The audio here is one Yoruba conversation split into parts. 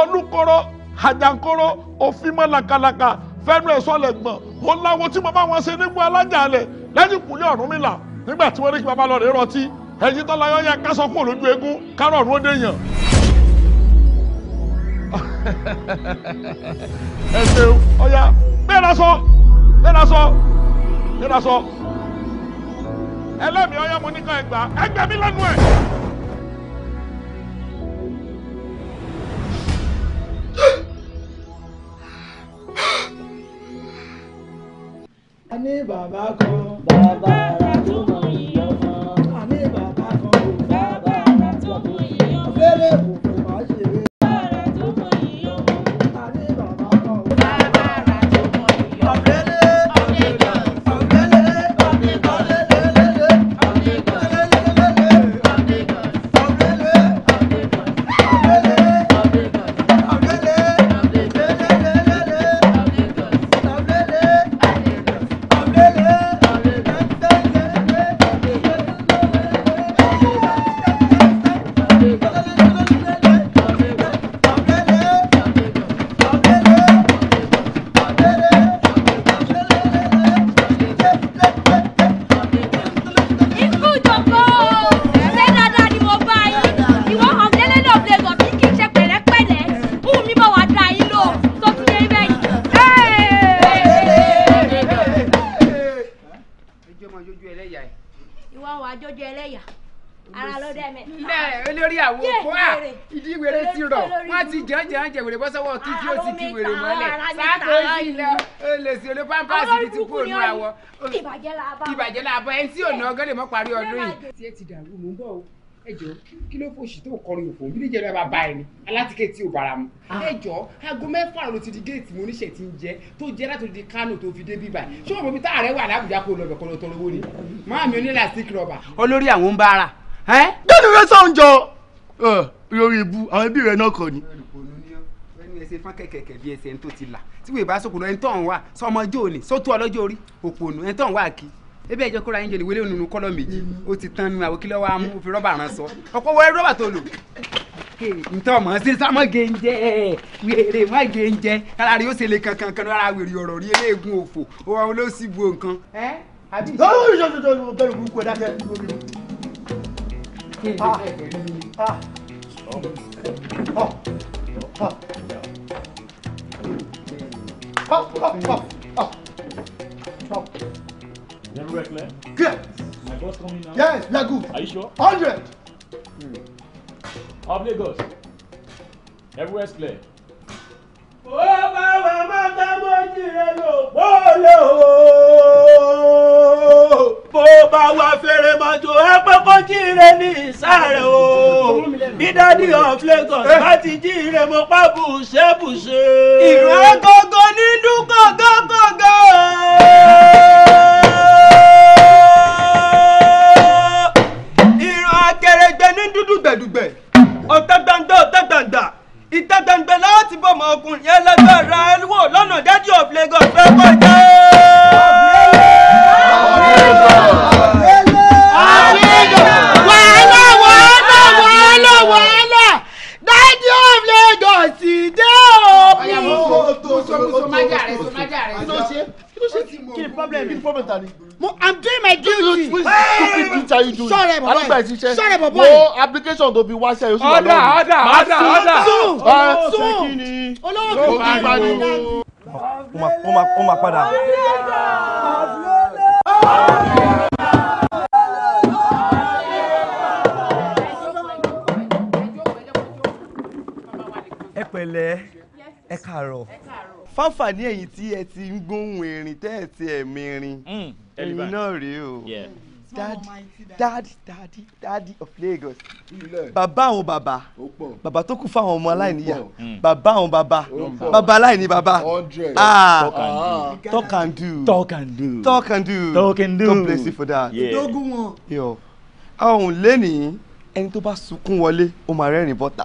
olùkóró àjànkóró òfìmọ̀ làkàlàkà fẹ́nu ẹ̀sọ́ lẹ̀ gbọ̀n ó láwo tí bàbá wọn ṣe nígbà alájà lẹ̀ lẹ́yìn ìkúlẹ̀ Ọ̀rúnmìlà nígbà tí wọ́n ní kí bàbá lọ rẹ̀ rọtí ẹ̀yìn tọ́lá yọ ya kásán kúrò lójú eégún kárọ̀ ọ̀run ó yàn. ẹ ṣeun ọ̀ya gbéra sọ gbéra sọ gbéra sọ ẹlẹ́mìí ọ̀ya mo ní ká ẹgbàá ẹgbẹ́ mi lẹ́nu ẹ̀. ní bàbá kan. bàbá rẹ̀. ẹjọ kí ló fòṣì tó kọrin òfò bí níjẹrẹ bá ba ẹni alátìkẹ tí ò bára mu ah. ẹjọ aago mẹ́fà ló ti di géètì mo níṣẹ ti ń jẹ tó jẹ láti di Kánò tó fi dé bíbà ṣé òun mọ bí tá ààrẹ wà lábùjá kó lọ bẹ̀kọ́ lọ tọrọ owó ni máa mi onílà sí kìrọ̀bà. olórí àwọn ń bára. gbẹ́nu rẹ sọ̀ ń jọ lórí ibu àwọn ẹbí rẹ náà kọ ni ẹsẹ fún kẹkẹkẹ bíi ẹsẹ ẹni tó ti là tí wèé bá sọkùnrin ẹni tó ń wà sọmọjọ òní sótú ọlọjọ orí òpònú ẹni tó ń wà kí ebe ẹjọ kóra angel wẹlé onínú kọlọ méjì ó ti tán nínú àwọn wa mú fi rọ́bà rán sọ ọkọ wọ rọ́bà tó lò ntọ́ mọ̀ ṣe sá mọ́ gẹ́njẹ́ wèrè mọ́ gẹ́njẹ́ kára rí ó ṣe lè kankan kan rárá wèrè ọ̀rọ̀ rí eléegun òfò òun ló sì bu nǹkan. ẹ àbí. lọ́wọ́ ìṣòṣòṣò bẹ̀rù burúkú ẹ̀ dákẹ́ Oh, oh, oh, oh, oh. Then we clear? Clear. My boss coming now? Yes, we are good. Are you sure? 100. Hmm. Of Lagos. Everywhere is clear. oh, bá wà máa ká bójì rẹ̀ lò bóòlò. Bó bá wà fèrè mọ́tò ẹ pé kó jí rẹ̀ ní ìsàrẹ̀ o. Bí dádì of Lagos bá eh. ti jí rẹ̀ mo pa bùṣẹ́bùṣẹ́. Ìrẹ́ gógó ní dúkọ̀ gógógó. dúdú gbẹ̀dùgbẹ̀ ọ̀tá gbangba ọ̀tá gbangba ìta gbangba láti bọ̀ ọmọ ọkùnrin yẹn lágbára ẹlúwọ̀ lọ́nà daddy of Lagos kọjá. kí ni problem kí ni problem ta ni. i'm doing my duty. what stupid things are you doing location tó fi wáṣẹ́ yóò sì wà lọ́wọ́. ọ̀dà ọ̀dà ọ̀dà ọ̀dà sùn olówó kìí bá ìgbà ni. ó máa padà. ẹ pẹ̀lẹ́ ẹ káàárọ̀ fáfàní ẹ̀yin tí ẹ ti ń gbóhùn erin tẹ́ ẹ ti ẹ̀mí erin hmm. ẹ̀yin náà rèé o. Dad, dad, daddy, daddy of Lagos bàbá àwọn Baba bàbá tó kù fáwọn ọmọ aláìníyà hmm. bàbá àwọn Baba bàbá aláìní Baba. Ah. ah talk and do talk and do talk and do talk and do God bless you for that. dogun wọn. yọ àwọn lẹ́nìí ẹni tó bá sunkún wọlé ó máa rẹ́rìn bọ́ta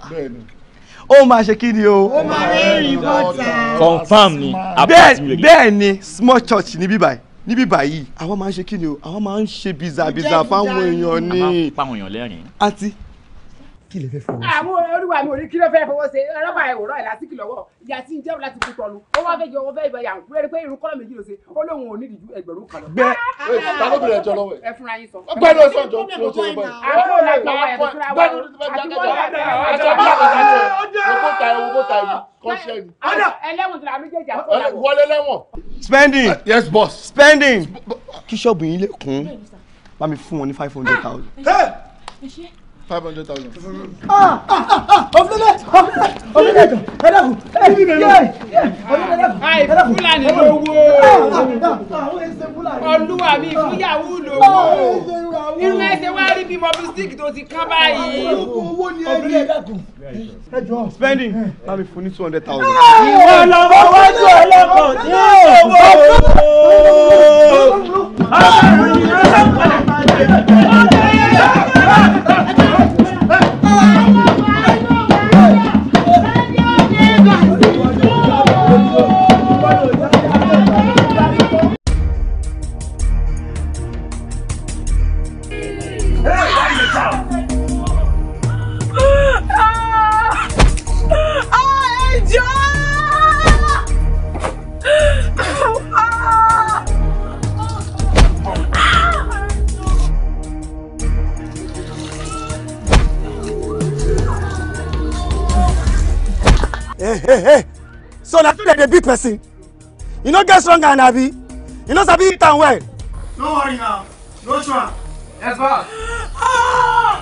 ó máa ṣe kí ni o. ó máa rẹ́rìn bọ́ta. confam ni apartment. bẹ́ẹ̀ ni small church ni bíbáyìí níbí báyìí àwa máa ń ṣe kí ni o àwa máa ń ṣe bizabiza fáwọn èèyàn ni àti kí lè fẹ́ fọwọ́ sí. àwọn olúwa mi ò ní kí ló fẹ́ fọwọ́ sí ọlọ́pàá ẹ̀ òrọ̀ ẹ̀ lásìkò lọ́wọ́ ìyá tí ń jẹun láti kú tọ́lu ó wá fẹ́ jẹ owó fẹ́ ìbọn yà ń pé irun kọ́lọ̀ méjì ló ṣe ó lóun ò ní ìdíjú ẹgbẹ̀rún kan lọ. bẹ́ẹ̀ tàbí ẹjọ́ lọ́wọ́ ẹ fúnra yín sọ. ọgbẹ́ ló sọ jọ ló ṣe bọ́ spending yes boss spending kí ṣọ́ọ̀bù yín lè kún bá mi fún wọn ní five hundred thousand five hundred thousand. Ah, ah, ah, ah, of of of of the the the the ọ̀fúnlẹ̀ ọ̀fúnlẹ̀ jọ ẹ dàkú ẹ ẹ dàkú. fúlàní lówó olúwa mi fúyàwó lówó irun ẹsẹ̀ wá rí bí bọ́bí stick tó ti kán báyìí. owó ni ẹ rí ẹ dàkú. spending bá mi fún ní two hundred thousand. Ah! ìwọ lọ fọwọ́ tó ọlọ́kọ̀ tí ó wò ó. ọ̀sẹ̀ ìròyìn ló ń pàdé. hey eh, eh, hey eh. hey so na so dem a big person you no get strong hand abi you no sabi eat and well. no worry now. no try. Yes, boss. Ah!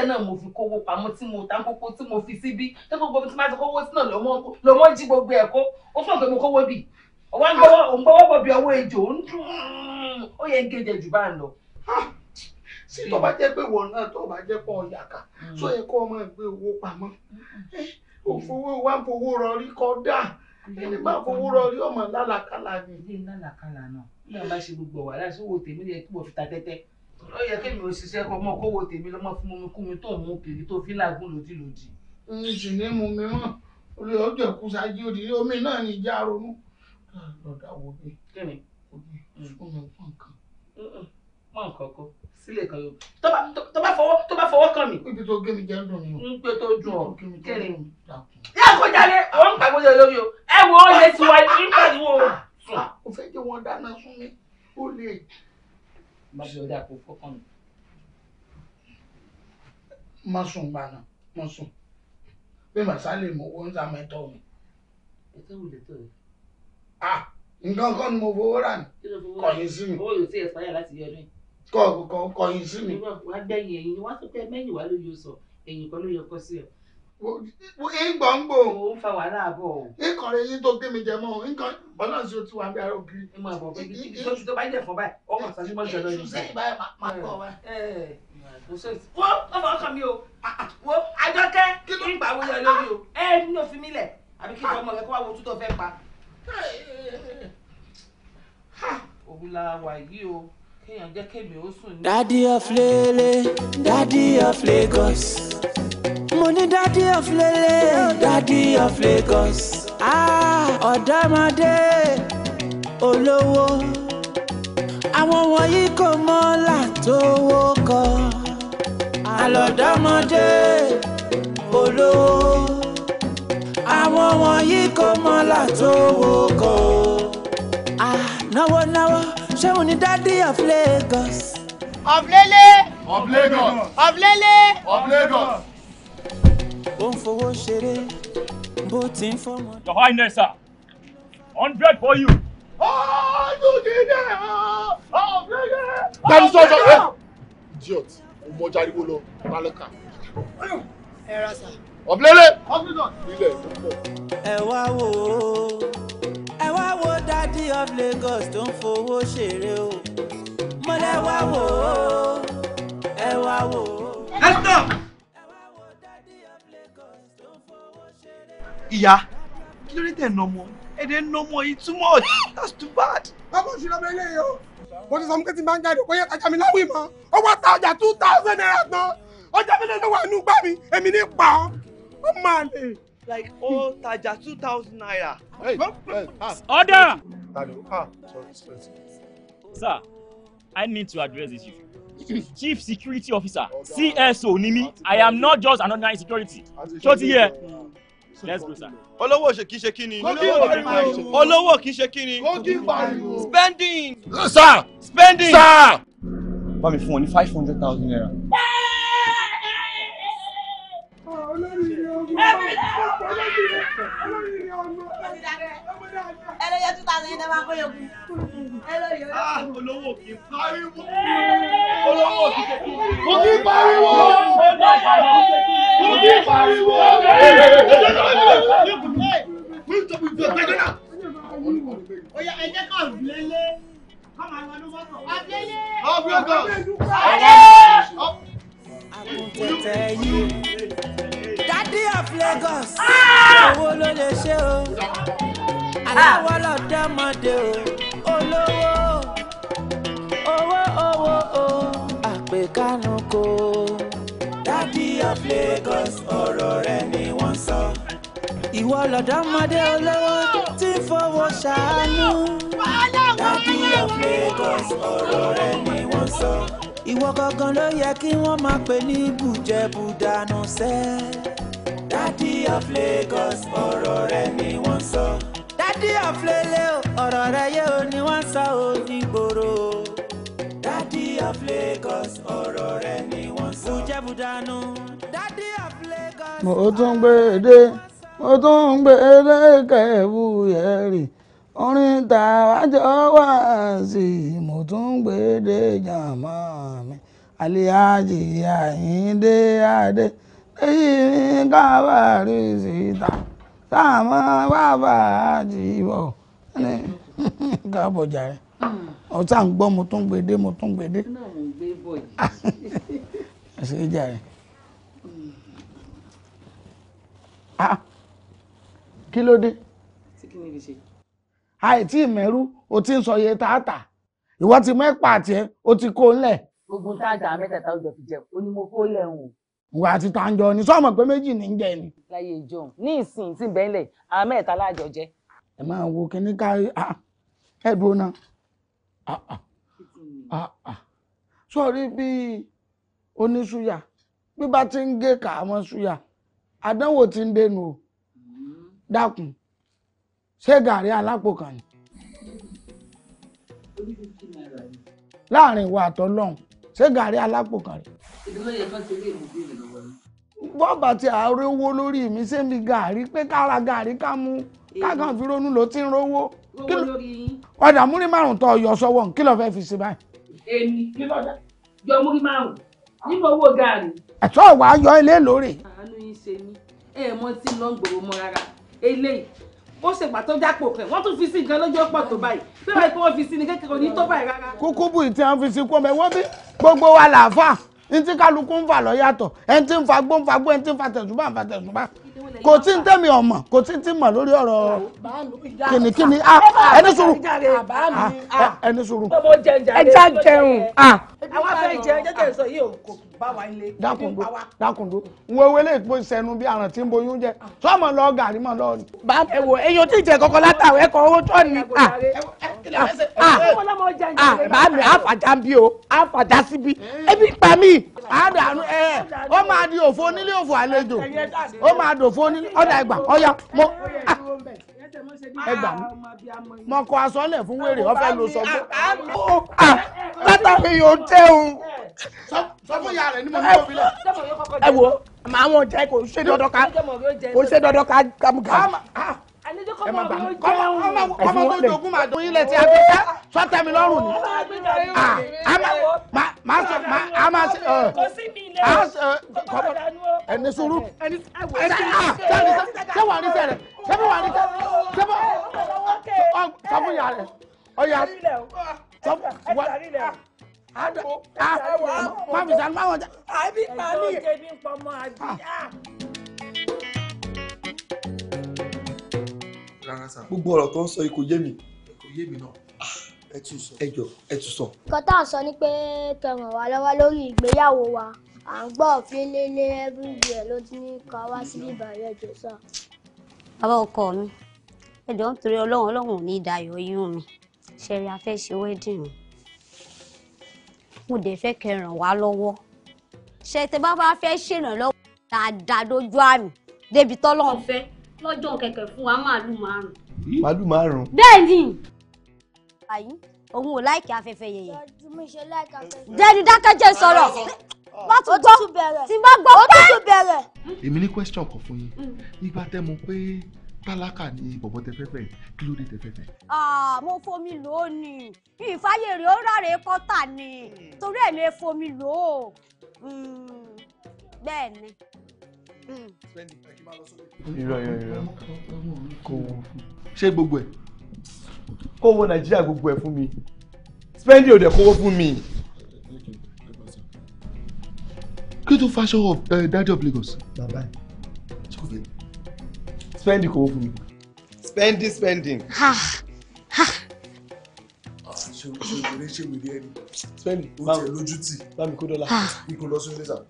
díẹ̀ náà mo fi kówó pamọ́ tí mo ta kókó tí mo fi síbí tó gbogbo tí máa ti kówó sí náà lọ́mọ jí gbogbo ẹ̀ kó ó fún ọ̀gbẹ́ mi kówó bì ọwọ́ ń gbọ́wọ́ bọ̀ bí ọwọ́ ejò ń dùn ó yẹ ń gèjè jù bá ń lọ. sí tó bá jẹ́ pé wọ́n náà tó bá jẹ́ pọ̀ yàkà tó hmm. yẹ kó máa gbé owó pamọ́ òfowó hmm. wa ń fowó rọrí kódà ẹni máa fowó rọrí ọmọ lálàkàlà ni. ilé lálàkàlà náà bí wọ́n bá ṣe gbogbo wàhálà sí owó tèmi yẹ kí wọ́n fi ta tẹ́tẹ́ ó yẹ kémi ò ṣiṣẹ́ kọ́ mọ́ kówó tèmi lọ́mọ fún mi kú mi tó mú kiri tó fi làágùn lòdì lòdì. n sì ní mu mi mọ́ olè ọjọ́ kù ṣáájú òdì omi náà ní ìjà ronú. lọ́dà wo mi kíni omi fún mi fún nǹkan. mọ nǹkan kọ sílẹ̀ kan yóò tó bá fọwọ́ tó bá fọwọ́ kàn mí. ibi tó gé mi jẹ́ ń dùn mí. pé tó dùn ọ kíni. yá kó jáde àwọn ń pàgọ́ yọ lórí o ẹ wo ó lè tiwa ní pàdé wo. o ah, ah, fẹ́ jẹ́ wọn dáná fún mi ó lè má fi ọdẹ àpò fọkàn nù. má sùn gbà náà má sùn bí màsá lè mọ owó ń sá mi. ẹ̀tọ́ wò lè tọ̀ ẹ́. ah nǹkan kan ni mo fowó rà ní kọ̀yìn sí mi. owó yóò ti ẹ̀sìpáyà láti yọ ọdún yìí. kọ̀ kọ̀ kọ̀yìn mi. wàá gbẹ̀yìn ẹ̀yìn wàá tó pẹ́ mẹ́yìn wá ló yọ sọ ẹ̀yìn kan ló yọ kọ́ sí ẹ̀ ìgbọ̀ngbò. ìkọ̀rẹ́ yín tó gé mi jẹ mọ́ nǹkan bọ́lá sí o ti wà ní ara ìmọ̀ àbọ̀ bẹ́ẹ̀ bí tó tó bá jẹ̀ fún báyìí ọmọ sani mọ́ jọlọ yìí. sẹ́yìn báyìí máa kọ̀ wá. wo ọmọ ọkọ mi o ah, ah, wo adọ́kẹ́ nígbà wo yẹ lórí o ah, ẹ ní òfin mi lẹ̀ àbí kí ọmọ rẹ kó wá wo tútọ̀ fẹ́ pa. òwúlà wà yìí o kéèyàn jẹ́ kémi ó sùn ní. Daddy of Lele, Daddy of Lagos ní dádì of lele. Daddy of Lagos. Ah, ọ̀dọ́mọdé olówó àwọn wọ̀nyí kò mọ̀ làtòwó kọ. àlọ́dọ́mọdé olówó àwọn wọ̀nyí kò mọ̀ làtòwó kọ. Ah, náwó náwó ṣé òun ni dádì of Lagos. of lele. of Lagos. of lele. of Lagos ó ń fowó ṣeré bó ti ń fọmọ. your highness sir hundred for you. Bẹ́ẹ̀ni sọ sọ ẹ. Idiot, mo mọ jariwo lọ, Malika. Ẹ ra sà. Ọ̀bílẹ́lẹ̀. Ilẹ̀ tó pọ̀. wo Ẹ wo Daddy of Lagos Don't ń fowó ṣeré o. Mọ̀lẹ́ wá wo Ẹ wo. Ẹ stop. ìyá kí ló dé tẹ̀ nà ọmọ ẹ dẹ̀ nà ọmọ yìí too much that's too bad. báwo ṣe lọ́mọ eléyìí o mo ti sọ fún kẹ́tì máa ń jáde kó yẹ tajà mi láwìn mọ́ ó wá ta ọjà two thousand naira tán ọjà mi lè lọ́wọ́ àánú gbá mi èmi ní pa ọ́ ó máa lè. like ó tajà two thousand naira. Ah. order. Ah, sir i need to address this issue. Chief Security Officer CSO ni mi I am not just an ordinary security ṣó ti yẹ let's go sir. olówó kì í ṣe kí ni. olówó kì í ṣe kí ni. spending. Uh, sir. spending. sir. bá mi fún wọn ní five hundred thousand naira. Ah, olórí ni ọmọ olórí ni ọmọ yẹ two thousand yẹn máa kó yòókù. Ah, olówó kì í pariwo olówó kì í ṣe kí. kì í pariwo mo kì í pariwo. ẹ jẹ́ ká lélẹ̀ ká máa lọ ọdún yìí dádì of Lagos ah! owó ló lè ṣe o. Ah. aláwọ̀ lọ́dẹ́mọdé o olówó owó owó o àpèkánu kò. Daddy of Lagos ọ̀rọ̀ rẹ̀ ni wọ́n sọ. ìwọ lọ́dọ́mọdé olówó tí ń ṣàánú. Daddy of Lagos ọ̀rọ̀ rẹ̀ ni wọ́n sọ. ìwọ gangan ló yẹ kí wọ́n máa pè ní bùjẹ́bùdánù sẹ́ẹ̀. Daddy of Lagos ọ̀rọ̀ rẹ̀ ni wọ́n sọ. So dádì àflélé o ọ̀rọ̀ rẹ yé o ni wọ́n sọ o nígboro o. dádì àflékọ́s ọ̀rọ̀ rẹ ni wọ́n sọ. bùjẹ́ bùdánù dádì àflékọ́s. mo tún gbé e dé mo tún gbé e dé kẹ́ẹ̀bù yẹ̀rì orin tá wá sí i mo tún gbé e dé jàmá mi alihaji Àyìndé adé èyí ni kábàárì síta sáàmọ́ bàbá àdìbò ní káàbọ̀ jàre hmm. ọ̀tá ń gbọ́ mo tún gbèdé mo tún gbèdé ṣe jàre. Hmm. Ah, kí ló dé àìtí ìmẹ̀rú o ti ń sọ iye tààtà ìwọ ti mẹ́pàá tiẹ̀ o ti kó ńlẹ̀. gbogbo táàjà mẹ́tẹ̀ẹ̀ta ó jọ fi jẹun ó ní mo kó lẹ̀ ń ìwà àti tàǹjọ ni sọ́ọ̀mọ̀ pé méjì ní jẹ ni. láyé john ní ìsìn tí bẹ́ẹ̀lẹ̀ àwọn mẹ́ta láàjọ jẹ. ẹ máa wo kíní kárí ẹ náà sọ̀rí bí oníṣúyà bí bá ti ń gé kà ṣúyà àdánwò ti ń dẹnu o dákun ṣé gàrí alápò kan ni. láàrin ìwà àtọ́lọ́hún ṣé gàrí alápò kan rèé bọ́ọ̀bà tí àárẹ̀ owó lórí mi ṣé mi gàárì pé kára gàárì ká mú kákan fi ronú ló ti ń rówó. ọ̀dà múrí márùn tó yọ sọ́wọ́ kí ló fẹ́ fi ṣe báyìí. èmi kí ló dá yọ múrí márùn nínú owó gàárì. ẹ̀tọ́ wa yọ ilé lóore. àánú yín ṣe mí ẹ mọ tí ń lọ ń gbòòrò mọ rárá eléyìí ó ṣègbà tó jápò kẹ wọn tún fi sí nǹkan lójú ọ̀pọ̀ tó báyìí bí wọn fi sí ni kékeré ní tó báyìí rárá. kúkú bù tí wọn fi sí kú ọmọ ẹ wọn bí gbogbo wa làáfà ní tí kálukú ń fà lọ yàtọ̀ ẹni tí ń fa gbó ń fa gbó ẹni tí ń fa tẹ̀sùnbà ń fa tẹ̀sùnbà kò tí ń tẹ́mi ọmọ kò tí ń tí mọ̀ lórí ọ̀rọ̀ kìnnìkìnnì ẹni sùúrù ẹni sùúrù ẹja jẹun. àwọn afẹ́ ìjẹ jẹjẹ sọ yìí kò bá wa ilé. dákùndó dákùndó wo wele ìpò ìsẹnu bí àrùn tí ń boyún jẹ sọmọ lọ gàrí mọ lọ. bá ẹ wò èyí ò tí ì jẹ kọkọ látàwọ ẹ kọ owó tó ní. bá mi àfàjà bí o àfàjà síbi ebi pa mí. àdànù ẹ ó máa di òfò onílé òfò àlejò ó máa dòfó ní ọ̀dà ẹgbà ọ̀yà mo ah, ẹgbà mi mo kọ aṣọ lẹ̀ fún wèrè ọ̀fẹ́ ló sọ fún. látàrí ah, yóò tẹ òun. sọ fún ìyá rẹ ní mo ní òbí lẹ. ẹ wo màá wọn jẹ kò ṣe dandan ká kò ṣe dandan ká kámú ká àlejò kọ́ máa bí ó jẹun. ọmọ tó jogún máa dùn ilẹ̀ tí a fi ká sọ́tẹ̀ mi lọ́rùn ni. máa sọ máa máa ṣe. kò sí mi ilé kọ́mọ ẹni sùúrù. ẹni ṣé wàá rí sẹ́rẹ̀ ṣé wàá rí sẹ́rẹ̀ ṣé wàá sọ fún ìyá rẹ̀ ọ̀yà sọ fún ìyá rẹ̀ àdó àwọ̀ àmì sàlùmáwọ̀ jà. àbí màmí. àbí màmí. Ah. Ah. rárá sà. gbogbo ọ̀rọ̀ tó ń sọ yìí kò yé mi. kò yé mi náà ẹ tún sọ. ẹ jọ ẹ tún sọ. nǹkan tá à ń sọ ni pé kẹràn wá lọ́wọ́ lórí ìgbéyàwó wa à ń gbọ́ òfin lélẹ̀ everywhere ló ti ní ká wá sí ìbàrẹ̀ ẹ̀jọ̀ sà. bàbá ọkọ mi ẹ ń torí ọlọ́run ọlọ́run ò ní dayọ̀ yún mi ṣẹ̀rí a fẹ́ ṣe wẹ́dìrì mo dẹ̀ fẹ́ kẹràn wá lọ́wọ́ ṣe tẹ bá bá dáadáa lójú àmì débi tọ́lọ́run fẹ́ lọ́jọ́ kẹ̀kẹ́ fún wa màálù márùn. màálù márùn. bẹ́ẹ̀ ni. àyí òun ò láìkí afẹ́fẹ́ yẹyẹ. jẹ́ni dákẹ́jẹ́ sọ̀rọ̀ bá tún gbọ́ tí bá gbọ́ pẹ́. èmi ní question kan fún yín nígbà mm. tẹ́ mo pé tálákà ni bọ̀bọ̀ tẹ fẹ́ fẹ́ kí ló dé tẹ fẹ́ fẹ́. mo fomi lò ó ni ìfáyé rẹ̀ ó ráre kọ́tà ni mm. torí ẹ̀ lè fomi lò ó mm. bẹ́ẹ̀ ni irọ́ irọ́ irọ́ kò wo ṣé gbogbo ẹ̀ kò wo nàìjíríà gbogbo ẹ̀ fún mi spending ò dẹ̀ kówó fún mi. kí ló tún fàṣọ eh, daddy of Lagos. bàbá ẹ̀ spending kówó fún mi. spending spending. ha ha ah, ṣe ṣe ṣe ṣe wèrè ẹni. spending o tiẹ̀ lójú tì. bámi kó dọ́là. ikú lọ sí ilé sàn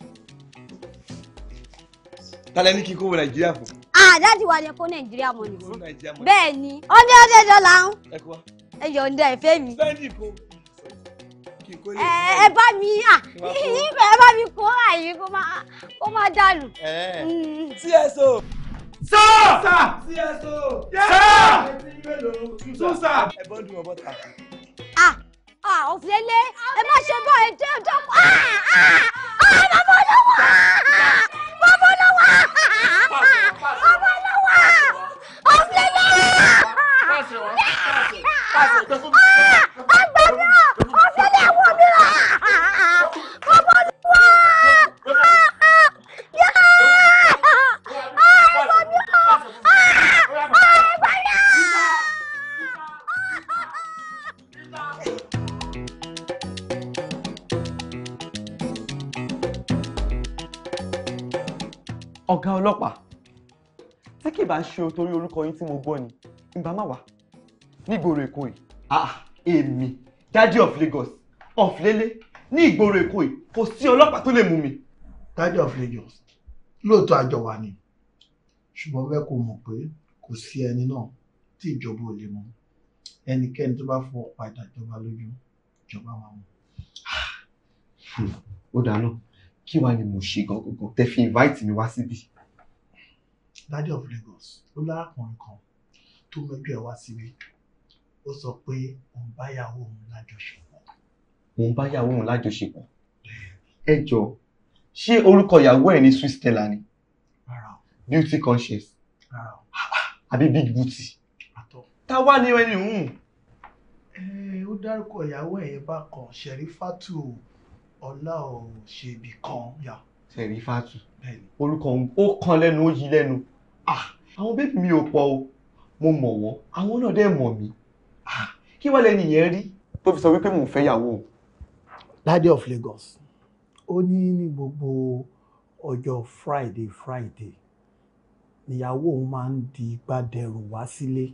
tálẹ̀ ní kí n kó nàìjíríà fún. àdáàdì wa ni kó nàìjíríà mọ̀ ní bẹ́ẹ̀ ni ó ní ó déjọ́ là ń. ẹ yọ̀ǹda ìfẹ́ mi. bẹ́ẹ̀ni kò ẹ bá mi ẹ bá mi kó àyè kó má dànù. CSO sá. sá. CSO. sá. tún sá. ẹ bọ́ dùn ọbọ̀ ta. a a òfìlélẹ̀ ẹ má ṣe bọ́ ẹ dé ọjọ́ ah ah a a má bọ́ ṣe o torí orúkọ yín tí mo gbọ́ ni ìgbà má wà nígboro èkó yìí. ah èmi daddy of Lagos ọ̀flélé ní ìgboro èkó yìí kò sí ọlọ́pàá tó lè mú mi. daddy of Lagos lóòótọ́ àjọ wa ni ṣùgbọ́n bẹ́ẹ̀ kò mọ̀ pé kò sí ẹni náà tí ìjọba ò lè mú ẹnikẹ́ni tó bá fọwọ́ padà jọba lójú ìjọba wa mú. Ah, hmm. ó dáná kí wàá ní mo ṣe gangan tẹ fi invite mi wá síbí. Si Daddy of Lagos ó lárakùnrin kan tó mẹ́jọ ẹ̀ wá síbi ó sọ pé òun báyàwó òun lájọṣepọ̀. òun báyàwó òun lájọṣepọ̀ ẹ jọ ṣé orúkọ ìyàwó ẹ̀ ní sweet stella ni beauty conscious àbí big booty ta wá ní ẹni hùn. ó dárúkọ ìyàwó ẹ̀ yẹn bá kan ṣẹ̀rífátù ọlá ò ṣèbí kan yà. ṣẹ̀rífátù orúkọ òun ó kan lẹ́nu ó yí lẹ́nu Ah, àwọn bébì mi ò pọ̀ o mo mọ̀ wọ́n àwọn náà dẹ̀ mọ̀ mí ah, kí wàá lẹ́nu ìyẹn rí tó fi sọ wípé mò ń fẹ́ yàwó. Daddy of Lagos ó ní ní gbogbo ọjọ́ Friday Friday níyàwó òun máa ń di gbàdẹrù wá sílé.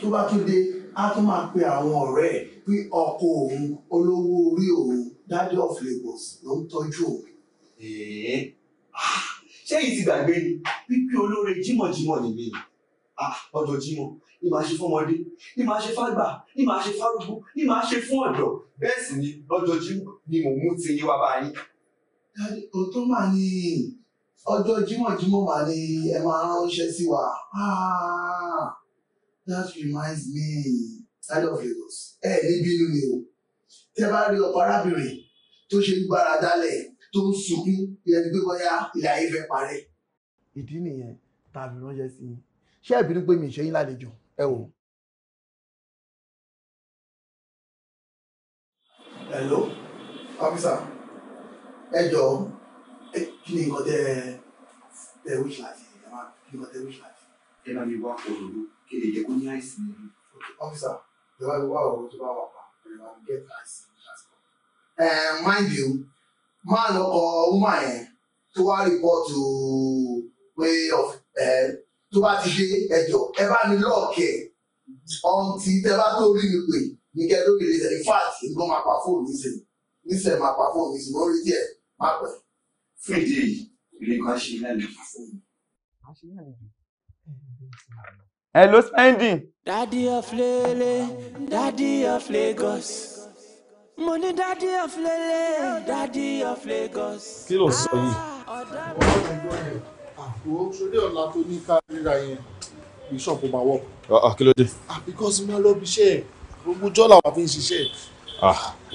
tó bá tún dé á tún máa pe àwọn ọ̀rẹ́ ẹ̀ pé ọkọ òun olówó orí òun Daddy of Lagos ló ń tọ́jú òun. ẹ̀ẹ́ ṣé èyí ti gbàgbé ni wípé olóore jímọ̀jímọ̀ nìmi ah, ọjọ́ jímọ̀ ni màá ṣe fọmọdé ni màá ṣe fágbà ni màá ṣe fárúgbó ni màá ṣe fún ọ̀dọ́ bẹ́ẹ̀ sì ni lọ́jọ́ jímọ̀ ni mò ń mú ti yín wá bá yín. òótọ́ mà ní ọjọ́ jímọ̀jímọ̀ mà ní ẹ máa ránṣẹ́ sí wa ah, that reminds me side of Lagos ẹ ní bínú ni o tẹ bá rí ọkọ arábìnrin tó ṣe ń gbára dálẹ̀ tó ń sunkún ìyẹn ni pé bóyá ilé ayé fẹ́ parẹ́. ìdí nìyẹn tàbí ránṣẹ́ sí i ṣé ẹ̀bínú pé mi ìṣẹ́yìn lálejò ẹ wò. hello ọfíìsà ẹ jọ kí ni nǹkan tẹ tẹ wíṣọ àti ìjọba kí ni nǹkan tẹ wíṣọ àti. ẹ bá mi wá òòlù kí lè jẹ kó ní àìsàn nínú. ọfíìsà ìjọba mi wá òòlù tó bá wà pa ìjọba mi gẹ́gẹ́ àìsàn. mind you má lọkọ wúmà yẹn tó wá rìpọ́tù pé tó bá ti dé ẹjọ́ ẹ bá mi lọ́ọ̀kì ọ̀hún ti tẹ bá tó rí mi pè ní kẹ́ lórí ilé in fact ìgbọ́n máa pa fóònù mi sí ní sẹ̀ máa pa fóònù mi sí mo rí díẹ̀ má pẹ́. fún ilé kan ṣe lẹ́nu pa fóònù. hello spending. daddy of lele daddy of Lagos mo ní dádì of lele dádì of Lagos. kí ló sọ yìí. Ah, àwọn ah, ṣọlẹ́ ọ̀la tó ní ká ríra yẹn bishop ma work. kí ló dé. Ah, because ma lọ bíṣẹ́ gbogbo jọ́là wà fi ń ṣiṣẹ́.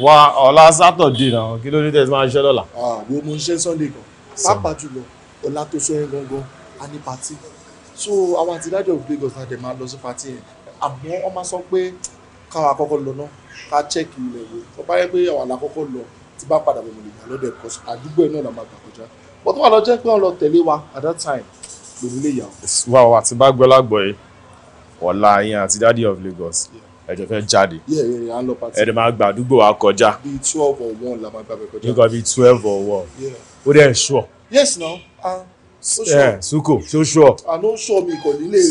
wá ọ̀la sátọ̀dé náà kí ló dé tẹ̀sí máa ṣiṣẹ́ lọ́la. wo mo ń ṣe sunday gan pàápàá jùlọ ọ̀la tó sọ yẹn gangan a ní pati so àwọn àti dádì of Lagos náà dẹ̀ máa lọ sí pati yẹn àmọ́ wọ́n máa sọ pé káwa àkọ́kọ́ lọ náà ká chẹ́ẹ̀kì ilẹ̀ wo tó bá yẹ pé àwọn àlàkọ́kọ́ lọ tí bá padà bọ̀ mọ̀lẹ́gbà lọ́dọ̀ ẹ̀kọ́ àdúgbò ẹ̀ náà la máa gbà kọjá wà lọ jẹ́ pé wọ́n lọ tẹ̀lé wa at that time lòun lè yà wọ́n. wà wà tí bá gbọ́ lágbọ́ yìí ọ̀la yín àti daddy of Lagos ẹ̀jọ̀ fẹ́ jáde ẹ̀dẹ̀ máa gba àdúgbò wa kọjá bíi twelve or one la máa gbà kọjá nígbà bíi twelve or one ó dẹ̀ sure. yes na eh, suko so sure. àná sọ mi kò ní lè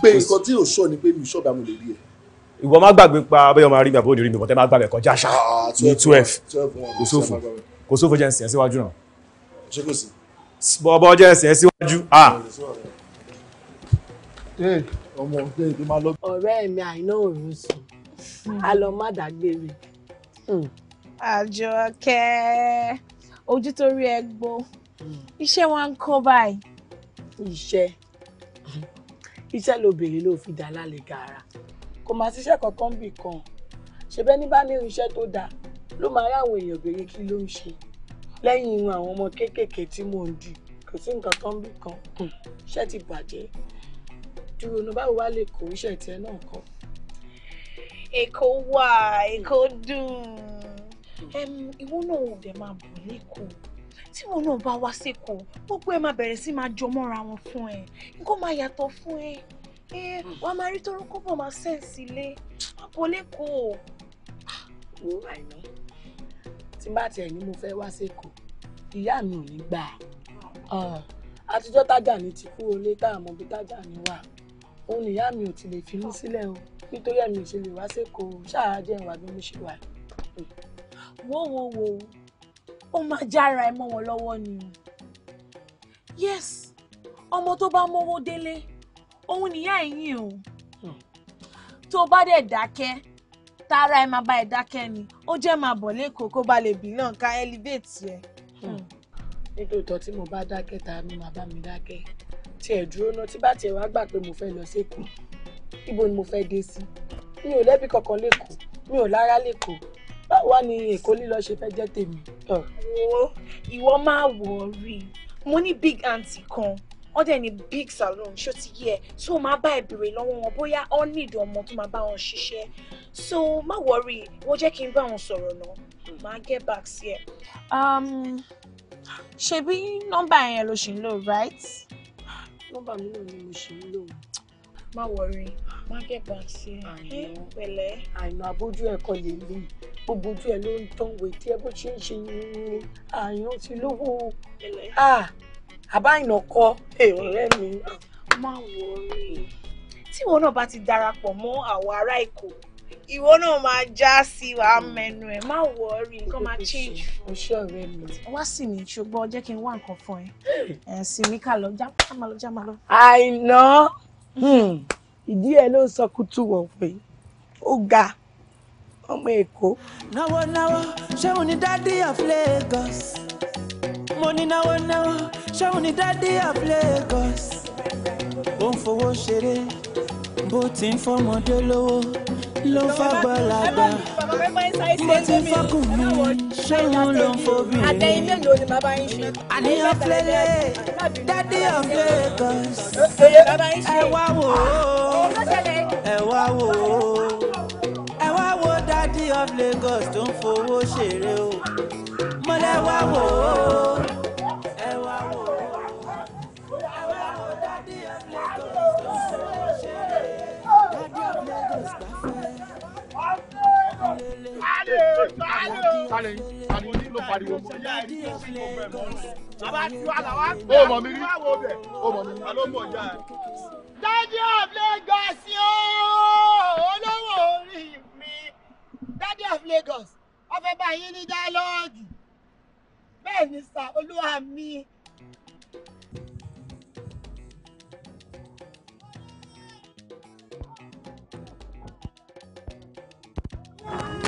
gbé nǹkan tí ò sọ ni pé mi sọ bá mo lè rí ẹ ìwọ má gbàgbé pa abẹ́yọ̀ máa rí mi ní rí mi bọ̀tẹ́ má gbàgbé kọjá ah, ah, twelve kò sófo kò sófo jẹ́ ẹ̀sìn ẹ̀ síwájú náà bọ̀bọ̀ jẹ́ ẹ̀sìn ẹ̀ síwájú. Ah. ọ̀rẹ́ mi àìná òru sùn a lọ má dágbére. Hmm. àjọkẹ́ ojú tó rí ẹ gbó hmm. iṣẹ́ wa ń kọ́ báyìí. iṣẹ́ iṣẹ́ ló béèrè ló fi dà lálẹ́ gàrà kò máa ṣiṣẹ́ kankan bì kan ṣebẹ́ ní bá ní irinṣẹ́ tó dáa ló máa rí àwọn èèyàn béèrè kí ló ń ṣe lẹ́yìn irun àwọn ọmọ kéékèèké tí mò ń dì kò sí nǹkan tó ń bì kan hmm, ṣẹ́ ti bàjẹ́ dúró ní báwo wá lè kó iṣẹ́ tiẹ̀ náà kọ́. èkó wà èkó dùn ìwọ náà ò dẹ̀ máa bọ̀ lẹ́kọ̀ọ́ tí wọn náà bá wá sékòó gbogbo ẹ máa bẹ̀rẹ̀ sí máa jọ wọn fún ẹ nǹkan máa yàtọ̀ fún ẹ ẹ wàá máa rí tóró kọ́bọ̀ máa sẹ́ǹsì ilé àpò lẹ́kọ̀ọ́. wo àìní tí bá tiẹ̀ ní mo fẹ́ wá sẹ́kọ̀ọ́ ìyá mi ò ní gbà á ah, àtijọ́ tájà ní ti kú olé tá àmọ́ bí tájà ní wà òun ìyá mi ò ti lè fi mí sílẹ̀ o nítorí ẹ̀mí ṣe lè wá sẹ́kọ̀ọ́ ṣáà jẹ́ ìwà bí mo ṣe wà. wo wo wo ó máa jára ẹ mọ́ wọn lọ́wọ́ ni yes ọmọ tó bá mọ́wọ́ délé òun nìyá ẹ̀yìn o hmm. tó bá dẹ̀ dákẹ́ tara ẹ máa bá ẹ dákẹ́ ni ó jẹ́ máa bọ̀ lẹ́kọ̀ọ́ kó ba lè bí náà ká ẹlíbẹ̀tì ẹ. Hmm. nítòótọ́ tí mo bá dákẹ́ ta ni màá bá mi dákẹ́ tí ẹ̀ dúró náà tí bá tiẹ̀ wá gbà pé mo fẹ́ lọ sẹ́kọ̀ọ́ ibo ni mo fẹ́ dé sí mi ò lẹ́bí kankan lẹ́kọ̀ọ́ mi ò lára lẹ́kọ̀ọ́ báwo wá ni èkó lílọ ṣe fẹ́ jẹ́ tèmi. wo ìwọ máa wọ̀ rí mo ní big aunty kan ó dẹ̀ ní big salon ṣó ti yẹ tó máa bá ẹ bèrè lọ́wọ́ wọn bóyá ó need ọmọ tó máa bá wọn ṣiṣẹ́ so má wọrí wọ́n jẹ́ kí n bá wọn sọ̀rọ̀ náà máa get back sí ẹ. Um, ṣebí nọ́mbà yẹn ló ṣì ń lò right. nọ́mbà mi náà ni mo ṣì ń lò má wọrí má get back sí ẹ pẹ̀lẹ́. àìmọ abójú ẹ kọ lè le gbogbo ojú ẹ ló ń tán wèé tí ẹ bó ṣe ń ṣe yín ni àyàn ti lówó. pẹ̀lẹ́. Ah! àbáyìnà kọ ọ̀rẹ́ mi. má wọrí tí ìwọ náà bá ti darapọ̀ mọ́ àwọn ará èkó ìwọ náà máa já sí wàá mẹnu ẹ má wọrí nǹkan máa change. o ṣe ọ̀rẹ́ mi. wá sí mi ṣùgbọ́n jẹ́ kí n wá nǹkan fún ẹ ẹ̀ sì mí kà lọ já má lọ já má lọ. àìná hmm, ìdí ẹ ló ń sọ kútù wọ̀ pé ó ga ọmọ èkó. náwó náwó ṣé mo ní dádì of Lagos mo ní náwó náwó ṣéun ní dádì of Lagos ó ń fowó ṣeré bó ti ń fọmọdé lówó ló ń fàgbàlagbà bó ti ń fọkùnrin ṣéun ló ń fobìnrin. àtẹ̀yìn mélòó ni bàbá yín ṣe. àníyàn fẹ́lẹ́ dádì of Lagos ẹ wá wò ó ẹ wá wò ó ẹ wá wò dádì of Lagos tó ń fowó ṣeré o mọ́lẹ́ wá wò ó. balẹ̀ yìí ní ló pariwo. bàbá tí wà làwọn àgbà mọ̀ mi rí ó mọ̀ mi rí. alo mọ̀ ya. Daddy of Lagos yóò olówó orí mi Daddy of Lagos ọfẹ báyìí ní dáálọ́ọ̀gì bẹ́ẹ̀ ni sà olúwa mi. thank you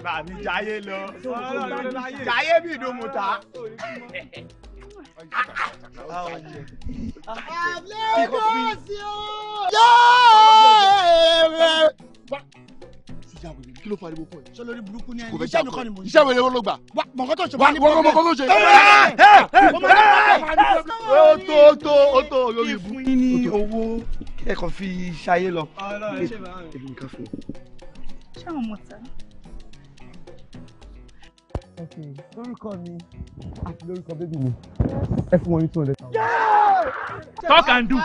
gbà mí jayé lọ jayé bí ìdòmùtà. àlẹ́gọ́sì yéèrè. kí ló pariwo fún ẹ. sọlórí burúkú ni ẹni iṣẹ́ nìkan ni mo ń ṣe. iṣẹ́ wẹ̀rẹ̀ wo ló gbà. wa mọ̀kọ́ tó ṣe wá ní bọ́ọ̀lù. wọ́n mọ̀kọ́ tó ṣe. o tó o tó o tó olórí ibú. ìfún yín ní owó kẹ́kọ̀ọ́ fi ṣayé lọ. ọlọ́run ṣe máa ń rẹ̀. ṣé àwọn mọ̀ta lórúkọ mi àti lórúkọ bébí mi ẹ fún wọn ní two hundred thousand. talk and do.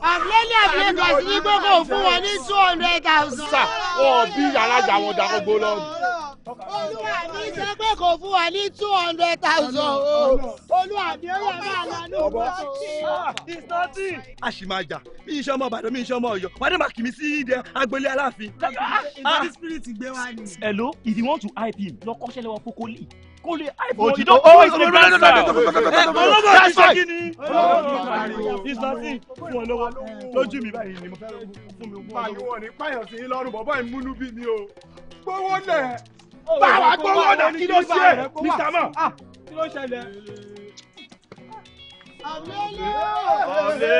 àgbélé àgbélé kò sí ní gbogbo fún wọn ní two hundred thousand. sà ọ bí alájà wọn dákọ gbó lọ. olúwa ní sọ pé kò fún wa ní two hundred thousand o olúwa ní ọ̀rọ̀ máa lọ ní ọ̀rọ̀ it's nothing. a sì máa jà bí iṣẹ́ ọmọ Ìbàdàn bí iṣẹ́ ọmọ Ọ̀yọ́ wàá dé máa kì mí sí ìdẹ agbolé Aláàfin. ìdí ah, ah, ah. spirit gbé wa ni. ẹ̀ ìdí want to hype him lọ kọ́ṣẹ́ lọ́wọ́ Popoli kó lè hype wọn. òtítọ́ owó ìṣòro rẹ̀ ló dàgbé tó fún ọlọ́mọ ti kí ni. ìsọsí fún ọ lọ́wọ́ lójú mi báyìí ni mo fẹ́ fún mi. pàyọ̀ ní pàyọ̀ sí i lọ́rùn bọ́bọ́ ìmúnú bí ni o gbowó lẹ̀. báwa gbowó ọ̀dà kí ló ṣe Mr. Mo kí ló ṣẹlẹ̀. Ablele! Ablele!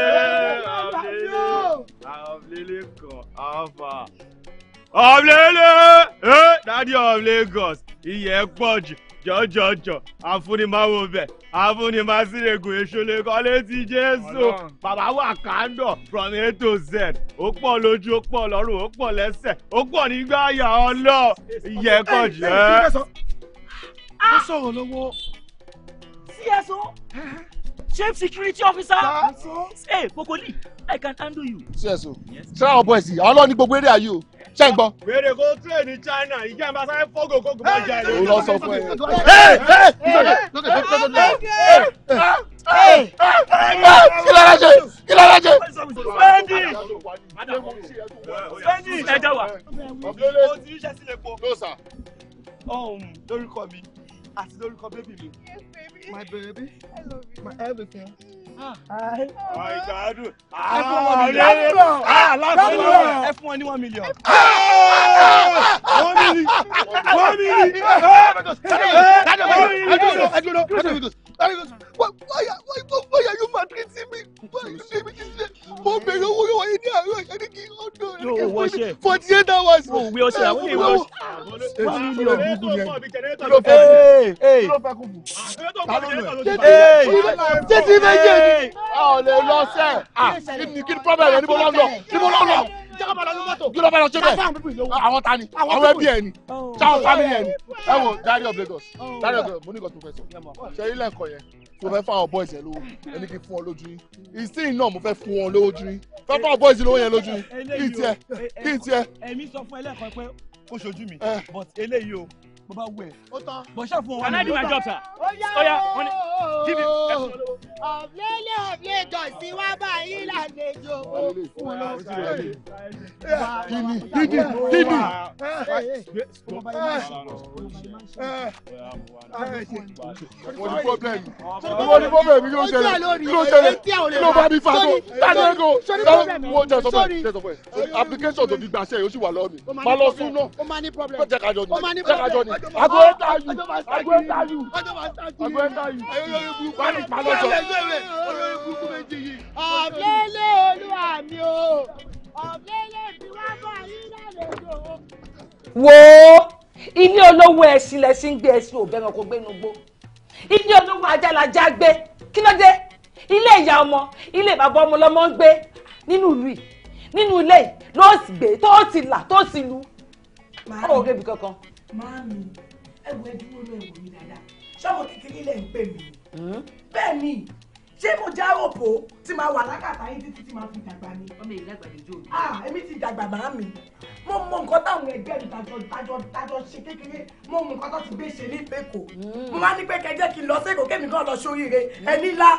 Ablele! Ablele kan, Ava ọ̀blẹ́lẹ́ ẹ́ daddy of Lagos pọ̀ jù jọjọjọ àfúnimáwo bẹ àfúnimáṣírègùn èṣọlẹ kọlé ti jésù bàbá wà kándọ from a to z ó pọ̀ lójú ó pọ̀ lọ́rùn ó pọ̀ lẹ́sẹ̀ ó pọ̀ nígbà yà ọ lọ ìyẹn pọ̀ jù ẹ. Ah! ó sọ̀rọ̀ lọ́wọ́. cso chief security officer ṣe kokoli i can handle you. cso ṣé àwọn bọ́ẹ̀sì àwọn ọlọ́ọ̀ni gbogbo eré ayé o ṣe ń gbọ́. wèrè kó tẹ̀ ní China ìjà ìbá sáré fọ́gò kó gbọ́ jà lè. òun lọ sọ fún ẹ. kí lára ṣe kí lára ṣe. sẹ́ndì sẹ́ndì ẹja wa o ti ríṣẹ́ sílẹ̀ pọ̀. lórúkọ mi àti lórúkọ bébì mi. my baby. I love you everything. Àìgbàdùn. Àlọ́ Ah, ẹ fún wọn ní one million. Ah, million. One million. Why are you maltreating me? Why are you doing this? mo bèrè owó lọ́wọ́ yìí ní àárọ̀ ìṣẹ́ni kí ó dùn ní kẹfẹ́ forty eight hours. mo wí ọṣẹ àwọn èèyàn wọ wọ́n ní ilé ọ̀gbùnkùn yẹn kí ló fẹ́ kí ló fẹ́ kú bù. títí méjì ni a ò lè lọ sẹ́ à ní kí ni problem rẹ níbo lọ́ lọ níbo lọ́ lọ jọlọ bá lọ ṣe bẹ́ẹ̀ àwọn ta ni àwọn ẹbí ẹ ni táwọn family ẹ ni oh. ẹ wo Diary of Lagos oh. Diary of Lagos mo ní nǹkan tó fẹ́ sọ ṣe ilé ẹ̀kọ́ yẹn mo fẹ́ fáwọn boys yẹn lówó ẹni kí n fún ọ lójú yín ìsìn náà mo fẹ́ fún ọ lójú yín fẹ́ fáwọn boys lówó yẹn lójú yín kí n tiẹ̀ kí n tiẹ̀. èmi sọ fún ẹlẹ́kọ̀ọ́ pé kó ṣojú mi but eléyìí o bó bá wù ó tán bó fún ọ wà ní ìlú. can i do my job sir. ó yá ó yá olówó. ọ̀bílẹ̀ ọ̀bílẹ̀ jọ̀sí wá báyìí lálejò ó fún ọ lọ́sọ̀rọ̀. kíni kíni kíni. wọ́n ní problem wọ́n yóò ṣẹlẹ̀ yóò ṣẹlẹ̀ yóò bá ní fàtó tàdé ko wọ́n jẹ́ sọ́fẹ̀ jẹ́ sọ́fẹ̀ application tó fi gbàṣẹ́ yóò sì wà lọ́ọ̀mì má lọ sún náà jẹ́ kájọ ni jẹ́ kájọ ni àgọ́ ẹ̀ta yù àgọ́ ẹ̀ta yù àgọ́ ẹ̀ta yù wà ní ìpàlọ́ sọ. ọ̀bẹ́lẹ̀ olúwa mi o ọ̀bẹ́lẹ̀ tí wọ́n bá yín lálejò. wo ilé olówó ẹṣin lẹṣin gbé ẹṣin òbẹ́ràn kò gbénu gbó ilé olówó ajálajá gbé kí ló dé ilé ìyá ọmọ ilé bàbá ọmọ lọmọ ń gbé nínú ìlú yìí nínú ilé yìí ló gbé tó ti là tó ti lu. ó rèébi kankan. Máàmì, ẹ̀wù ẹ̀dúró náà ẹ̀wù mi dáadáa. Ṣọ́mọ kékeré lẹ̀ ń pè mí. Hm? Bẹ́ẹ̀ ni, ṣé mo já òpó tí máa wà lákàtà yín títí tí máa fi dàgbà ni? Ọmọ èyí dàgbà lójú òbí. À èmi ti dàgbà màámi. Mo mọ nǹkan táwọn ẹgbẹ́ mi tajọ tajọ tajọ ṣe kékeré. Mo mọ nǹkan tó ti gbé ṣe ní Èkó. Hm. Mo máa ní pé kẹjẹ́ kí n lọ sẹ́kọ̀ọ́ kémi náà lọ sóríire. Ẹni lá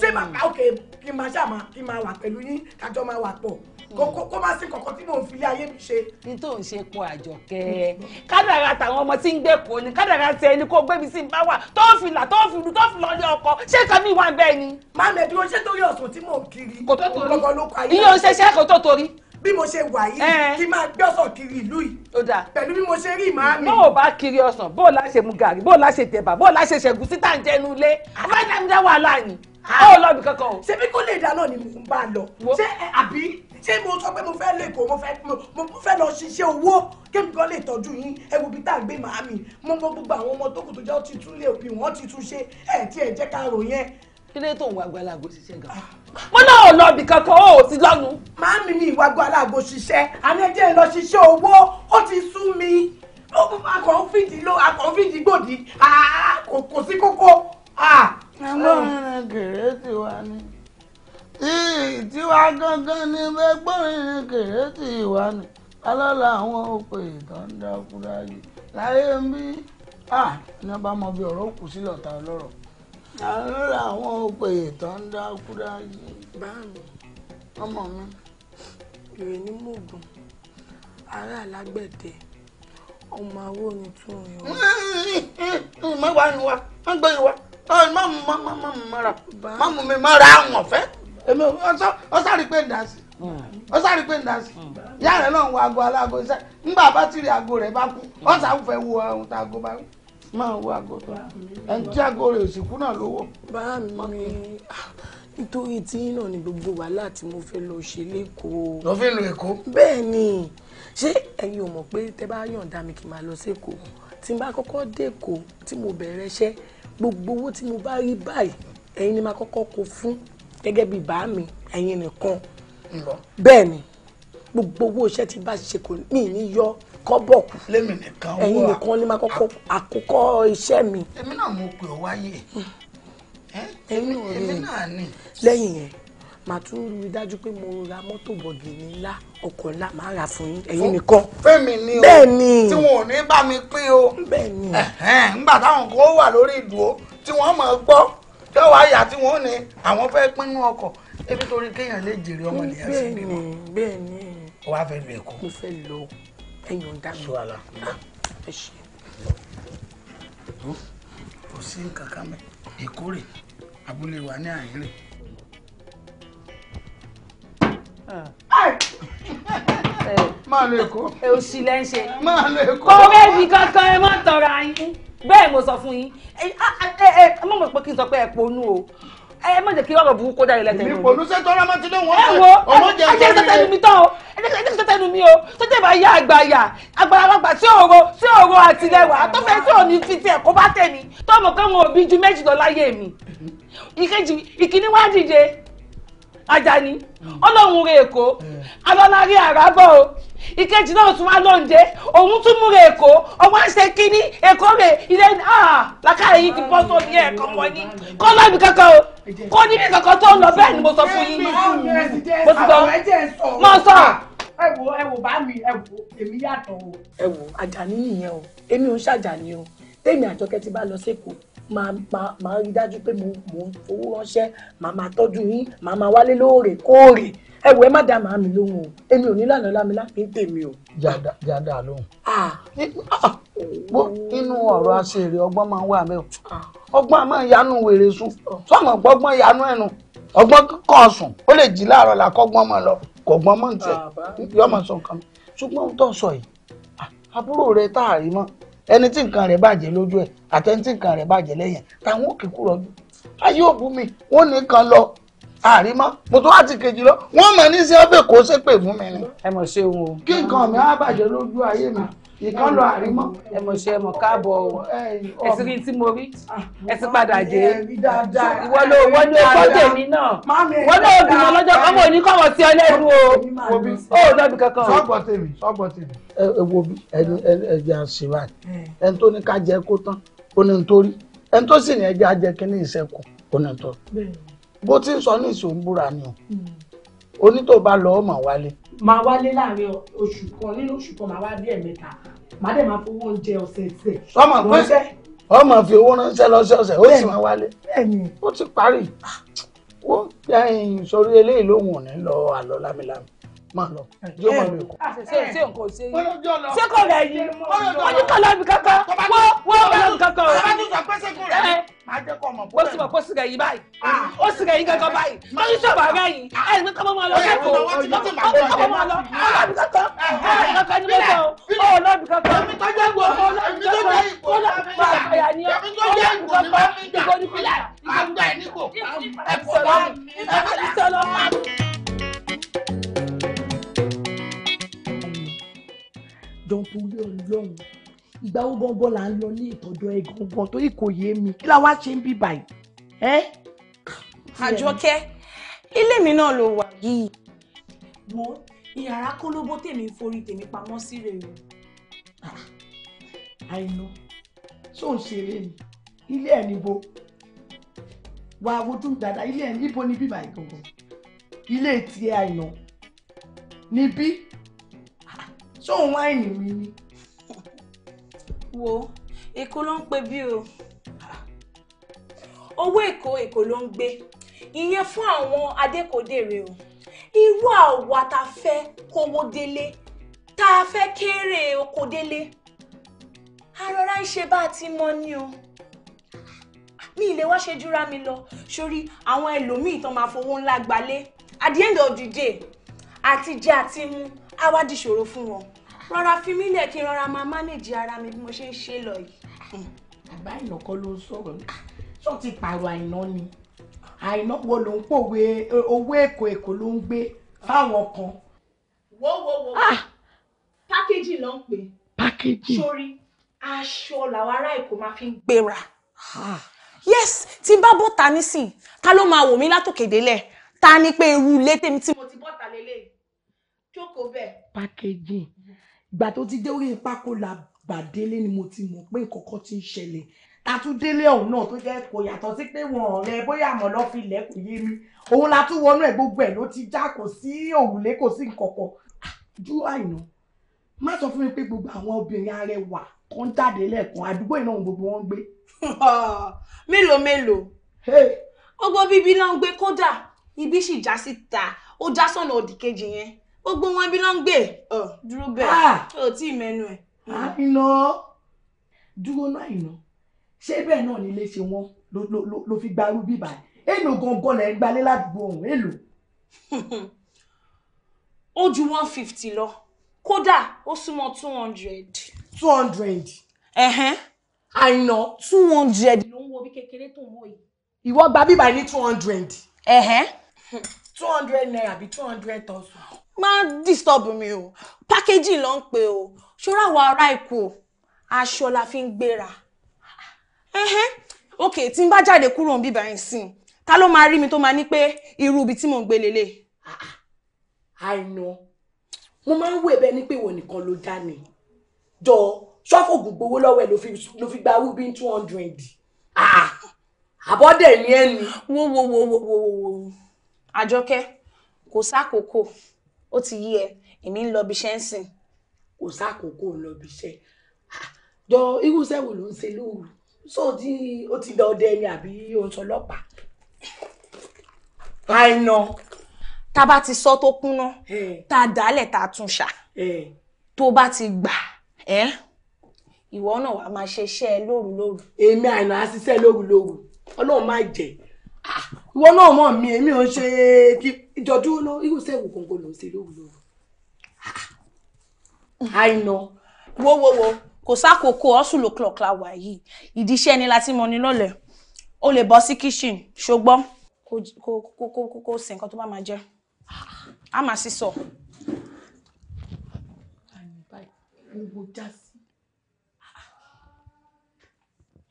ṣé màá hm. ah, ká òkè kí n máa ṣàmà kí n máa wà pẹ̀lú yín kájọ máa wà pọ̀ kó má sí kankan tí mò ń filé ayé mi ṣe. n tó ń ṣe pọ àjọkẹ́ kádàrà tàwọn ọmọ tí ń gbé kò ní kádàrà tẹ ẹni kó gbé mi sí bá wà tó ń filà tó ń filu tó ń filọ ní ọkọ ṣé kan mi wà ń bẹ́ẹ̀ ni. má mi dúró ṣé torí ọ̀sùn tí mò ń kiri. kò tó torí iye òṣèṣẹ́ kò tó torí bí mo ṣe wà yìí kí máa gbé ọsàn kiri ìlú yìí pẹ̀lú bí mo ṣe rí màámi. bó o bá kiri ọsàn bó o lá ṣe mu gàrí bó o lá ṣe tẹ̀bà bó o lá ṣe ṣẹ̀gùn síta ń jẹnu ilé abájáde wàhálà ni ah. ó lọ bí kankan o. ṣebí kó lè dáná ni mò ń bá a lọ ṣé àbí ṣé mo sọ pé mo fẹ́ lè kó mo fẹ́ mo fẹ́ lọ ṣiṣẹ́ owó kémi kan lè tọ́jú yín ẹ wo bí tá a gbé màá mi mo mọ gbogbo àwọn ọmọ tó kù tó jẹ́ ó tún lé òbí wọn ti tún ṣe ẹ̀ tí ẹ̀ jẹ́ ká rò yẹn. kí ló tó ń wá gbalago ṣiṣẹ́ gan. mo náà lọ ibì kankan ó ò lọ́nu. màá mi ní ìwà gbalago ṣiṣẹ́ àní ẹjẹ́ lọ ṣiṣẹ́ owó ó ti sú mi akọ̀ ló akọ̀ ìtiwa gangan ni bẹ́gbọ́nrin kèrètì ìwà ni alọ́la àwọn òpè ìtàn dákúrá yìí láyé ń bí ní bá mọ bí ọ̀rọ̀ kù sí lọ́ta ọlọ́rọ̀ alọ́la àwọn òpè ìtàn dákúrá yìí. ọmọ mi ìrè ní mògùn ará alágbẹ̀dẹ ọmọ awó ni tún yọ. mọ̀ wá ni wa wọ́n gbé yín wa má mú mọ́ra má mú mi mọ́ra àwọn ọ̀fẹ́ èmi ọsàn rí pé ń dá sí ọsàn rí pé ń dá sí ìyá rẹ̀ náà ń wo aago aláago iṣẹ́ nígbà bá tìrì aago rẹ̀ bá kú ọsàn fẹ́ wo ohun tá aago bá máa wo aago tó ẹni tí aago rẹ̀ sì kú náà lówó. bá mi nítorí tí náà ni gbogbo wàhálà tí mo fẹ́ lọ ṣe lẹ́kọ̀ọ́. lọ fi lu èkó. bẹ́ẹ̀ ni ṣé ẹ̀yin ò mọ̀ pé tẹ́ bá yọ̀ǹda mi kì í máa lọ sẹ́kọ̀ọ́ tí n bá kọ́kọ́ dẹ́kọ̀ọ́ tí mo bẹ̀rẹ̀ iṣẹ́ gbogbo owó tí mo bá rí báyìí ẹ̀yin ni máa kọ́kọ́ kó fún gẹ́gẹ́ bíi bá mi ẹ̀yin nìkan bẹ́ẹ̀ ni gbogbo owó iṣẹ́ tí bá ṣe kò ní ní yọ kọ́bọ̀ kù ẹ̀yin nìkan ni máa kọ́kọ́ àkókò iṣẹ́ mi. èmi náà mo pè ọ wáyé hmm. èmi náà ni. lẹ́yìn yẹn màá tún rí i dájú pé mo ra mọ́tò bọ̀gìnì ńlá ọkọ̀ ńlá màá rà fún yín ẹ̀yin nìkan. fẹ́mi ni o bẹ́ẹ̀ ni tí wọn ò ní bá mi pín o. bẹ́ẹ̀ ni. ǹgbà táwọn kan wà lórí ìdúró tí wọ́n máa gbọ́ tí wàá yà tí wọ́n ní àwọn fẹ́ pinnu ọkọ̀ ebi torí kéèyàn lè jèrè ọmọ nìyẹn sí ni mọ́ bẹ́ẹ̀ ni o wá fẹ́ lu èkó. mo fẹ́ lọ ẹyàn dá mi. sọ́ọ́lá ah, ẹ ṣe. kò sí nǹkan kan ìkórè abúlé wa ní àárín rẹ̀ máa lo èkó. òsì lẹ́ ń ṣe. máa lo èkó. kò rẹ́ẹ̀bì kankan ẹ má tọrọ yín bẹ́ẹ̀ mo sọ fún yín ẹ ẹ ẹ mọ̀ mọ̀ pé kí n sọ pé ẹ ponú o ẹ má jẹ́ kí ọ̀rọ̀ burúkú dáre lẹ́tẹ̀ mi. ìpolú ṣe tọ́ra máa ti lé wọn. ẹ wo ẹ jẹ́ sọ́tẹ́nu mi tán o ẹ jẹ́ sọ́tẹ́nu mi o sọ́tẹ́ bá yá àgbà yà àgbàlagbà tí òro tí òro àtìlẹ́wà tó fẹ́ tí òní fi tiẹ̀ kó bá tẹ̀ mí tó mọ̀ pé wọn ò bí ju méjì láyé mi. ìkejì ìkíní wá dìde Ajani ọlọ́run re èkó alọ́lárí àràbọ̀ o ìkejì náà tún wá lóúnjẹ òun tún múre èkó ọmọ àṣẹ kínní èkó rè ilé ah, làkàrà yìí ti bọ́ sórí ẹ̀ kọ̀ọ̀kan ní kọ́ lọ́ọ̀bì kankan o kọ́ níbi kankan tó ń lọ bẹ́ẹ̀ ni mo sọ fún yín mo ti gbọ́ sọ. ẹ wo bá mi ẹ èmi yàtọ̀ o. ẹ wo nìyẹn o èmi ò ń ṣàjàní o tèmi àjọkẹ́ ti bá lọ sí Èkó máa máa máa rí dájú pé mo mo ń fowó ránṣẹ́ màá máa tọ́jú yín màá máa wálé lóòrèkóòrè ẹ wò ẹ má dá màá mi lóhùn o èmi ò ní lànà lámilá kì í tèmi o. jáda lóhùn. inú ọ̀rọ̀ aṣèrè ọgbọ́n máa ń wà mẹ́ o ọgbọ́n àmọ́ ìyanu wèrè sùn sọ́mọ̀ gbọ́gbọ́n ìyanu ẹ̀nu ọgbọ́n kàn sùn ó lè jí láàárọ̀ là kọ́gbọ́n mọ̀ lọ kọ́gbọ́n mọ̀ ń tẹ̀ yọmọ sọ nǹkan ṣùgbọ́n tó sọ yìí àbúrò rẹ táàrí mọ́ ẹni tí nǹkan rẹ̀ bàjẹ́ lójú ẹ̀ àtẹni tí nǹkan rẹ̀ bàjẹ́ lẹ́yìn táwọn òkè kúrọ̀ jù ayé òbú mi wọ́n ní kan lọ àrí mọ́ mo tún wá ti kejì lọ wọ́n mọ̀ ní sí ọbẹ̀ kó ṣépè fún mi ni. ẹ mọ̀ ṣe òun o. kí nǹkan mi á bàjẹ́ lójú ayé mi ìkan lọ àrímọ. ẹ mọ̀ ṣe mọ̀ káàbọ̀ o ẹsìn rí tí mo rí ah, ẹsìn padà jẹ́ ìwọ ló wọ́n ló kọ́jẹ̀ mi náà wọ́n ló bímọ lọ́jọ́ kan mọ̀ ní kọ́wọ́ sí ẹlẹ́rú o ó lọ́bi kankan o. sọ́gbọ̀n tèmi sọ́gbọ̀n tèmi. ẹ wo bí ẹja ṣe ni ẹni tó ní ká jẹ kó tán ó ní nítorí ẹni tó sì ní ẹja jẹ kí ní ìṣẹ́kù ó ní nítorí bó ti ń sọ ní ìṣòǹbúra ni o onítò hmm. bá lọ wálé. máa wálé láàrin oṣù kan nínú oṣù kan máa wá bí ẹ̀mẹ́ta màá dẹ̀ máa fowó oúnjẹ ọ̀sẹ̀ ṣẹ̀. ọmọ pé ọmọ fi owó ránṣẹ́ lọ́sọ̀ọ̀sẹ̀ ó sì máa wálé ó ti parí ó sọrí eléyìí lóhùn ò ní lọ àlọ́ lámìlámì máa lọ yóò máa lọ èkó. Ah, ṣé nǹkan ò ṣe yín ṣé kò rẹ̀ yín wọ́n ní kọ́lá mi kankan wọ́n wọ́n rẹ̀ mi kankan o. bàbá tó sọ pé ṣé kò rẹ̀ yín eh, máa jẹ́ kó ọmọ bọ́ọ̀lù. ó sì mọ̀ pé ó sì rẹ̀ yín báyìí ah. ó sì rẹ̀ yín kankan báyìí ó sì sọ̀rọ̀ rẹ̀ yín ah. ẹ̀ ní kọ́ máa lọ lẹ́kọ̀ọ́ ó ní kọ́ máa lọ kọ́lá mi kankan kọ́lá mi kankan ní bẹ́ẹ̀ o ó lọ́ mi kankan ó lọ́ mi kankan ó lọ́ mi kankan ó lọ́ mi kankan jọ̀ọ́ torí ọlọ́run ìgbà wo gangan là ń lọ ní ìtọ́jú ẹ gangan torí kò yé mi kí la wá ṣe ń bí báyìí ẹ. àjọkẹ́ ilé mi náà ló wà yìí. wo ìyàrá kólóbó tèmi ń forí tèmi pamọ́ sí rèé o. Ah, àìná tó ń ṣeré ni ilé ẹ̀ níbo wà á wojú dáadáa ilé ẹ̀ níbo ni bíbá ìgangan ilé tiẹ̀ àìná níbí ṣóun wáìnì mi ni. wo èkó ló ń pe bí o owó èkó èkó ló ń gbé ìyẹn fún àwọn adékòdèrè o irú àwa tá fẹ́ kówó délé tá a fẹ́ kéré oko délé arọra ń ṣe bá a ti mọ ni o mi ilé wá ṣe júra mi lọ sórí àwọn ẹlòmíì tán máa fowó ńlá gbalé at the end of the day àti jẹ àti mu á di dìṣòro fún wọn rọra fi mí lẹ̀ kí n rọra máa mánéjì ara mi bí mo ṣe ń ṣe lọ yìí. àgbà àìnà kan ló ń sọ̀rọ̀ ní ṣó ti pààrọ̀ àìnà ni àìnà wo ló ń pòwe owó èkó èkó ló ń gbé fáwọn kan. wo wo wo ah! pákéjì ló ń pè pákéjì sórí aṣọ làwọn ará èkó máa fi ń gbéra. Ah! yes tí n bá bọ́ ta nísìn ta ló máa wò mí látòkè délẹ̀ ta ni pé irú ilé tèmi tí mo ti bọ́ lélẹ̀ jókòó bẹ́ẹ̀. pákéjì ìgbà tó ti dé orí pákó la bà délé ni mo ti mọ̀ pé nǹkan kan ti ń ṣẹlẹ̀ tatúndélé ọ̀hún náà tó jẹ́ kò yàtọ̀ sí pé wọn ọ̀rẹ́ bóyá àmọ́ lọ́ fi ilẹ̀ kò yé mi òun la tún wọnú ẹ̀ gbogbo ẹ̀ ló ti já kò sí òrùlé kò sí nǹkankan ju ah, àìná má sọ fún mi pé gbogbo àwọn obìnrin arẹwà kan jáde lẹ́ẹ̀kan àdúgbò iná òun gbogbo wọn gbé. mélòó mélòó ọgbọ́n bíbí náà ń gbé kódà ibi sì já síta ó já sọ́nà òdì kejì yẹn gbogbo wọn bí ló ń gbé dúró bẹ́ẹ̀ ò ah! tí ì mẹ́nu ẹ̀. àìná dúró náà àìná ṣé bẹ́ẹ̀ náà nílé ṣe wọ́n ló fi gbarú bíbá èlò gangan lẹ́ ń gbalé ládùúgbò ọ̀hún èlò. ó ju one fifty lọ kódà ó súnmọ́ two hundred. two hundred. àìná two hundred ló ń wo bí kékeré tó ń wò yìí. ìwọ gba bíbá ní two hundred. two hundred naira bi two hundred thousand má disturb mi o pákéjì ló ń pè o ṣọ́ra àwọn ará ikú aṣọ la fi ń gbéra ok tí n bá jáde kúrò ń bíbá yín sìn ta ló máa rí mi tó máa ní pé irú ibi tí mò ń gbé lélẹ̀. àìnà ah, ah. mo máa ń wò ẹ̀bẹ̀ ní pé ìwọ nìkan ló dá ni jọ ṣọ́fò gbogbo lọ́wọ́ ẹ̀ ló fi gba rúbí two hundred ah, àbọ̀dẹ̀ ni ẹ̀ ni. wo wo wo wo wo wo àjọkẹ́ kò sákòókò ó ti yí ẹ èmi ń lọ bí iṣẹ́ ń sìn. kò sákòókò lọ bí iṣẹ́ ah, jọ irúṣẹ́ wo ló ń ṣe lóru so tí ó ti lọ ọdẹ ni àbí ó sọ ọlọ́pàá. àìnà. tá bá ti sọ tó kúnná tá a dálẹ̀ tún ṣà tó bá ti gbà ìwọ náà wàá máa ṣe iṣẹ́ lóru lóru. èmi àìnà á lóru lóru ọlọ́run má jẹ́ ah, ìwọ náà mọ̀ mi èmi ò ń ṣe ìjọdún ló irú sẹ́wù gbogbo ló ń ṣe lówùlò. àìnà. wo wo wo kò sákòókò hustle o'clock la wà yìí ìdí iṣẹ́ ni láti mọ ni lọ́lẹ̀ o lè bọ́ sí kitchen ṣùgbọ́n kò kò kò kò kò sí nǹkan tó bá máa jẹ́ a máa sì sọ.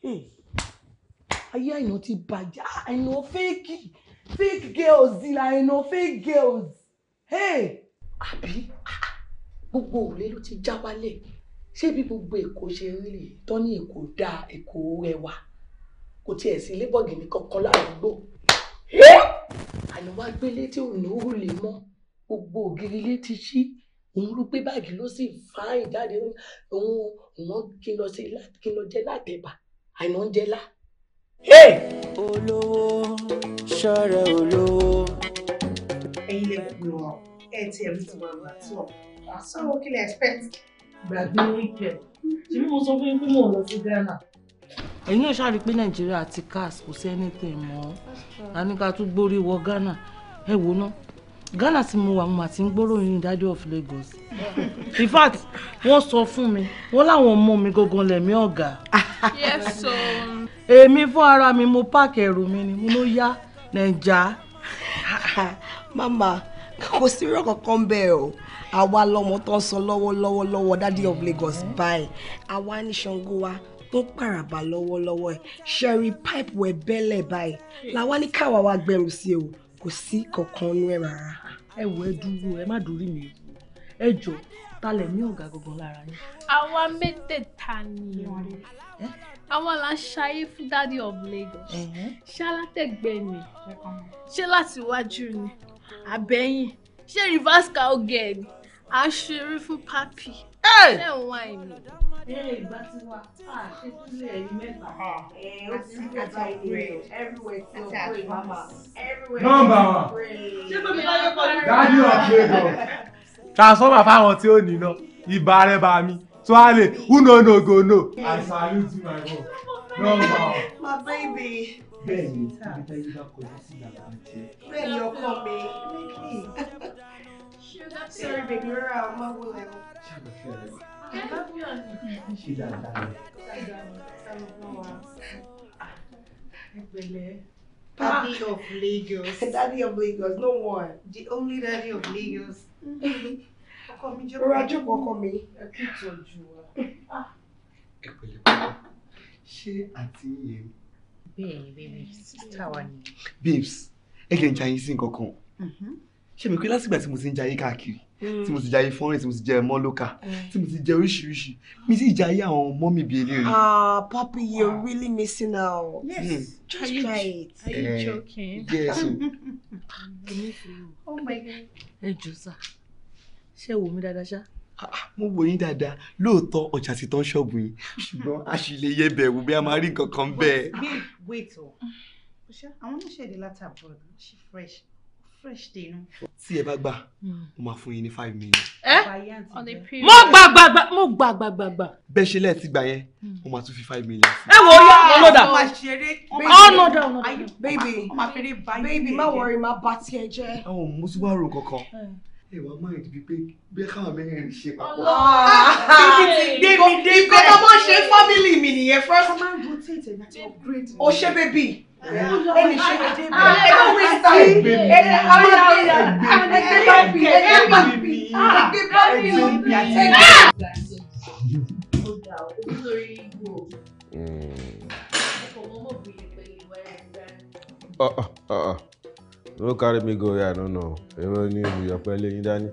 Hey ayé àìnà ti bàjẹ́ àìnà ah, fake fake girls ìlà àìnà fake girls hey àbí ah, ah. gbogbo òrùlé ló ti já wálẹ̀ ṣé bí gbogbo èkó ṣe rí rèé tán ní èkó dáa èkó rẹwà kò tiẹ̀ sí lébọ̀gì ní kankan ládùúgbò àná wá gbélé tí òun ò rò lè mọ gbogbo ògiri ilé ti ṣí òun ló gbé báàgì ló sì fà á ìjáde òun òun kí n lọ jẹ látẹ̀bà àìná ń jẹ lá olówó ṣọ̀rẹ́ olówó. ẹ̀yin lè pè wọn ẹ ti ẹ̀rù ti wà wá tí wọn àṣọ kí lè expect. gbàgbé wíkẹ̀ tí mo sọ fún yín pé mo lọ sí Ghana. ẹ̀yin ò ṣáà rí i pé nàìjíríà àti CAS kò sí anything mọ́ a ní ká tún gbórí wọ Ghana ẹ wò náà Ghana tí mo wà mo mà ti ń gbóròyìn ìdájọ́ of Lagos in fact wọ́n sọ fún mi wọ́n láwọn ọmọ mi gangan lẹ̀mí ọ̀gá. yes o. Um, èmi fún ara mi mo páàkì ẹrù mi ni mo ló yá nàìjà. mama kò sí irọ́ kankan bẹ́ẹ̀ o àwa lọmọ tó ń sọ lọ́wọ́lọ́wọ́ lọ́wọ́ daddy of Lagos Bye. àwa ní Ṣàngó wa tó pàràbà lọ́wọ́lọ́wọ́ ẹ̀ ṣẹ́rí pipe wẹ̀ bẹ́lẹ̀ báyìí làwa ní káwa wa gbẹrù sí o kò sí kankan nú ẹ rárá ẹ wò ẹ dúró ẹ má dórí mi ẹ jọ ta lẹ ní ọ̀gá gangan lára yín. àwa mẹ́tẹ̀ẹ̀ta ni àwọn là ń ṣayé fún daddy of Lagos ṣé alátẹ̀gbẹ́ ni ṣé láti wájú ni àbẹ̀yìn ṣé reverse cow ni à ń ṣeré fún papi ṣé ń wá ìlú. ìgbà tí wà á ṣe sílẹ̀ ẹ̀yìn mẹ́ta ó ti kẹta ìwé everywhere tí ó pè mama transformer fáwọn tí ó níná ibà rẹ bá mi tó a lè uno no go no. I salute you my boy. nọ́mbà my baby. bẹ́ẹ̀ni ibi tá ọkọ mi. Sorry, baby, we're out. I'm not willing. I love you. She's out there. Ẹgbẹ̀lẹ́. Daddy ah. of Lagos. Daddy of Lagos, no one. The only daddy of Lagos. Ọkọ mi jókòó. Rọra jókòó ọkọ mi. Ẹ kí ìtọ́jú wa. Ẹ pẹ̀lẹ́ pẹ̀lẹ́. Babes, ẹ jẹ́ ń jayín sí nǹkan ṣé mi pé lásìgbà tí mo ti ń jayé káàkiri tí mo ti jayé fọ́nrẹ́ tí mo ti jẹ ẹ̀mọ́ lókà tí mo ti jẹ oríṣiríṣi mi sì jayé àwọn ọmọ mi bíi eléré. ah papi you are really missing out. yes mm. just are try you, it. are you uh, joking. yes o. oh my god. ẹ jù sá ṣé wò mí dáadáa ṣá mo wò yín dáadáa lóòótọ́ ọjà ti tán ṣọ́ọ̀bù yín ṣùgbọ́n a sì lè yẹ bẹ̀rù bí a máa rí nǹkan kan bẹ́ẹ̀. wait o àwọn oníṣẹ́ èdè láti abroad ṣe fresh fresh day nu. tí ẹ bá gbà hmm. mo máa fún yín ní five million. ẹ eh? mo gbà gbà gbà mo gbà gbà gbà gbà. bẹ́ẹ̀ ṣe lẹ́ẹ̀ ti gbà yẹn hmm. mo máa tún fi five million. ẹ wo yọ ọlọ́dà ọlọ́dà ọlọ́dà. baby baby má wọrí má bá tiẹ̀ jẹ́. ọ̀hún mo ti wá rò kankan ẹwà máa ń di pé bẹ́ẹ̀ káwọn mẹ́rin ṣe papọ̀. títí ti gbé mi dé bẹ́ẹ̀. ìkọ́tọ́ bọ́ ṣe fámìlì mi nìyẹn fún. ọmọ ìgbò tètè láti upgrade. o ṣe bébì ẹni ṣe lè dé bẹ́ẹ̀ no carry me go here, I don't know. Èrò ni ìyọ̀pẹ̀ lè yín dání.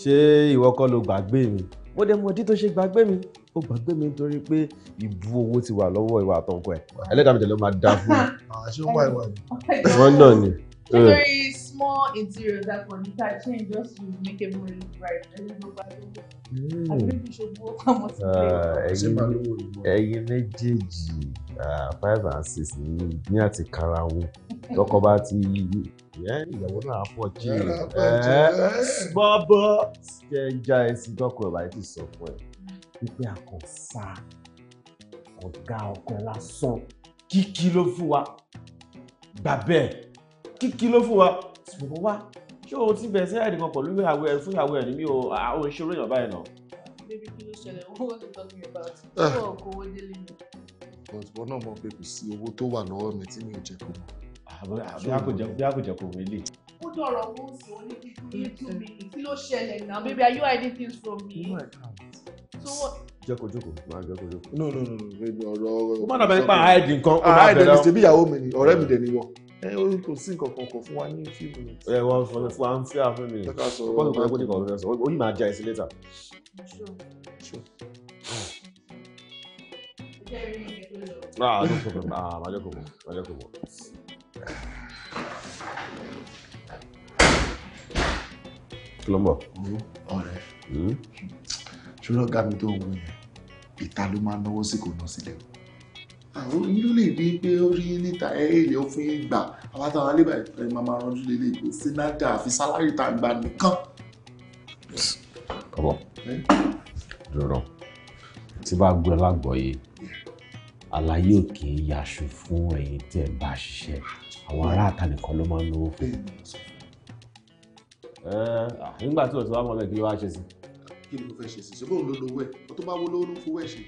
Ṣé ìwọ kọ́ ló gbàgbé mi? Mo dẹ̀ mọ̀ dí to ṣe gbàgbé mi ó gbàgbé mi nítorí pé ìbu owó ti wà lọ́wọ́ ìwà àtọ̀nkọ ẹ̀ ẹlẹ́dàá mi tẹ̀lé máa dá fún mi. àṣé ah, wà ìwà ni. wọ́n náà ni. very small interior that one you can change just to make it more bright ẹ̀yin hmm. ah, méjèèjì ah, five and six ní àti karawo tọkọ bá ti ìyàwó náà pọ̀ jí bọ́bọ́ jẹ́ ìjà ẹ̀sìn tọkọ ẹ̀ báyìí ti sọ fún ẹ wípé àkànṣá ọ̀gá ọkọ̀ lásán kíkí ló fún wa gbà bẹ́ẹ̀ kíkí ló fún wa ṣùgbọ́n wá ṣé o ti bẹ̀rẹ̀ sí àìdí kan pẹ̀lú ìyàwó ẹ̀ fún ìyàwó ẹ̀ ní mi ò àwọn ìṣòro èèyàn báyìí náà. bébí kí ló ṣẹlẹ̀ wọ́n wọ́n ti tọ́ mi bá ọ̀ náà mọ̀ pé sí owó tó wà lọ́wọ́ mi tí mi ò jẹ́ kó mọ̀. bí a kò jẹ́ kó wọlé ó dọ̀rọ̀ mú sí oníkíkú yéjú mi kí ló ṣẹlẹ̀ náà baby are you hiding things from me so what. jẹ́kọ̀ jókòó máa jẹ́kọ̀ jókòó. no no no ọ̀rọ̀ ọ̀rọ̀. ó má dàbẹ̀ nípa àìdì nǹkan. Ah, àìdì ní ṣe bí ìyàwó mi ni ọ̀rẹ́ mi o kò sí nǹkan kan kan fún wa ní few minutes. ẹ wọn fún wa fún wa fún mi. kọ́kọ́ sọ̀rọ̀ kọ́kọ́ kọ́kọ́ sọ̀rọ̀ ó yìí máa jẹ́ àìsí Ah, no problem. Ah, máa jẹ́ kò mọ̀. Máa jẹ́ ṣùgbọ́n ọ̀gá mi tó ń wọ yẹn ìta ló máa ń náwó sí kò ná sílẹ̀ o. àwọn onílù lè rí i pé ó rí níta ẹ̀ẹ́lẹ̀ ó fún yín gbà àwọn àtàwọn alẹ́ báyìí ẹ̀ máa máa ránjú lélẹ̀ kò sí náírà àfi sálárì tá a gbà nìkan. kọ́bọ̀ dúró tí bá gbọ́ lágbọ̀ọ́yé àlàyé òkè yàṣù fún ẹ̀yin tí ẹ bá ṣiṣẹ́ àwọn aráàta nìkan ló máa náwó fún. nígbà tí o ti wá mọ́lẹ̀ kí kí ni kò fẹ́ ṣe sí ṣe bóun ló lówó ẹ̀ ọ tó bá wó lówó ló ń fowó ẹ̀ ṣe.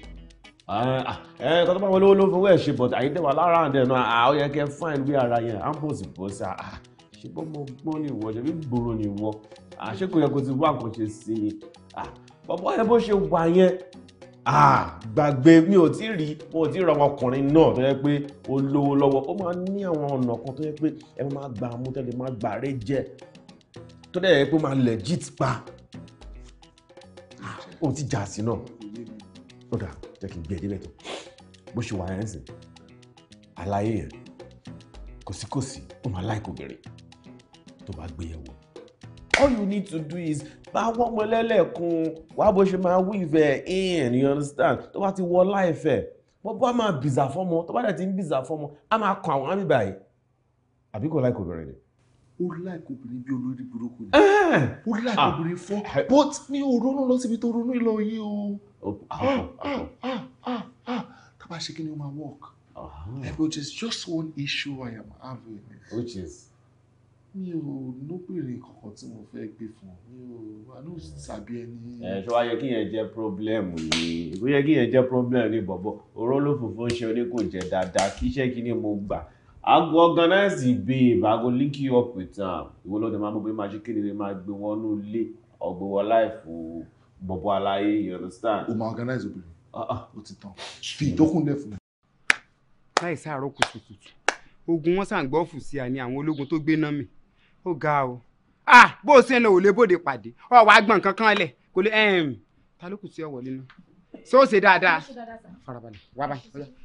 Ah, ah, ẹ ẹ tọ́tọ́ bá wọ lówó ló ń fowó ẹ̀ ṣe but àyídẹ́wà lára àdẹ̀ náà àwọn ah, yẹn kẹ́ fáìn wí ara yẹn ambos bọ́sà ṣùgbọ́n mo gbọ́n ní ìwọ ṣẹbi gbòòrò ní ìwọ àṣé kò yẹ kó ti wá nǹkan ṣe sí i bàbá yẹn bó ṣe wà yẹn gbàgbé mi ò tí rí mo ò tí rí àwọn ọkùnrin náà tó yẹ pé ó lówó lọ́wọ́ ó máa ní àwọn ọ̀nà kan tó yẹ pé ẹ máa gbà mú tẹ́lẹ̀ máa gbà rẹ́ jẹ tó dẹ̀ yẹ pé máa legit pa o ti jà náà ó jẹ́ kí n gbé ẹ̀dínlẹ̀ e tó bó ṣe wà ẹ̀ ń sìn àlàyé yẹn kòsíkòsí ó máa láì kòbìnrin tó bá gbé yẹ̀wò all you need to do is máa wọ́n mọ lẹ́lẹ́kùn wàá bó ṣe máa weave ẹ̀ in you understand tó bá ti wọ láìfẹ́ wọ́n bá máa bìzà fọ́mọ tó bá dẹ̀ ti ń bìzà fọ́mọ á máa kọ àwọn àmì báyìí àbí kò láì kòbìnrin ni ó láìkó obìnrin bí olórí burúkú ni eh! ó láìkó ah. obìnrin fọ́ eh. but mi ò ronú lọ síbi tó ronú lọ yìí o ah, ah, tábà ṣe kí ni ó máa work eh, which is just one issue I am having. which is. mi ò lóbìnrin kankan tí mo fẹ́ gbé fún ọ mi ò àánú tàbí ẹni. ẹ ṣé wàá yẹ kí yẹn jẹ pírọblẹmù ni ìgbó yẹ kí yẹn jẹ pírọblẹmù ni bọ̀bọ̀ òró ló fòfó ṣe oníkùn jẹ dáadáa kí iṣẹ́ kí ni mo gbà I go organize the babe. I go link you up with am. Um, ìwọ lọ́dọ̀ máa mú bí máa ṣe kéde lè máa gbé wọn ní ilé ọ̀gbìn wọn láìfò bọ̀bọ̀ aláyé you understand. O máa organize obìnrin. Ah, ah. O ti tán. Fi ìtókùn lẹ̀ fún mi. Láì sáàárọ̀ kùtùkùtù, ogun wọn sàn gbọ́ fù sí àní àwọn ológun tó gbé náà mi. Ó ga o. Ah bó o ṣe ń lọ òlé bòde pàdé, ọ̀ wá gbọ̀n kankan lẹ̀ kò lè ta ló kù sí ọ̀wọ́lé náà. Ṣé ó ṣe dáadáa? Farabalẹ̀ wá báyìí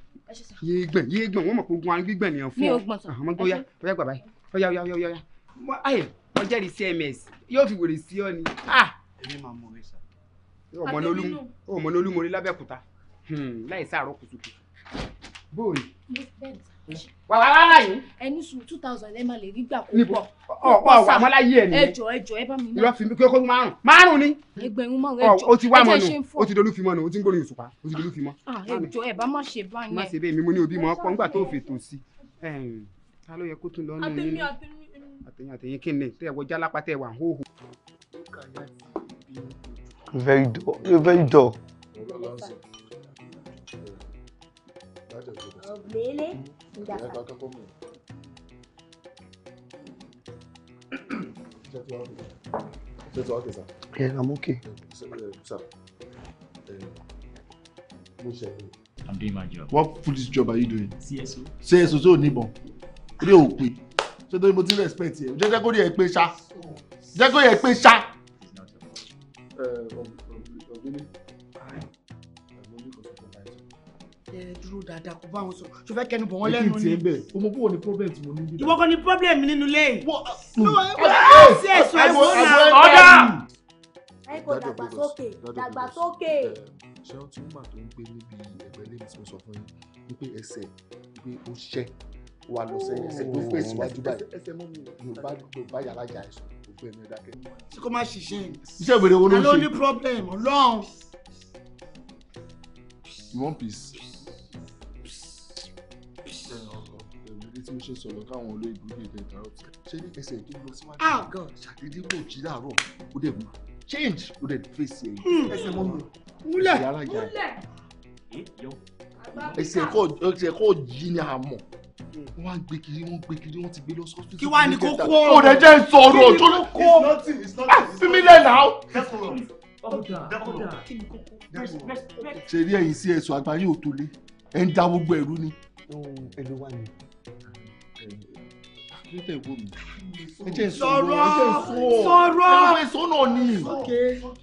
yéé gbọ̀n yéé gbọ̀n wọ́n mọ̀ pé ogun gbígbọ̀n nìyẹn fún ọ ọmọ gbọ́ ya ọyá gbà báyìí ọyá ọyá ọyá ọyá ayé mo jẹ́rìí sí ms yóò fi wèrè sí ọ ni. Ah! èmi máa mọ mi hmm, sá. ọmọ olúmọrí lábẹ́kúta láì sáàárọ̀ kùtùkùtù bóòlù wà wà wà yìí. ẹni sùn two thousand ẹ máa lè rí gbà kó bọ. ọ ọ wà wọn láyé ẹ nìyẹn. ẹjọ ẹjọ ẹ bá mi náà. ìlọ fi mi kí ọkọ márùn márùn ni. ẹgbẹ̀rún márùn ẹjọ ó ti wá mọ nù ó ti dolú fi mọ nù ó ti ń gbóni ìsùpá ó ti dolú fi mọ. Ah, ẹjọ ẹ bá má ṣe bá yẹn. má ṣe bẹ́ẹ̀ mi mo ní òbí mọ́ ọkọ ńgbà tó fètò sí i. ta ló yẹ kó tún lọ nù yín very dull very dull. ọ̀gbẹ́lẹ̀. Ya. Ẹ ká kọ́kọ́ mú. Ṣé ti wá kìsà? Ṣé ti wá kìsà? Ẹ I'm okay. I'm doing my job. What police job are you doing? CSO. CSO tó níbọn. Ilé ò pè. Ṣé torí mo ti respect yẹ? Jẹ́ jẹ́ kó rí ẹ pé ṣá. Jẹ́ kó rí ẹ pé ṣá. Ọ̀gbìn. ẹ dúró dáadáa kó bá wọn sọ tó fẹ́ kẹnu bọ̀ wọ́n lẹ́nu ni. èkìtì ẹ̀ bẹ̀ ọmọ kó wọ ni problem tí mo ní. ìwọ kọ́ ni problem mi nínú hmm. lẹ́yìn. ọ̀dà. ẹ kò dàgbàsókè dàgbàsókè. ṣé o ti ń bà tó ń gbé níbi ẹgbẹ́ lẹ́yìn tí mo sọ fún yín wípé ẹsẹ̀ wípé ó ṣẹ́ wà lọ sẹ́yìn tó fèsì wájú báyìí ẹsẹ̀ mọ́ mi yorùbá yàrá jà ẹ̀sùn gbogbo ẹ̀mí dákẹ́. ṣé kó má ṣiṣẹ́ yìí. iṣẹ́ ìbèrè wo ló ń ṣe. àlọ́ ní problem ọlọ́run. in one piece. tí mo ṣe sọ̀rọ̀ káwọn olóyìnbó lè dẹ̀ dárò tí ṣé ní ẹsẹ̀ tó lọ síwájú ah! ṣàdédé kò jí láàárọ̀ ó dẹ̀ mú change ó dẹ̀ fèsì ẹ̀yìn hmm. ẹsẹ̀ mọ́ mi múlẹ̀ múlẹ̀ eh, ẹsẹ̀ kò jí ni a mọ̀ wọ́n á gbé kiri wọ́n gbé kiri wọ́n ti gbé lọ sọ́fíìsì. kí wàá ní kó kó o. o jẹ́ sọ̀rọ̀ tó ló kó. Ah, fímílẹ̀ náà. ṣe rí ẹ̀yin sí ẹ̀sùn àgbáyé òtòlé ẹ̀ ń da gbogbo ẹ̀rú ni. ẹ̀rú wa ni kí tẹ̀ wo mi. ẹ jẹ́ sọ̀rọ̀ ẹ jẹ́ sọ̀rọ̀ ẹ jẹ́ sọ̀rọ̀ ni. ó kéré fún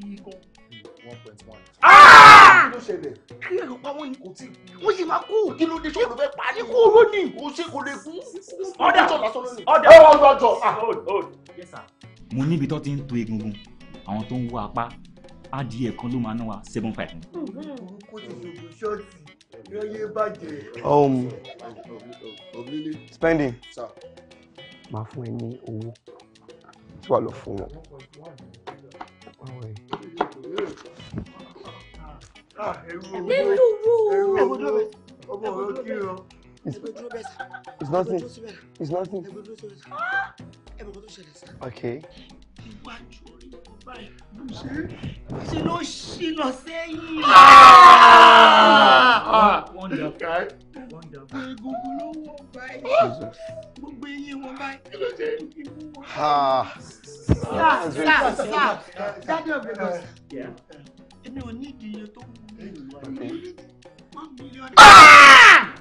yín gan. one point one. kí ẹ lọ pa wọn ni. kò tí wọ́n ṣe máa kú. kí ló dé sọ̀rọ̀ bẹ́ẹ̀ pa ní kó ló ní. kò ṣe kò lè kú. ọ̀dà ọ̀dà ọ̀dà ọ̀dà. mo níbi tó ti ń to egungun àwọn tó ń wá apá adìẹ kan ló máa ná wa seven five. kò um, spending máa fún ẹ ní owó tí wàá lọ fún wọn. ẹ̀rù owó ẹ̀rù owó ọmọ rẹ kí o it's nothing it's nothing. okay. iwájú ló ṣì lọ sẹ́yìn. Ah! Ah! wonderful ló wọ báyìí gbogbo eyín wọn báyìí. sir sir sir daddy of Lagos èmi ò ní ìdíye tó wù mí. Ah!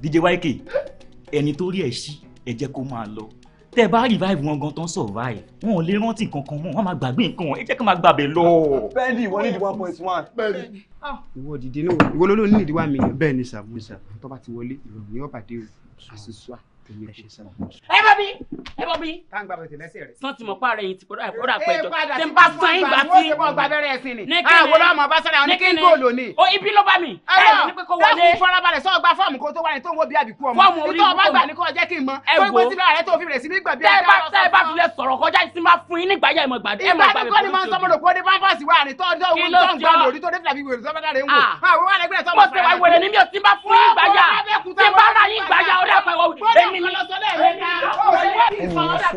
DJ YK ẹni tó rí ẹ sí ẹ jẹ́ kó máa lọ tẹ bá revive wọn gan tán survive wọn ò lè rántí kankan mọ́ wọn máa gbàgbé nǹkan ẹ jẹ́ kí n máa gbàbẹ lọ. bẹ́ẹ̀ni ìwọ nídìí one point one. bẹ́ẹ̀ni. Ah! ìwọ dìde náà ìwọ ló ló nídìí one million bẹ́ẹ̀ni sàmúlò sàmúlò tó bá ti wọlé ìròyìn ọbàdé o ẹ bọ bí ẹ bọ bí. táǹgbà bẹ̀rẹ̀ lẹ́sẹ̀ rẹ̀. tán ti mọ̀ pa rẹ̀ yìí ti kọ́dọ̀ àìkọ́dọ̀ àpẹjọ tí n bá san ìgbà tí. wọ́n ti bọ́ gba abẹ́rẹ́ ẹ̀sìn ni. àwọn ah, ọmọ bá sọ̀rọ̀ àwọn ní kí n gbòòlò ni. o ibi ló bá mi. ẹ ẹ ní pé kó wọlé. dákun farabalẹ̀ sọ gba fọ́ọ̀mù kó tó wà ní tó ń wo bí àbíkú ọmọ. fọ́ọ̀mù orí ìtọ́ bá gbà ní kó jẹ́ kí n mọ. ẹ wo tẹ́ ẹ bá tilẹ̀ sọ̀rọ̀ kọjá sí máa fún yín nígbà yá ìmọ̀ ìgbàdí. ìgbà tó kọ́ ni máa ń sọmọ lòpọ̀ ní pampasì wa ni tọ́jú owó tó ń gbà lórí tó dé fìlà bíbélì sọ́mọdá rẹ̀ ń wò. àwọn ah. ah, wà lẹ́gbẹ̀rẹ̀ sọ́mọ fẹ́ràn. mo ti wà wẹ̀rẹ̀ ni mi ò ti bá fún yín gbàyà. ti bá ra yín gbàyà ó dà pẹ̀lú mi lọ lọ sọ́dọ̀ rẹ̀ ká. yourself!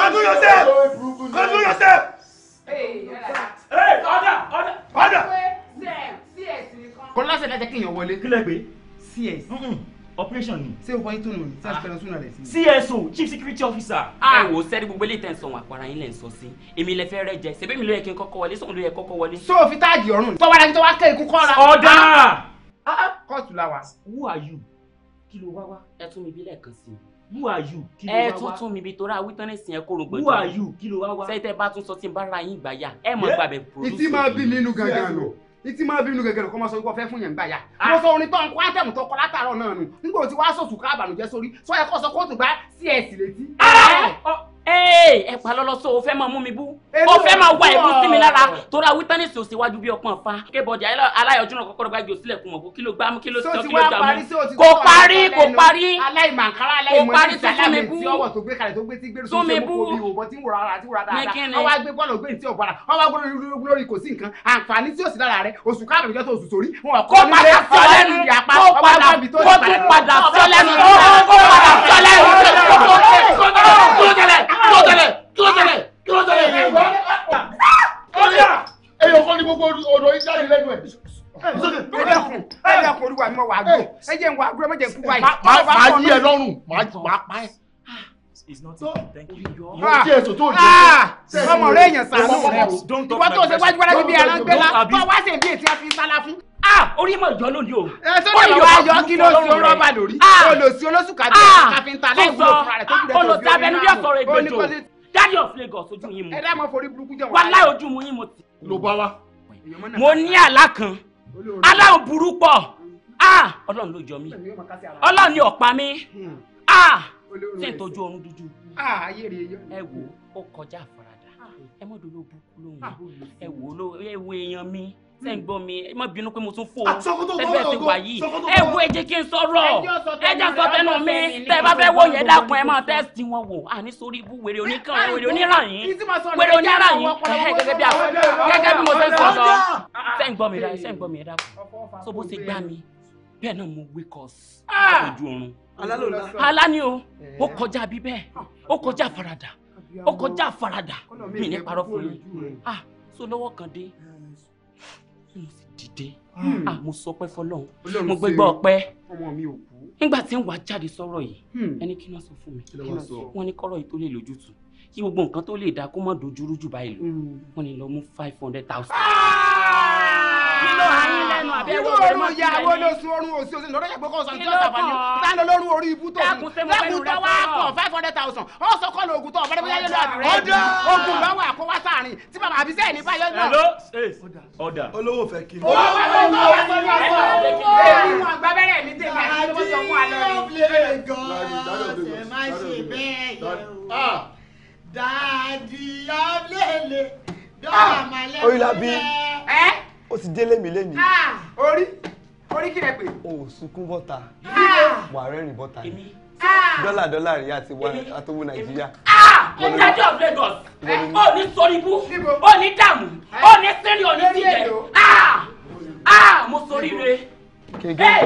Control yourself! Control yourself! Hey, order! Order! Order! Kọ́lá ṣẹlẹ̀ jẹ́ kí n yàn wọlé. Kílẹ̀ pé. CS operation ni. ṣé o kọ́ yín tó nù ní sáà pẹ̀lú súnà rẹ̀ sí. cso chief security officer. ẹ ah. wo sẹ́ni gbogbo ilé tẹ̀ ń sọ wọn àpárá yín lẹ̀ ń sọ sí èmi lẹ fẹ́ rẹ jẹ ṣebí mi ló yẹ kí n kọ́kọ́ wọlé sóun ló yẹ kọ́kọ́ wọlé. so òfin táàgì ọ̀run ni. tọ́wọ́ra ni tọ́wọ́ kẹ́ ikú kọ́ra. ọ̀dà. Ah, ah, kóòtù la wà. who are you kí ló wá wá ẹ tún mi bí lẹ́ẹ̀kan sí i who are you kí ló wá wá ẹ tún tún mi bí torí awítánẹ́sì yẹn kóró gbọdọ who are you kí ló wá wá sẹ́yìn tẹ́ bá tún sọ tí n bá ra yín ìgbà yá ẹ mọ̀ gbàgbẹ́ produce. ìtì máa bí nínú gàgà lọ ìtì máa bínú gẹ́gẹ́ kọ́ máa sọ wípé ọ̀fẹ́ fún yẹn gbà yá. Ah. mo sọ orin tó ń kọ́ àtẹ̀mù tó kọ́ látàárọ̀ náà nù nígbà tí wàá sọ̀tù ká àbànújẹ́ sórí sọ ẹ̀kọ́ sọ kóòtù gbá cs létí. Ah! ẹ pa lọ́lọ́sọ o fẹ́ máa mú mi bú o fẹ́ máa wá ẹ̀bú sí mi lára torí awítánì sí òsíwájú bí ọpọ́n fa kébọ̀dì aláyọjú náà kọ́kọ́rọ́ bá jò sílẹ̀ kùn mọ̀ kó kí ló gbámú kí ló sọ kí ló jà mú kò parí kò parí kò parí sí tún mi bú tún mi bú ní kí ni. ọwọ́ agbé bọ́ọ̀lù ògbé ní tí ò bọ́ra ọwọ́ agbé lórí kò sí nǹkan àǹfààní tí ò sí lára rẹ oṣù káàbọ̀ ìjọ́ ló tẹ̀lẹ̀ kí ló tẹ̀lẹ̀ kí ló tẹ̀lẹ̀. èèyàn kan ní gbogbo ọ̀dọ̀ yìí jáde lẹ́nu ẹ̀. Eh, eh, eh, ẹ jẹ́ kó olúwa mi wà á gbó ẹ jẹ́ wà á gbó ẹ má jẹ́ kú báyìí. màá yí ẹ lọ́rùn màá pa ẹ. It's not so, thank you. Ah, ah, ọmọ rẹ̀ yẹn sànú rẹ̀. Ìwọ́n tó ṣe wájú wájú bí ẹran gbé la, bá wá sí ìdí ètí ẹ fi sálá fún orí mọ̀ jọ lónìí o. ẹ sọ́dọ̀ ìwà ayọ̀ kí ló sí rọ́bà lórí. olùsí olóṣù kàbí káfíńtà láì wúlò fúnra rẹ̀ tó kúrẹ́ tó fi omi náà mú. olùsí daddy of Lagos ojú yín mu. ẹ dá mọ forí burúkú jẹ wá. wàhálà ojú mu yín mu ti. ló bá wa. mo ní àlá kan aláwọ̀ burú pọ̀ ọlọ́run ló jọ mí ọlọ́run ni ọ̀pá mi hmm. ṣé ìtọ́jú ọrùn dúdú. ẹ wo ó kọjá àfaradà ah. ẹ mọ̀ dolóbu lóhùn ah, ẹ wo èèyàn mi ṣe ń gbọ́ mi ẹ má bínú pé mo tún fò ó tẹ́lẹ̀ ti wà yìí ẹ wo ẹ jẹ́ kí n sọ̀rọ̀ ẹ jẹ́ sọ tẹnu mi tẹ́ ẹ bá fẹ́ wò yẹn dákun ẹ máa tẹ́sítì wọn wò àní sórí ibú wèrè oníkan wèrè oníràyìn wèrè oníràyìn ẹ gẹ́gẹ́ bí àwọn gẹ́gẹ́ bí mo ṣe ń sọ sọ ṣe ń gbọ́ mi dákun ṣe ń gbọ́ mi dákun so bó ṣe gbá mi bẹ́ẹ̀ náà mo wé kọ́ ah! ojú oorun alá ni o eh. ó kọjá bí bẹ́ẹ̀ ó kọjá farada ó kọjá farada mi ní parọ́ fún mi ah so lọ́wọ́ kan dé dìde àmọ́ hmm. ah, sọpẹ́ fọlọ́run mo gbégbá ọpẹ́ nígbà tí ń wá jáde sọ̀rọ̀ yìí hmm. ẹni kí náà sọ fún mi wọ́n ní kọ́rọ̀ yìí tó lè lójútùú kí gbogbo nǹkan tó lè dá kó má dojúrú jù báyìí lọ hmm. wọ́n ní lọ mú five hundred thousand. Ah! kí ló hàn yín lẹ́nu àbí ẹ̀rọ ọ̀run ya wo ló sun ọrùn òsì òsì lọ́dọ̀ yàgbọ́ kọ́ sàn tí fani tá ló lọ́rùn orí ibú tó fún lẹ́kùn tó wá kọ̀ five hundred thousand ó sọ kọ́ lo oògùn tó ọ̀bẹ́rẹ́ bóyá yóò lọ àdúrà oògùn lọ́wọ́ àkọ́wá sáàrin tí bàbá àbí sẹ́yìn nípa yóò lọ. ọ̀dà olówó fẹ́ kí ni. olówó fẹ́ kí ni. olówó fẹ́ kí ni. agbábẹ́rẹ́ mi dé Dáàdì ọ̀lẹ́lẹ̀ dọ́ọ̀mà lẹ́nu rẹ̀. Oyinlabi. Ẹ́ ó ti délé mi lẹ́nu. orí orí kí lẹ pè. o ò sunkún bọ́ta wà á rẹ́rìn bọ́ta ni dọ́là dọ́là rí àti wà àtọwọ́ nàìjíríà. ìdájọ́ of Lagos ó ní sọ́ríbú ó ní dààmú ó ní sẹ́rí ó ní tìjẹ́ mo sori re. kẹ̀kẹ́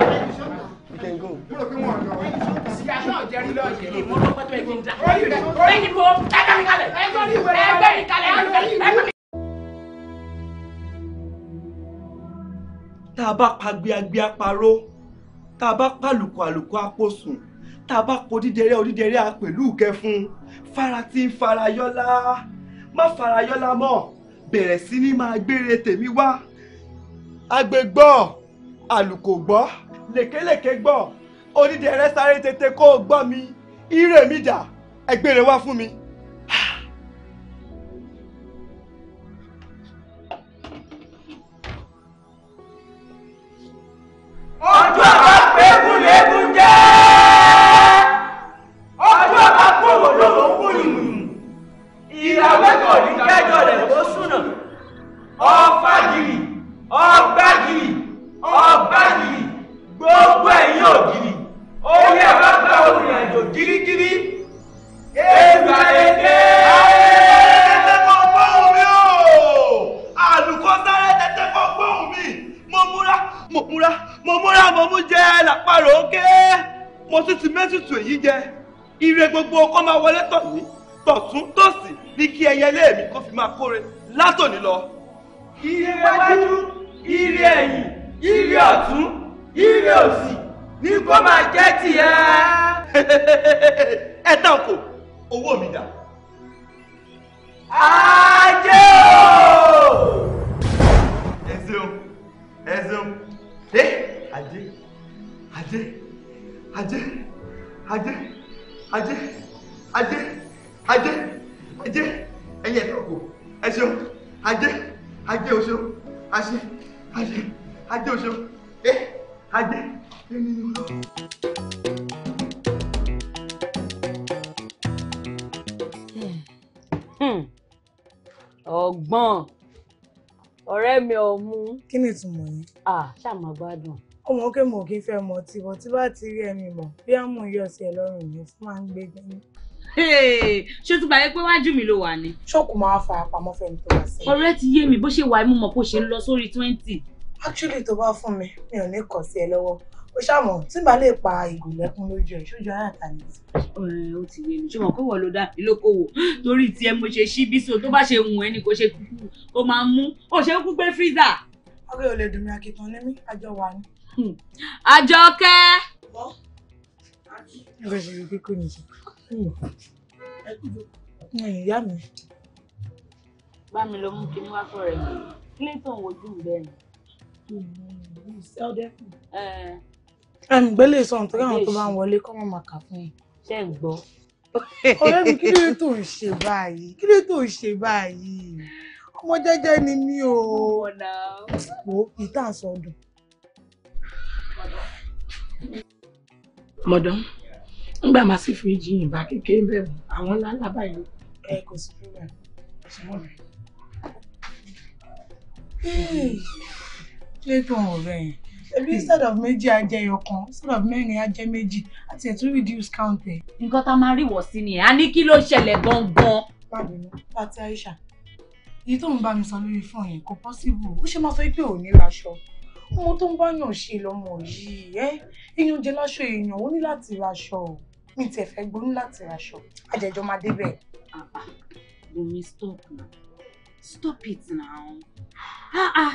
kẹ̀kẹ́ go. sìgá náà jẹ́rí lọ́ọ̀jẹ̀ ní mo ẹgbẹ́ mi ẹgbẹ́ mi ẹgbẹ́ mi tá a bá pagbe agbe aparó tá a bá pàlùkù àlùkù aposùn tá a bá po dídẹrẹ́ onídẹrẹ́ apèlú kẹfun fara tí ń farayọ́lá má farayọ́lá mọ́ bẹ̀rẹ̀ sí ní máa gbére tèmi wá agbègbọ́ àlùkò gbọ́ lèkélèké gbọ́ onídẹrẹ́ sáré tètè kó o gbọ́ mi ire mi dà ẹgbẹ́rẹ́ wá fún mi. ojú àbá pé egúnlégún jẹ́ ojú àbá kó wò lówó kó yìnyín ìràwẹ́kọ̀ ní kẹjọ rẹ̀ tó súnà ọ̀fàgìrì ọ̀gbàgìrì ọ̀gbàgìrì gbogbo ẹ̀yìn ògiri ó yẹ bá gba òrìnàjò gírígírí égbà ẹgbẹ́. gbogbo ọkọ máa wọlé tọ̀ mí tọ̀tún tòsì bí kí ẹyẹ ilé mi kó fi máa kóre látòní lọ. ire wájú ire ẹ̀yìn ire ọ̀tún ire òsì ní kó máa jẹ́ tìyẹ. ẹ tán kò owó mi dà. ajé o. ẹ ṣeun ẹ ṣeun ẹ ajé ajé ajé ajé ajé ajé ajé ajé ẹyẹ ẹdọkọ ẹ ṣeun ajé ajé o ṣeun àṣẹ ajé ajé o ṣeun ẹ ajé ẹ nínú lọ. Hmm. ọgbọ́n ọ̀rẹ́ mi ọ̀mú. kí ni ìtumọ̀ yẹn. ah ṣáà máa gbádùn ọmọ kí mo kí fẹ́ mọ tí wọ́n tí bá ti rí ẹ̀mí mọ̀ bí àmú yọ sí ẹ lọ́rùn mi fún máa ń gbé gbẹ́ni. ṣé tó bá yẹ pé wájú mi ló wà ní. ṣọ́ọ̀kù máa fara pamọ́ fẹ́ni tó wá sí. ọ̀rẹ́ ti yé mi bó ṣe wà mú kó ṣe ń lọ sórí twenty. actually tó bá fún mi mi ò ní kàn sí ẹ lọ́wọ́ ó ṣàmọ̀ tí n bá lè pa ìgò lẹ́kún lójú ẹ̀ ṣojú ara ta ni. ó ti yé mi ṣé wọn kó wọ ló dá ìlókòwò torí tiẹ̀ mo ṣe ṣí bí so tó bá ṣe wù ẹ́ ni kò ṣe kúkú ó máa mú ó ṣe kúkú gbé freezer. ọ̀rẹ́ ò lè dùn mí akitan ní mí àjọ wà ní ajoke Ẹ ṣe ṣe Ìyá mi. Bá mi lọ mú kí n wá rẹ̀ yìí. Clayton wojú mi bẹ́ẹ̀ ni. Ṣẹ́ọ́dẹ́kùn. Ẹnìgbélé sọ̀rọ̀ torí àwọn tó bá ń wọlé kọ́ mọ̀ màkà fún yín. Ṣé ń gbọ́? ọ̀rẹ́ mi kí ló tó ń ṣe báyìí kí ló tó ń ṣe báyìí ọmọ jẹ́jẹ́ ni mí o wo ìtàn sọdún mọ̀dán ńgbà máa sì fi jiyàn bá kékeré bẹ́ẹ̀ mọ́ àwọn ńláńlá báyìí ẹ kò sí fún wa ṣùgbọ́n rẹ̀. lẹ́gbọ̀n ọ̀rẹ́ yẹn ebi instead of méjì á jẹ ẹyọkan instead of mẹ́rin á jẹ méjì àti ẹ̀ tún reduce count ẹ̀. nǹkan tá a máa rí wọ̀ sí ni ẹ̀ á ní kí ló ṣẹlẹ̀ gangan. pàdánù àti Aisha èyí tó ń bá mi sọ lórí fún yẹn kò possible ó ṣe máa sọ pé òun ní raṣọ ọmọ tó ń báyàn ṣe lọmọ yìí ẹ èèyàn jẹ láṣọ èèyàn ó ní láti raṣọ mi tẹ̀ fẹ́ gbóní láti raṣọ àjẹjọ máa débẹ̀. Bùnmi ah, ah. stop na stop it now ah, ah.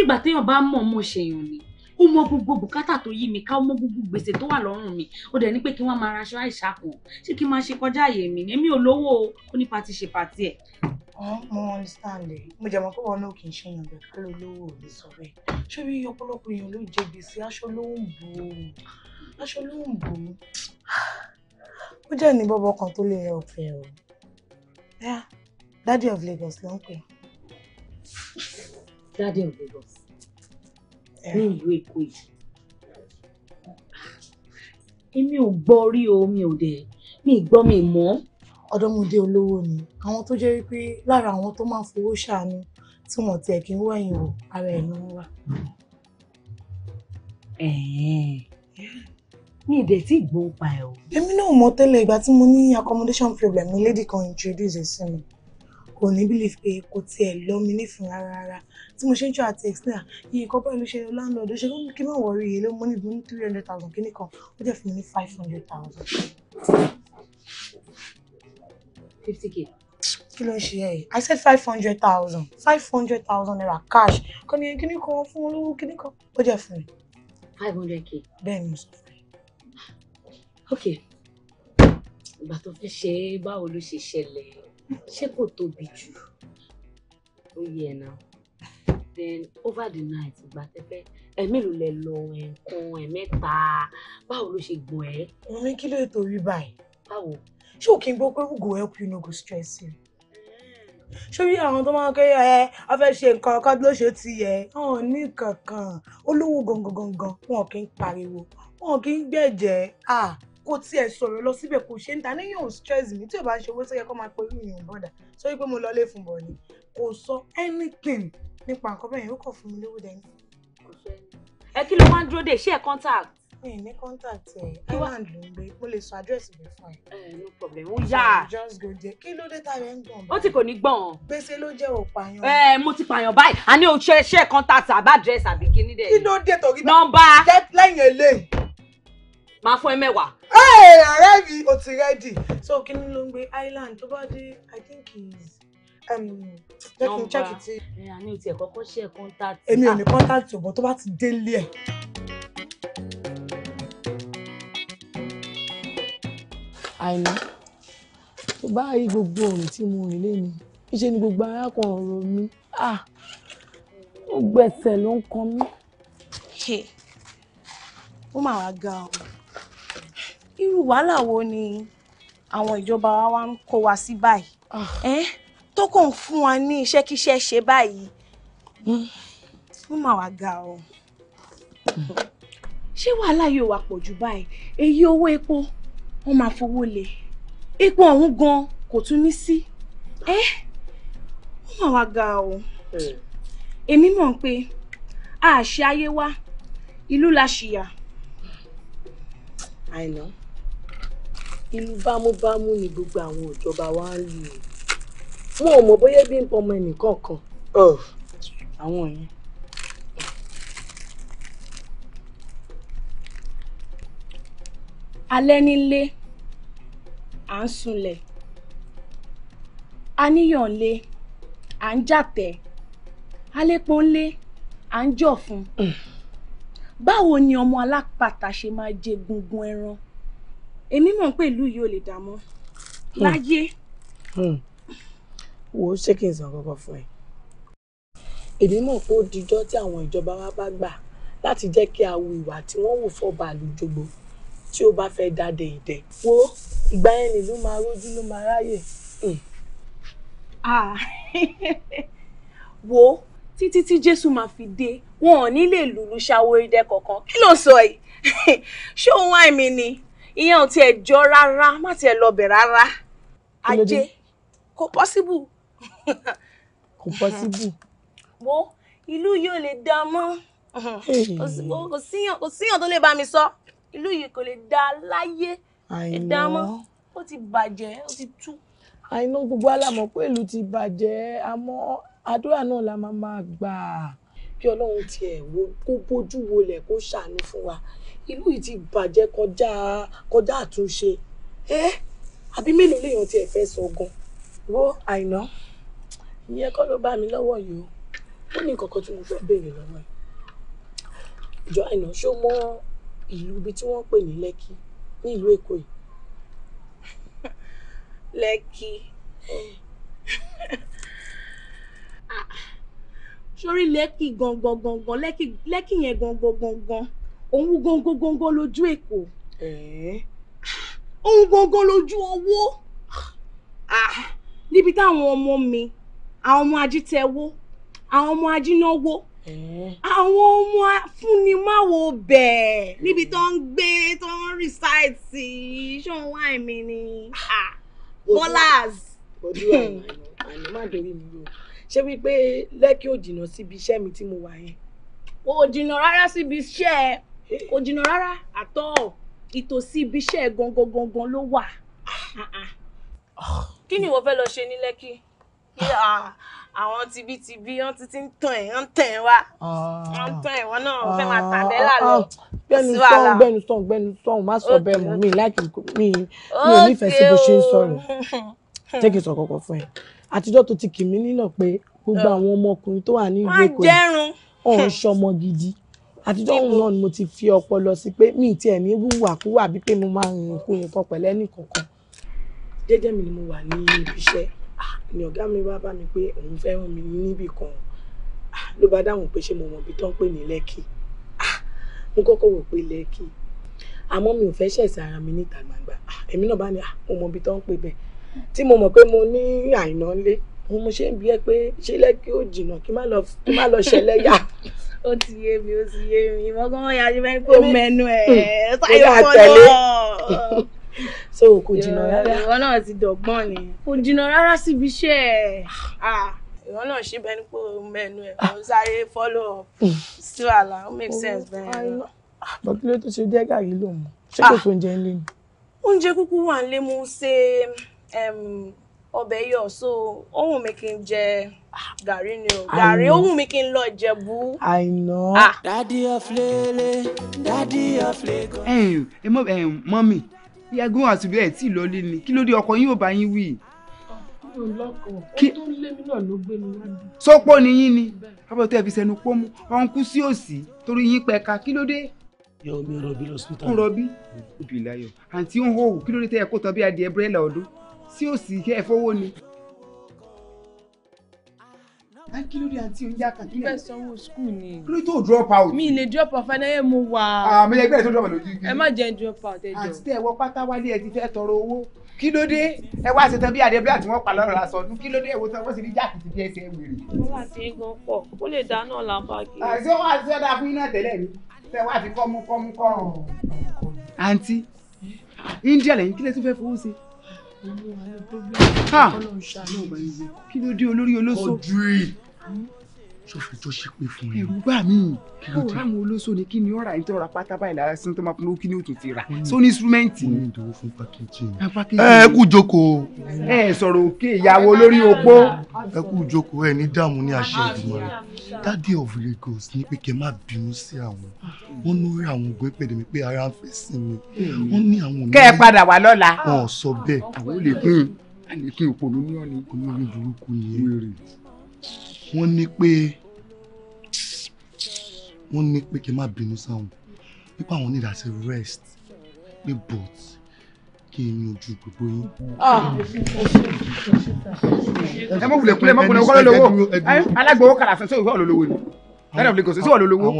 ìgbà téèyàn bá mọ̀ ọmọ ṣèyàn ni ó mọ gbogbo bùkátà tó yí mi ká ó mọ gbogbo gbèsè tó wà lọ́rùn mi ó dẹ̀ ní pé kí wọ́n máa raṣọ àìsàkùn ṣé kí n máa ṣe kọjá àyè mi ni èmi ò lówó ó ní pati ṣe pati ẹ̀ mo understand ẹ mo jẹ́ mọ̀ pé wọn náà kì í ṣe èèyàn bẹ́ẹ̀ ká ló lówó ò ní sọ bẹ́ẹ̀ sórí ọ̀pọ̀lọpọ̀ èèyàn ló jẹ gbèsè aṣọ ló ń bò ó aṣọ ló ń bò ó ó jẹ́ ní bọ́bọ́ kan tó lè rẹ ọ̀fẹ́ o daddy of Lagos ló ń pè. daddy of Lagos eh. ní ìlú Èkó yìí ah, èmi ò gbọ́ rí o mi ò dẹ̀ mi ì gbọ́ mi mọ́ ọ̀dọ́mọdé olówó ni àwọn tó jẹ́ wípé lára àwọn tó máa ń fowó ṣàánú tí wọ́n tiẹ̀ kí ń wẹ̀yìn wò ara ẹ̀ ló ń wà. mi ì dẹ̀ tí ì gbọ́ pa ẹ̀ o. èmi náà mọ̀ tẹ́lẹ̀ ìgbà tí mo ní accommodation problem ní lady kan introduce sí mi kò ní believe pé kò tiẹ̀ lọ mi nífun rárá rárá tí mo ṣe ń jọ àti explain yìí kọ́ báyìí ló ṣe landlord ó ṣe kí n má wọrí iye ló mú ní three hundred thousand kíní kan ó jẹ́ fún mi ní five hundred thousand fifty k. kí ló ṣe ẹ i said five hundred thousand five hundred thousand naira cash kò ní kíní kan fún olówó kíní kan ó jẹ fún mi. five hundred k. bẹ́ẹ̀ ni mo sọ fún ẹ. ok ìgbà tó fẹ́ ṣe é báwo ló ṣe ṣẹlẹ̀ ṣé kò tóbi jù ó yẹ ẹ̀ náà then over the night ìgbà tẹ́fẹ́ ẹ̀mélòó lẹ lọ ẹ̀kan ẹ̀mẹ́ta báwo ló ṣe gbọ́ ẹ. mo ní kí ló ètò rí báyìí. báwo ṣé o kì í gbọ́ pé go help you no go stress you sórí àwọn tó máa ń kẹ́yà ẹ a fẹ́ ṣe nǹkan ọkọ ló ṣe ti yẹ ọ̀hún ní kankan olówó gangan gangan wọn kì í pariwo wọn kì í gbẹ̀jẹ̀ à kó tiẹ̀ sọ̀rọ̀ lọ síbẹ̀ kò ṣe ń ta níyàn ò stress mi tí ò bá ń ṣe owó sẹ́yẹ kó máa pe mi ò bọ̀dà sórí pé mo lọ lé fún bọ̀ ni kò sọ anything nípa nǹkan bẹ́ẹ̀ yẹn ó kàn fún mi lówó dẹ́yìn. ẹ kí ló wá ń dúró dè ṣé ẹ contact mi ní contact ẹ island ló ń gbé mo lè sọ address mi fún ẹ. Eh, no problem ó yá. just go there kí ló dé tàbí ẹ ń gbọ̀n. ó ti kò ní gbọ̀n. gbèsè ló jẹ́ òpààyàn. ẹ eh, mo ti pààyàn báyìí a ní o ṣe ṣe contact àbá address àbí kíní dẹ̀. kí ló dé torí bá nọ́mbà lẹ́yìn eléyìí. máa fún ẹ mẹ́wàá. ẹ ọ̀rẹ́ mi o ti rẹ́dì so kí ni ló ń gbé island tó bá dé i think is um, jẹ́ kí n check it. ẹ eh, àní o tiẹ̀ kọ́kọ́ ṣe contact. èmi ò ní ah. contact ṣùgbọ́n tó bá ti délé ẹ̀. àìná tó bá rí gbogbo òrùn tí mo rìn lé mi níṣe ni gbogbo ara kan ọ̀rọ̀ mi ó gbẹ̀sẹ̀ ló ń kan mí. ó mà wá ga ọ irú wàhálà wo ni àwọn ìjọba wa wá ń kó wa sí báyìí tó kàn ń fún wa ní iṣẹ́kíṣẹ́ ṣe báyìí hm. ó mà wá ga ọ hm. ṣé wàhálà yóò wá pọ̀ jù báyìí èyí owó epo wọ́n máa fowó lé ipò ọ̀hún gan kò tún ní sí ẹ ó mà wá ga o èmi mọ̀ pé àṣẹ ayé wa ìlú la ṣìyà. àìná ìlú bámúbámú ni gbogbo àwọn ìjọba wa ń lù wọn ò mọ̀ bóyá bí ń pọmọ ẹnìkan kan oh. àwọn yẹn alẹ́ nílé à ń sunlẹ̀ aníyàn ńlé à ń jàtẹ̀ alépo ńlé à ń jọ̀fun báwo ni ọmọ alápàtà ṣe máa jẹ gungun ẹran èmi mọ̀ pé ìlú yìí ò lè dà mọ́ hmm. láyé. Hmm. wo ṣé kí n sàn kankan fún ẹ èmi mọ̀ pé ó dijọ́ tí àwọn ìjọba wa bá gbà láti jẹ́ kí a wo ìwà tí wọ́n wò fọ́ba àlùjọgbò tí o bá fẹ́ dáde ìdẹ wo ìgbà yẹn nìlú máa rójú ló máa ráyè. Hmm. wo títí tí jésù máa fi dé wọn ò ní lè lùlù ṣàwo idẹ kankan kí ló sọ yìí ṣé òun àìmí ni ìyẹn ò tiẹ̀ jọ rárá má tiẹ̀ lọ bẹ̀ rárá ajé kò pọ́síbù. kò pọ́síbù. wo ìlú yóò lè dá mọ́ kò síyàn tó lè bá mi sọ ìlú yìí kò lè dá láyé ẹ̀dá ó ti bàjẹ́ ó ti tú. àìná gbogbo alámọ̀ pé ìlú ti bàjẹ́ àmọ́ àdúrà náà la máa máa gbà kí ọlọ́run tiẹ̀ wo kó bójú wolẹ̀ kó ṣàánú fún wa ìlú yìí ti bàjẹ́ kọjá àtúnṣe ẹ́ àbí mélòó lèèyàn tiẹ̀ fẹ́ sọ gan wo àìná ìyẹn kọ́ ló bá mi lọ́wọ́ yìí o ó ní nǹkan tí mo fẹ́ béèrè lọ́wọ́ ẹ̀ ìjọ àìná ṣó mọ́ ìlú ibi tí wọ́n ń pè ní lẹ́kì ní ìlú èkó yìí. lẹ́kì ah, sórí lẹ́kì gangan gangan lẹ́kì yẹn gangan gangan òun gangan gangan lójú èkó eh? òun gangan lójú owó ah, níbi táwọn ọmọ mi àwọn ọmọ ajítẹwó àwọn ọmọ ajínáwó àwọn ọmọ afúnimáwo bẹ́ẹ̀ níbi tó ń gbé tó ń rìsáìtì ṣóun wáìn mi ni bọ́làs. ọdún àná àná má dorí mi o ṣé wípé lẹ́kì ò jìnnà síbi iṣẹ́ mi tí mo wà yẹn. kò jìnnà rárá síbi iṣẹ́ ẹ kò jìnnà rárá àtọ́ ìtòsí ibi iṣẹ́ ẹ gangan gangan ló wà. Ah, ah, ah. kí ni ìwọ fẹ́ lọ ṣe ní lẹ́kì? àwọn tibítibí wọn ti ti ń tàn ẹ wọn tàn ẹ wá wọn tàn ẹ wọn náà fẹ́ máa tàn bẹ́ẹ̀ lálọ ah, ah, gbẹnu sọhún gbẹnu sọhún gbẹnu sọhún má sọ bẹ́ẹ̀ mọ́ mi láti mi mi ò nífẹ̀ẹ́ sí bó ṣe ń sọ̀rọ̀ jẹ́ kí n sọ kọ̀kọ̀ fún ẹ àtijọ́ tó ti kì mí nílọ̀ pé gbogbo àwọn ọmọkùnrin tó wà ní ìlú èkó yìí ọ̀hún ṣọmọ gidi àtijọ́ òun náà ni mo ti fi ọpọlọ sí pé mi tiẹ̀ ní wùwàkúwà bí pé mo máa rìn ìkú yẹn pọ̀ pẹ̀lẹ́ nìkọ̀ọ̀kan jẹ́jẹ́ mi ni mo wà ní ibi iṣẹ́ Ah, ni ọ̀gá mi wá bá mi pé òun fẹ́ rán mi níbì kan ah, ló bá dáhùn pé ṣé mo mọ̀ bí tán pè ní lẹ́kì ah, mo kọ́kọ́ wò pé lẹ́kì àmọ́ mi ò fẹ́ ṣẹ̀ṣẹ̀ ara mi níta gbangba èmi náà bá ní mo mọ̀ bí tán pè bẹ́ẹ̀ tí mo mọ̀ pé mo ní àìná lé mo ṣe ń bi ẹ́ pé ṣé lẹ́kì ó jìnnà kí má lọ ṣẹlẹ́yà ó ti yé mi ó ti yé mi ìmọ̀gán yájú mẹ́rin kó mẹ́nu ẹ̀ ṣáyé fọ́lọ́. so kò jìnnà rárá ìwọ náà ti dọ̀gbọ́n ni kò jìnnà rárá síbi iṣẹ́ ẹ̀ ah, ìwọ náà ṣe bẹ́ẹ̀ ni pé o mẹ́nu ẹ̀ kò sáré follow up sí wàhálà ó make sense bẹ́ẹ̀ ni. Ah, bọ́kí ló tó ṣe jẹ́ gàrí ló mọ̀ ṣé kò tó ń jẹ nílé ni. oúnjẹ kúkú wà ń lé mu ṣe ọbẹ̀ yọ̀ so ó wù mí kí n jẹ gàrí ni o gàrí ó wù mí kí n lọ jẹ̀bú. àìná. dádì ọ̀flẹ́lẹ̀ dádì ọ̀flẹ́gàn. ẹ ẹ mọ́mì yẹgún àtúbí ẹ tí lọlé ni kí ló dé ọkọ yín ò bá yín wí. kí ó tó lé mi náà ló gbé mi wá. sọ́pọ̀ ni yín ni bábọ̀ tẹ́ fi sẹ́nu pọ́nmú ọ̀hún kú sí òsì torí yín pẹ̀ka kí ló dé. yọ mi rọbí lọ sí ìtàn. ń rọbí obì láyọ̀ àǹtí ń hòhù kí ló dé tẹ́ ẹ kó tán bí adìẹ búrẹ́là ọdún sí òsì kẹ́ ẹ fọwọ́ ni kí ló dé àti oúnjẹ àkàkí lẹ. ìfẹ́ sanwó skul ni. kí ló tó drop out. mi lè drop out fanáyé mo wà. àmì ẹgbẹ́ ẹ̀ tó drop out lójú. ẹ má jẹ́ drop out ẹ jọ. àti tẹ ẹwọ pátá wálé ẹ ti fẹ́ tọrọ owó kí ló dé ẹ wá ṣetán bí àdébílà tí wọ́n pa lọ́rọ̀ la sọ kí ló dé ẹ̀wò tí wọ́n sì ní jáàkì ti fi ẹsẹ̀ wèrè. wọ́n wà sí gan pọ̀ ó lè dáná làbàgì. àṣé wàá ṣe ọ̀dà fún iná tẹ́lẹ̀ ni tẹ wá ti kọ́mú kọ́mú kọ́rùn-ún. àǹtí india lẹ́yìn kí lè tún fẹ́ fowó kí ló dé olórí olóṣó sófin tó ṣe pé fún mi. ẹ̀rù bá mi kò ráwọn olóṣò ni kí ni ọ̀rà yìí tó ra pátá báyìí lára sí tó máa fún kí ni ó tún ti rà sóní instrumenti. ó ní ìdòwò fún pàkíjì ni. ẹ kú jókòó. ẹ sọ̀rọ̀ òkè ìyàwó lórí opó. ẹ kú jókòó ẹ ní dààmú ní àṣẹ ìgbìmọ̀ rẹ daddy of Lagos ní pé kẹ má bínú sí àwọn wọn ló rí àwọn ogun ìpèdè mi pé ara ń fẹ́ sí wọn ní àwọn. kẹ́ ẹ padà wá lọ́la. wọn sọ bẹ́ẹ̀. àwọn ò lè pín àlékún ìpolówó ní ọ̀nà ìpolówó burúkú ni wọ́n ní pé wọ́n ní pé kí n má bínú sáwọn nípa àwọn need àti rest pé but kí n yanjú gbogbo yín. Ah. ẹ mọ̀ wulẹ̀ kulẹ̀ mọ̀ kulẹ̀ kọ́ lọ́wọ́ alágbèwọ́ kàrà sẹ́sẹ́ òwúrọ̀ lọ́wọ́ ni lẹ́nu ọ̀fìlẹ̀ kò sí ìwọ̀n lọ́wọ́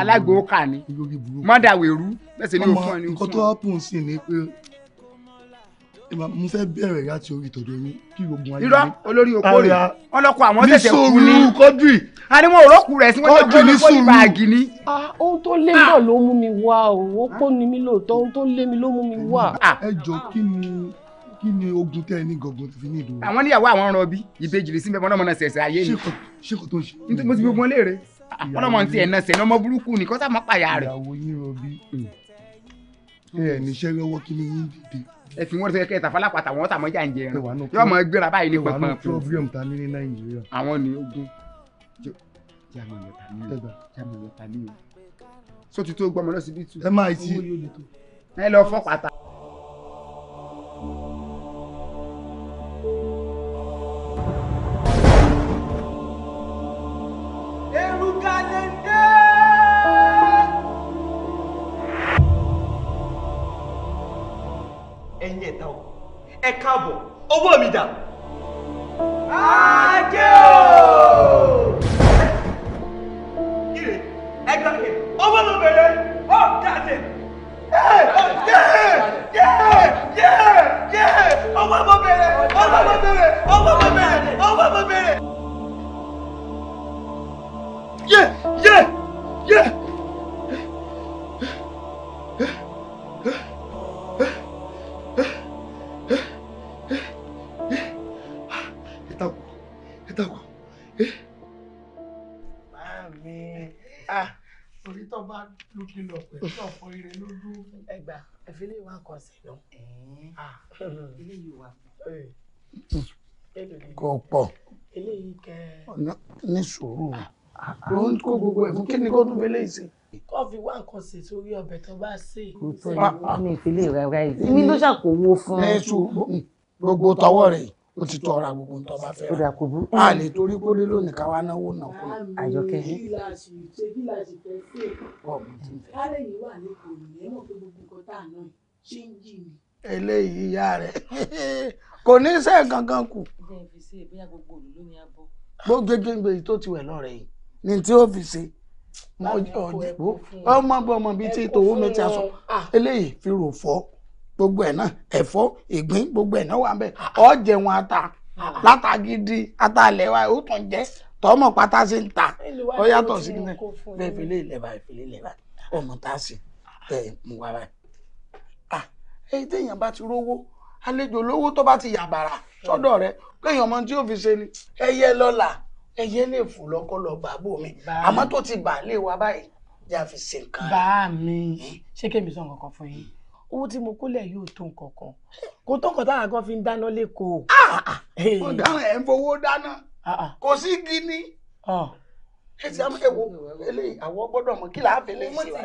alágbèwọ́ kà ni mọ́dà wẹ̀rú bẹ́sẹ̀ ni òfin ni òfin. nǹkan tó hápùn sí ni pé mo fẹ́ bẹ̀rẹ̀ láti orí tọ̀dọ̀ mi kí gbogbo ayé. irọ́ olórí okó rẹ̀ wọ́n lọ kọ àwọn tẹ̀tẹ̀ kú ní. ní sùúrù kọ́dùrì. a ní wọn rọ́ọ̀kù rẹ̀ sí wọ́n tó kọ́ ní kó ní báàgì ni. Ah, ohun tó lé náà ló mú mi wá o wọ́n kó ni mí lóòótọ́ ohun tó lé mi ló mú mi wá. ẹ jọ kí ni kí ni ogun tẹ ẹ ní gangan tó fi ní ìdúró. àwọn níyàwó àwọn ọ̀rọ̀ bí ìbejì lè sí mẹ́fọ́n náà mọ̀ náà ṣẹ̀ṣẹ̀ ní ọmọ burúkú kí ni yín dìde ẹ fi wọn sọ kẹta falapa tàwọn tàwọn jà ń jẹ ẹran yóò mọ gbéra báyìí ní pẹpẹ fún problem ta ní ní nàìjíríà. àwọn ni ogun jamani ọta ni o jamani ọta ni o sọ gbọmọ lọ síbi tù. ẹ máa ti ẹ lọ fọ pàtà. eruka ẹ̀yin ẹ̀ta o ẹ káàbọ̀ owó mi dà. ajé o. ire ẹgbẹ́ mi owó ló bẹ̀rẹ̀ ọ̀ dáadé. Ọwọ́ mo bẹ̀rẹ̀! Ọwọ́ mo bẹ̀rẹ̀! Ọwọ́ mo bẹ̀rẹ̀! Ọwọ́ mo bẹ̀rẹ̀! Yeah! Yeah! Yeah! torí tó bá lùkì lọ pẹ̀lú ọ̀pọ̀ ire lójú. ẹgbà ẹfílẹ̀ wa kàn sí nù. eléyìí wà. kò pọ̀. eléyìí kẹ. ní sùúrù ló ń kó gbogbo ẹ̀ fún kí ni kó tún fẹ́ léyìí sí. kó fi wá nǹkan sè sórí ọbẹ̀ tó bá sè. kò tó ní ìfilé rẹ̀ rẹ̀ mi ló ṣàkówó fún. ẹ sùn gbogbo tọwọ́ rẹ̀ yìí ó ti tó ọ̀rọ̀ gbogbo nǹkan bá fẹ́ ra a lè torí pé lé lónìí káwá náwó náà kú àjọkẹ́ eléyìí ìyá rẹ̀ kò ní sẹ́ kankan kù gbogbo gbogbo èyí tó ti wẹ̀ lọ́rẹ̀ yìí ni tí ó fi ṣe ọmọ bọ ọmọ bíi tí tòwó mẹ́ta sọ ah, eléyìí fi rò fọ́ gbogbo ẹ̀ náà ẹ̀fọ́ ìgbín gbogbo ẹ̀ náà wà bẹ́ẹ̀ ọ́ jẹun ata látàgídí atalẹ̀ wa ó tàn jẹ́ tọmọ pátá sí ń ta ó yàtọ̀ sí ní bẹ́ẹ̀ fìlẹ̀ ilẹ̀ báyìí fìlẹ̀ ilẹ̀ báyìí ọmọ tá a sì ẹ̀ mú wa báyìí. ẹyí téèyàn bá ti rówó àlejò lówó tó bá ti yàbàrà sọ́dọ̀ rẹ̀ kéèyàn ọmọ tí ó fi ṣe ni ẹyẹ lọ́la ẹyẹ lè fò lọ́kọ́ lọ bàbá mi àmọ́ tó ti bà lé wa báyìí jẹ́ àfi ṣe nǹkan. bá a mi hm? ṣé kébì sọ nǹkan kan fún yín owó tí mo kólẹ̀ yóò tó nǹkan kan kò tó nǹkan táwọn kan fi ń dáná lẹ́kọ̀ọ́. mo dáhùn ẹ̀ ń fowó dáná ah, ah. kò sí gini ẹsẹ ah. àmọ́ ẹ wo eléyìí àwọn gbọ́dọ̀ mọ̀ kí làá fi lè ṣe wa.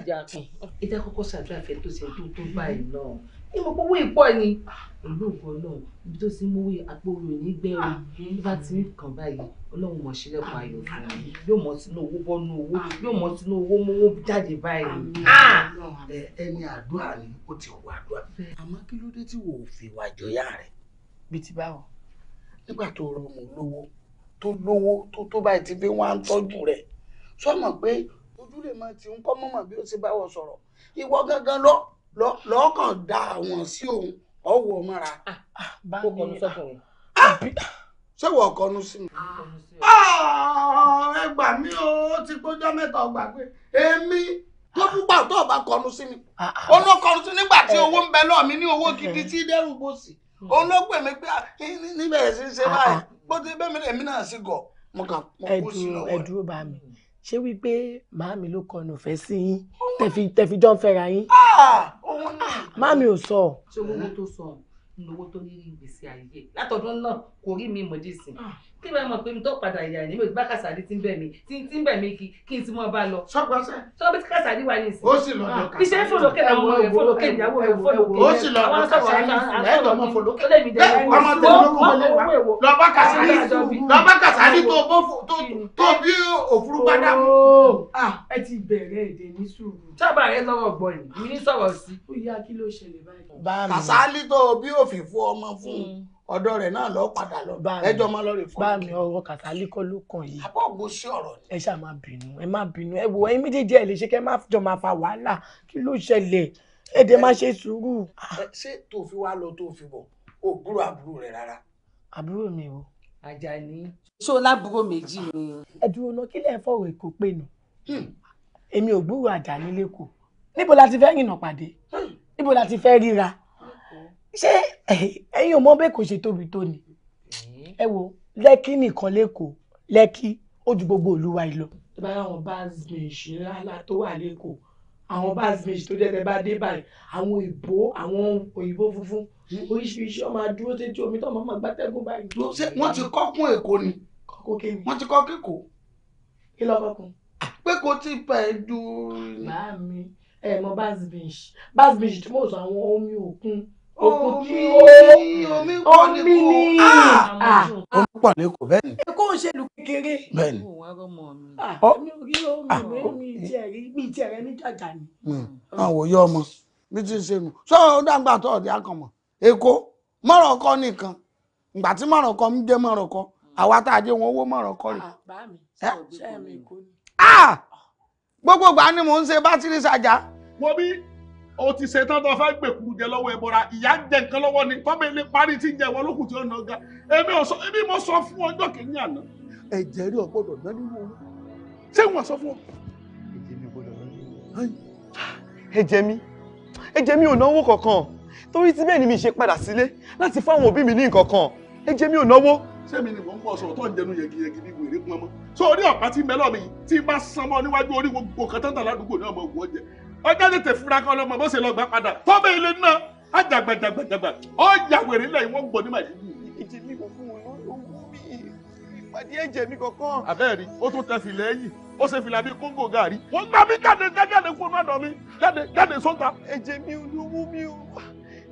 ìdákọ́kọ́ sàdúrà fẹ́ tó ṣe tó tó báyìí náà ní mo pọ́wọ́ ìpọ́ ẹ̀ ni. ìlú ah, nǹkan ọlọ́run ibi tó ti mú agbóhùn ní gbẹ̀rù bá ti ń kàn báyìí ọlọ́run mọ̀ sílẹ̀kùn ayọ̀ fún mi yóò mọ̀ sínú owó bọ́nú owó ah. yóò mọ̀ sínú owó mówó jáde báyìí. Ah. ẹni àdúrà ni ó ti wà àdúrà. àmọ́ kí ló dé tí wò ó fi wà jọyà rẹ̀. bíi ti báwọ̀. nígbà tó rọrùn lówó tó lówó tó tó báyìí ti fi wá ń tọ́jú rẹ̀ sọ́mọ̀ pé ojúlé máa ti ń kọ́ mọ́mọ́ bí ó ti báwọ̀ sọ̀rọ̀ ìwọ gangan lọ lọ́kàn da àwọn sí òun ọ̀wọ̀ mọ́ra. kó ah, ah, kọnu sọkùnrin. Ah! ṣé wọ́n kọnu sí mi. ẹ gbà mí o ti kójọ́ mẹ́ta ọgbà pé èmi tó púpà tó ọba kọnu sí mi. olókọnu sí nígbà tí eh. owó ń bẹ lọ́ọ̀ mi ní owó eh. gidi tí dẹ́rù bòsì olóògbé mi pé níbẹ̀ ṣe ń ṣe báyìí bó ti bẹ́ẹ̀ mi náà sí gọ̀ mo kàn mo kú sí lọ́wọ́ ẹ̀. ẹ dúró bá mi ṣé wípé màámi ló kọnu fẹ́ sí yín tẹ̀fi tẹ̀fi jọ ń fẹ́ra yín. Ah! Ah! màámi ò sọ. ṣé owó tó sọ lówó tó ní ìgbésí ayé látọdún náà kò rí mi mọ̀ dísìn ah! kí bá mọ̀ pé mi tó padà ìyá ìdíbò tí bá kàsàdí ti ń bẹ̀ mí tí ti ń bẹ̀ mí kí kí n ti mọ́ bá lọ. sọgbọnsẹ. sọgbẹ tí kàsàdí wà ní ìsìn. ó sì lọ́dọ̀ ah, kàsàdí. iṣẹ́ fòlókè àwọn ọmọ fòlókè ìyàwó rẹ̀ fòlókè. ó sì lọ́dọ̀ kàsàdí ẹ̀dọ̀ ọmọ fòlókè. bẹ́ẹ̀ ọmọ tẹ̀lé olóko wọlé wa lọ́ba kàsàdí lọ́ba kàsàdí tó bí òfurufú padà oh, ah. mú. ẹ ti bẹ̀rẹ̀ èdè ní sùúrù. sábà rẹ lọ́wọ́ gbọ́ ni mi ní sọ̀rọ̀ sí. ó ọ̀dọ̀ rẹ̀ náà lọ padà lọ ẹjọ́ máa lọ rè fún mi. bá mi ọ̀rọ̀ kàtàlí kọ́ ló kàn yìí. àbọ̀ ògbó sí ọ̀rọ̀ ni. ẹ ṣáà má bínú ẹ má bínú ẹ wò ẹ̀yin méjèèjì ẹ lè ṣe kẹ́ má jọ máa fa wàhálà kí ló ṣẹlẹ̀ ẹ dẹ̀ má ṣe sùúrù. ṣé tó fi wá lọ tó fi bọ̀ ò gbúrò àbúrò rẹ̀ rárá. àbúrò mi o. Àjàní. ṣó lábúrò méjì ni. ẹ dúró ná kí lẹ fọwọ́ èkó pé nù. Hmm. èmi ò gbúrò Àjàní lẹ́kọ̀ọ́ níbo la ti fẹ́ yìnbọn pàdé hmm. níbo la ti fẹ́ ríra ṣé ẹ̀yin ò mọ bẹ́ẹ̀ kò ṣe tóbi tó ni ẹ wo lẹ́kí nìkan lẹ́kọ̀ọ́ lẹ́kí ó ju gbogbo olúwa yìí lọ. tó bá láwọn bazmesh ńláńlá tó wà lẹ́kọ̀ọ́ àwọn bazmesh tó dẹ́tẹ̀ bá dé báyìí àwọn ìbò àwọn òyìnbó funfun oríṣiríṣi ọmọ adúró tẹ́tí omi tó ọmọ máa gbátẹ́gùn báyìí. wọ́n ti kọ́ kún èkó ni wọ́n ti kọ́ kékòó. kí lọ́kọ̀ kún. pé kò tí ì pẹ́ dùn. bá mi ẹ̀ mọ bazmesh bazmesh tí mo sọ àwọn omi òkun òkun tí ó omi ní omi pọ̀ ah! ah! ní kò bẹ́ẹ̀ ni. èkó ń ṣe lù kékeré. bẹ́ẹ̀ ni. Ah, mi ò rí omi mi ìjẹ rí mi ìjẹ rẹ ní jàjà ni. Hmm. àwọn òye ọmọ bí ti ṣe nù sọ dàgbà tó ọdí akànmọ èkó mọ̀rọ̀kọ nìkan ìgbà tí mọ̀rọ̀kọ ń jẹ́ mọ̀rọ̀kọ àwa tá a jẹ́ wọn owó mọ̀rọ̀kọ rẹ̀. gbogbo ìgbà ni mò ń ṣe bátìrì ṣàjà. mo bí o ti ṣe tán tó fẹ́ gbèkúrú jẹ lọ́wọ́ ẹbọra ìyá ń jẹ nǹkan lọ́wọ́ ni tọ́mọ ilé parí tí ń jẹ ìwọ lókùn tí ó nà ga èmi ò sọ èmi mo sọ fún ọjọ́ kìíní àná. ẹ̀jẹ̀ rí ọ̀gbọ́dọ̀ ná nínú owó ṣé wọn sọ fún ọ. ẹ̀jẹ̀ mi ọ̀gbọ́dọ̀ ná nínú owó. ẹ̀jẹ̀ mi ẹ̀jẹ̀ mi ò náwó kankan torí tí bẹ́ẹ̀ ni mi ṣe padà sílé láti fáwọn òbí mi ní nǹkan kan ẹ̀jẹ̀ mi ò náwó sẹ́mi ni mò ń bọ̀ sọ̀rọ̀ tó ń jẹnu yẹgiyẹgi ní wèrè pọnmọ́ so orí ọ̀pá tí mẹ́lọ̀ mi tí n bá ọjọ́ tètè fúnra kan lọ́mọ bó ṣe lọ gbà padà tọ́bẹ̀ ilé náà ajàgbàjàgbàjàgbà ó yàwèrè lẹ̀ wọ́n gbọ́ ní màlúù. ètè mi kò fún wọn owó mi ìpàdé ẹ̀jẹ̀ mi kankan. àbẹ́ẹ̀rí ó tún tẹ fìlẹ̀ ẹ̀yìn ó ṣe fìlà bíi kóńgò gàrí. wọ́n gbá mi jáde jáde kúrò náà dán mi jáde jáde sọ́ta. ẹ̀jẹ̀ mi ò lówó mi o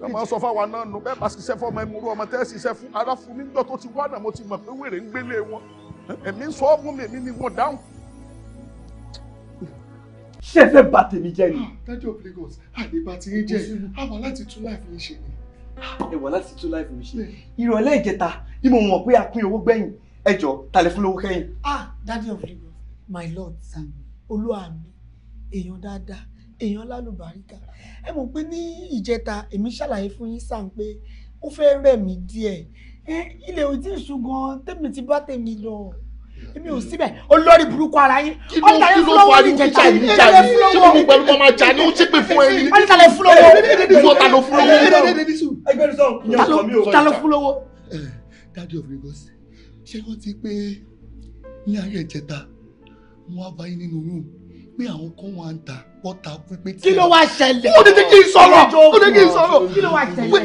ẹ máa sọ fáwa náà nù bẹ́ẹ̀ bá ṣiṣẹ́ fọmọ ẹmúrú ọmọ tẹ́ ṣiṣẹ́ fún ara fún mi níjọ́ tó ti wá náà mo ti mọ̀ pé wèrè ń gbélé wọn ẹ̀mí sọ ọ́ fún mi èmi ni mo dáhùn ṣé ẹ fẹ́ bà tèmi jẹ́ ni. dájú of Lagos àdìbà ti ń jẹ àwa láti tún láìpẹ́ ń ṣe ni. ẹ wà láti tún láìpẹ́ ń ṣe ìrọ̀lẹ́ ìjẹta ni mo mọ̀ pé a pín owó gbẹ̀yìn ẹ jọ fún lówó kẹ́yìn. ah daddy of Lagos my lord sam olúwa mi èèyàn dáadáa èèyàn lálùbáríkà ẹ mọ̀ pé ní ìjẹta èmi ṣàlàyé fún yín sam pé ó fẹ́ rẹ̀ mí díẹ̀ ilé òtí ìṣùgbọ́n tèmi ti bá tèmi lọ èmi ò síbẹ̀ olórí burúkú ara yín ọ̀tàlẹ̀ fúlọ́wọ́ ìjẹ̀jà yìí ẹ̀ẹ́dẹ̀ fúlọ́wọ́ ṣé gbogbo ẹ̀lú máa jà ní ó ti pè fún ẹni ọ̀tàlẹ̀ fúlọ́wọ́ ẹ̀ẹ́dẹ̀ ọ̀tàlẹ̀ fúlọ́wọ́ ọ̀tàlẹ̀ fúlọ́wọ́. Daddy of Lagos ṣé wọ́n ti pé ní ayé ìjẹta wọn á bá yín nínú room pé àwọn kan wà ń ta bọ́ta pípé. kí ló wá ṣẹlẹ̀? ó ní kí n sọ̀rọ̀ ó ní kí n sọ̀rọ̀ kí ló wá ṣẹlẹ̀?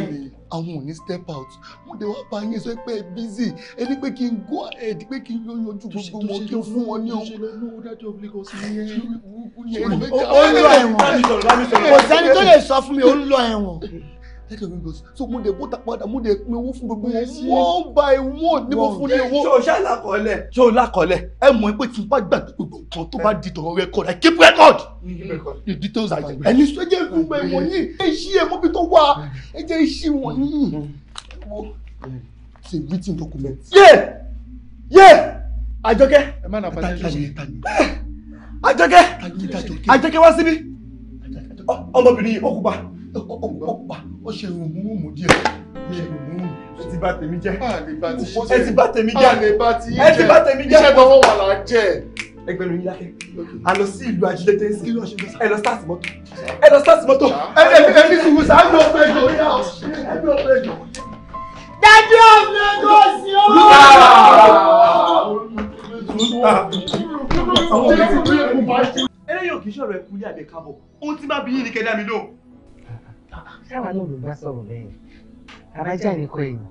àwọn ò ní step out mo dé wá bá yín sọ pé ẹ busy ẹ ní pé kí n go ahead pé kí n yọjú gbogbo wọn kí n fún wọn ní ohun. ó ń lọ ẹ̀wọ̀n kò sẹ́ni tó lè sọ fún mi ó ń lọ ẹ̀wọ̀n ẹlòmíì lọ sí so mo dẹ̀ bọ́ta padà mo dẹ̀ pin owó fún gbogbo wọn one by one ni mo fún ní owó. ṣé o ṣá lakọọlẹ. ṣé o lakọọlẹ ẹ mọ̀ ẹ pé tí n bá gbàgbé gbogbo nǹkan tó bá di tọ̀rọ̀ record I keep record. the details are there. ẹni sọ jẹ́ gbogbo ẹ̀ wọ̀nyí ẹ ṣí ẹ mọ́bí tó wà ẹ jẹ́ ṣí wọ̀nyí. it's mm. a written document. yé yé àjọkẹ́ ah. àjọkẹ́ àjọkẹ́ wá síbí ọmọbìnrin yìí ó kú pa ó ṣe rùmùrùmù díẹ̀ ó ṣe rùmùrùmù. ẹ ti bà tèmi jẹ́ ẹ ti bà tèmi jẹ́ ẹ ti bà tèmi jẹ́ iṣẹ́ gbọ́wọ́ wà láà jẹ́. ẹgbẹ́ mi yá kẹ́ a lọ sí ìlú ajílẹ̀tẹ̀ sí ìlú ọ̀ṣun ẹ lọ start mọ́tò ẹ lọ start mọ́tò ẹ ẹ ẹ ní sùúrù sáà ní ọ̀pẹ jọ yá ọ̀ṣun ẹ ní ọ̀pẹ jọ. dájú ọ̀pẹ jọ sí ọ́. eléyìí ò kì í ṣọ̀rọ̀ ẹ̀kú ní àbẹ̀kábọ̀ ohun tí má bí yín ni kẹ́dá mi lóhùn sáwa náà ló bá sọ̀rọ̀ bẹ́ẹ̀ abájá ní kọ ẹ̀yìn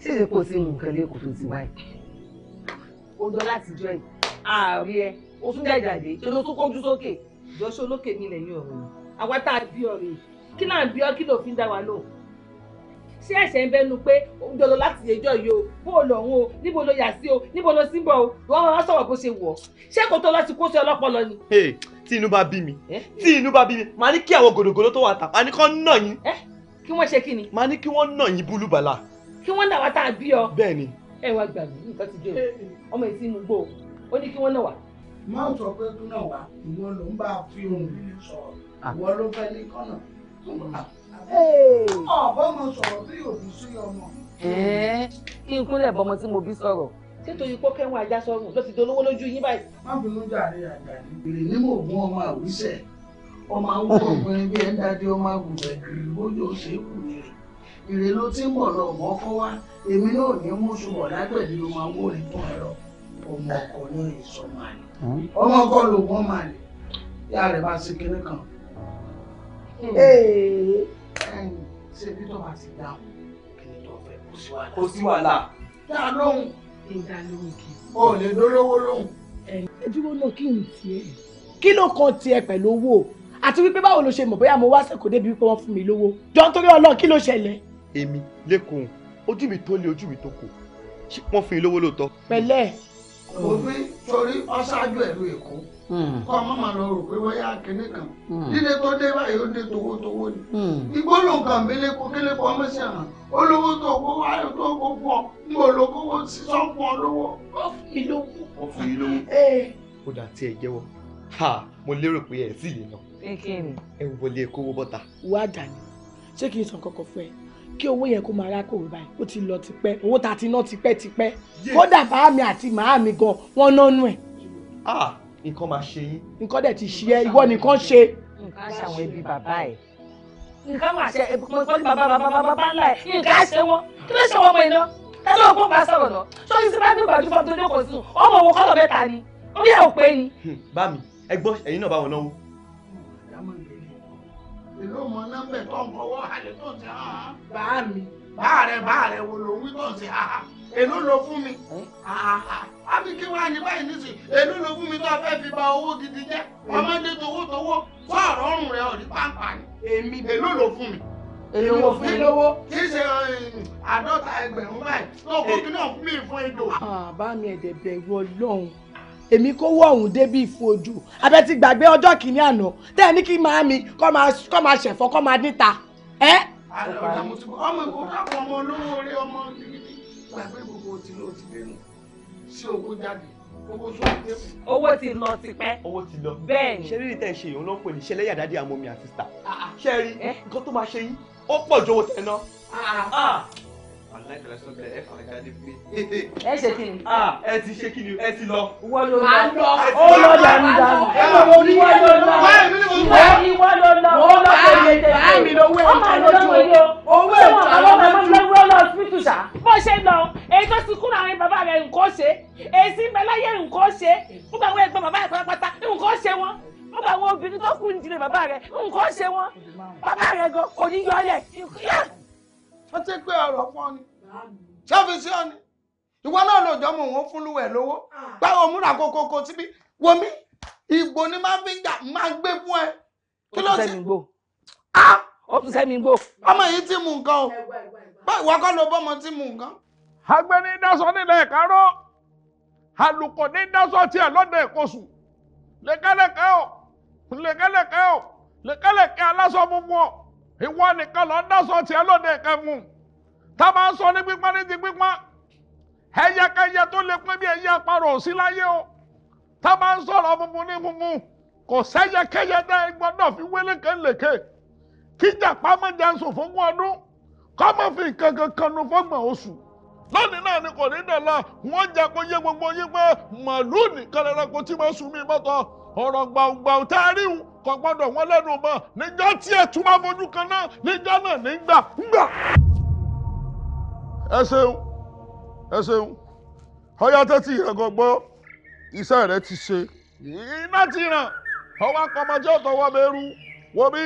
tí èdè kò sí nǹkan lẹ́kọ̀ọ́ tó ti wáyé. ó jọ láti jọ ẹ̀ ààrẹ ẹ o tún jẹ́ ìjàdé ṣe ló tún kọjú sókè jọ ṣe olókè mi lẹ́yìn ọ̀rọ̀ àwa tá a bí ọ̀rẹ́ kí náà bí ọ kí ló fi ń dá wa lóhùn ṣé ẹ̀ṣẹ̀ ń bẹnu pé ó ń dọ̀lọ́ láti ẹjọ́ yìí o bó o lọ òun o níbo ló yà sí o níbo ló sí bọ̀ o wọ́n máa sọ̀rọ̀ bó ṣe wọ̀ ṣé kò tó lọ ti kó sí ọlọ́pọlọ ni. tí inú bá bí mi tí inú bá bí mi màá ní kí àwọn gòdògòdò tó wà tà á ní kán nà yín. kí wọ́n ṣe kí ni. màá ní kí wọ́n nà yín búlúbàlà. kí wọ́n nà wá tá a bí ọ. bẹ́ẹ̀ ni. ẹ wá gbà mí o ọmọ ìsín o ó ní kí wọ́n nà wá. má sọ pé kí náà wá ìwọ ló ń bá a fi ohun ìrìn sọ̀rọ̀ ah. ìwọ ọ̀bọ́mọ sọ̀rọ̀ bọ́mọ tí mo bí sọ̀rọ̀ títorí kó kẹ́wọ̀n ajá sọ́run ló ti dolówó lójú yín báyìí. má bínú jàre àjàní èrè ní mò ń mú ọmọ àwísẹ ọmọ awúrò ọkùnrin bí ẹ dáadé ọmọ àgùnbẹ kiri bójú ó ṣe é kù yèrè ló ti ń bọ̀ lọ mọ́ kọ́ wá èmi náà ní mú ṣùgbọ́n lágbẹ̀dẹ ọmọ awúrò fún ẹ̀rọ ọmọ ọkọ ní ìsọmọ hmm? ọmọ ọkọ ṣé bí tó bá ti dáhùn kí fẹ́ kó sí wàhálà. dá a lóhùn. ìdá lóhùn kì í. o lè dólówó lóhùn. ẹ dúró náà kí n tiẹ̀ kí ló kan tiẹ̀ pẹ̀lú owó àti wípé báwo lo ṣe mọ̀ bóyá mo wá sẹ́kọ̀ọ́ débi wípé wọ́n fún mi lówó jọ nítorí Ọlọ́run kí ló ṣẹlẹ̀. èmi lẹ́kọ̀ọ́ ojú mi tó lé ojú mi tó kù wọ́n fún mi lówó lóòótọ́. pẹ̀lẹ́. òbí torí ọ̀ṣáájú ẹ̀lú èkó Hmm. kọ́ ọ mọ́mọ́ lọ rò pé wọ́yá kínní kan dídé hmm. tó dé báyìí ó dé towótowó ni hmm. ìgbóló nǹkan mélé kó kélé kó ọmọ sí àná olówó tó kó wáyé tó kó fún ọ ń bò ló kówó sísọ fún ọ lówó ó fún yín lówó. ó fún yín lówó. ó dà tí ẹ jẹ́wọ́ mo lérò pé ẹ sì lè nà ẹ wọlé kówó bọ́ta. wá dàní ṣé kí n sọ kọkọ fún ẹ kí owó yẹn kó máa rákòrò báyìí ó ti lọ tipẹ́ owó tá a ti ná tipẹ́tipẹ́ kódà bàámi àti màámi gan wọ́n nánú ẹ̀. Ah! nǹkan máa ṣe yín nǹkan dẹ̀ ti ṣe ẹ́ ìwọ nìkan ṣe. nǹkan ṣàwọn ẹbí bàbá ẹ̀ nǹkan máa ṣe nǹkan bàbá bàbá bàbá ńlá ẹ̀ nǹkan ṣe wọ́n kí ló ṣe wọ́n mọ iná tẹ́lẹ̀ òkú bá sọ̀rọ̀ lọ ṣọ́yìn sí bá bí ìbàdí fọ́ọ̀mù tó ní kò sí ọmọ òwò kọ́lọ̀ mẹ́ta ni ó yẹ ò pé ni. Hmm, bá ẹ gbọ́ ẹ̀yin náà bá náwó. ìlú mọ̀ náà báàrẹ báàrẹ wo ló ń wí bọ́ọ̀ sí haha èló ló fún mi àbí ah, kí wàá ní báyìí nísì èló ló fún mi tó a fẹ́ fi ba owó gidi jẹ́ ọmọdé towótowó fún ọ̀rọ̀ ọ̀rùn rẹ ọ̀rí pàǹpà ni èmi èló ló fún mi èló ló fún mi lówó kì í ṣe eh, àádọ́ta ẹgbẹ̀rún báyìí tó kó kí náà fún mi fún ìdò. Ah, bá mi ẹ̀dẹ̀ bẹ̀rù ọlọ́run èmi kó wọ ọ̀hún débi ìfún ojú abẹ́tí gbàgbé ọjọ́ kìíní àná tẹ́ ẹ ní kí máa mi kọ́ máa ṣẹ̀fọ́ kọ́ máa níta ẹ́ ọmọ ìkó káwọn ọmọ olówó orí ọmọ owó ti lọ ti pẹ́. owó ti lọ. bẹ́ẹ̀ ni. ṣé rírì tẹ̀ ṣe ìhun ló ń pè ní ṣẹlẹ́yà dáadé àmọ́ mi àti sítà. Ah, ah. ṣé rí eh? nǹkan tó máa ṣe yín ó pọ̀ ju tẹ̀ náà. Ah, ẹ ṣe kí ni. Ah, ẹ ti ṣe kí ni ẹ ti lọ. wọ́n ló lọ ó lọ dànù dànù ìwọ ló lọ ìwọ ló lọ ó lọ péjete ọmọ mi ló wọ yìí o owó ètò àwọn ọmọ mi ló wọ lọ síbítù sá. bó ṣe lọ èyí tó ti kú náà ní bàbá rẹ nǹkan ṣe èyí sí mẹláyé nǹkan ṣe nígbà wo ẹ̀gbọ́n bàbá rẹ pátápátá nǹkan ṣe wọn ó bá àwọn obìnrin tó kù nídìí bàbá rẹ nǹkan ṣe wọn bàbá rẹ gan kò ní yọ ọ lẹ. wọ́n ti pé ọ̀rọ̀ fún ni ṣọ́fíìsì ọ̀ni ìwọ náà ló jọmọ òun fún lúwẹ̀ lówó ah. báwo múra kókókó síbí wọmi ìgbò ni máa fi gbà máa gbé fún ẹ kí ló ti ó tún ah! sẹ́mi gbó. ọmọ yìí ti mú nǹkan o báwo kọ́ ló bọ́mọ ti mú nǹkan. agbẹ́ni dáṣọ nílẹ̀ ìkáró àlùkò ní dáṣọ tiẹ̀ lọ́dọ̀ ìkosù lẹ́kẹ́lẹ́kẹ́ o lẹ́kẹ́lẹ́kẹ́ o lẹ́kẹ́lẹ́kẹ́ aláṣọ funfun o ìwọ nìkan lọ́ọ́ dáṣọ tiẹ̀ lọ́dọ̀ ìkẹfun. t'a a bá sọ ní pípọ́n ní ti pípọ́n ẹyẹkẹyẹ tó lè pín bí ẹyẹ àparò sí láyé o tá a bá ń sọ̀rọ̀ funfun ní funfun kò sẹ́yẹkẹyẹ dá ẹ fi wélé kélékè kíjà pamọ́ jẹ́sùn fún ọdún fi kankan kanu oṣù lónìí náà ni kò ní kó yé gbogbo yín pé màlúù nìkan kó tí mo sùn mí mọ́tọ́ ọ̀rọ̀ gbàùgbàù tá a rí wù tí Eseun, ṣeun ẹ ṣeun ọyá tẹ́tí gbọ́ iṣẹ́ rẹ ti ṣe iná ti ràn ọwọ́ akọmọjẹ́ ọ̀tọ̀ wọ́n bẹ̀rù wọ́n bí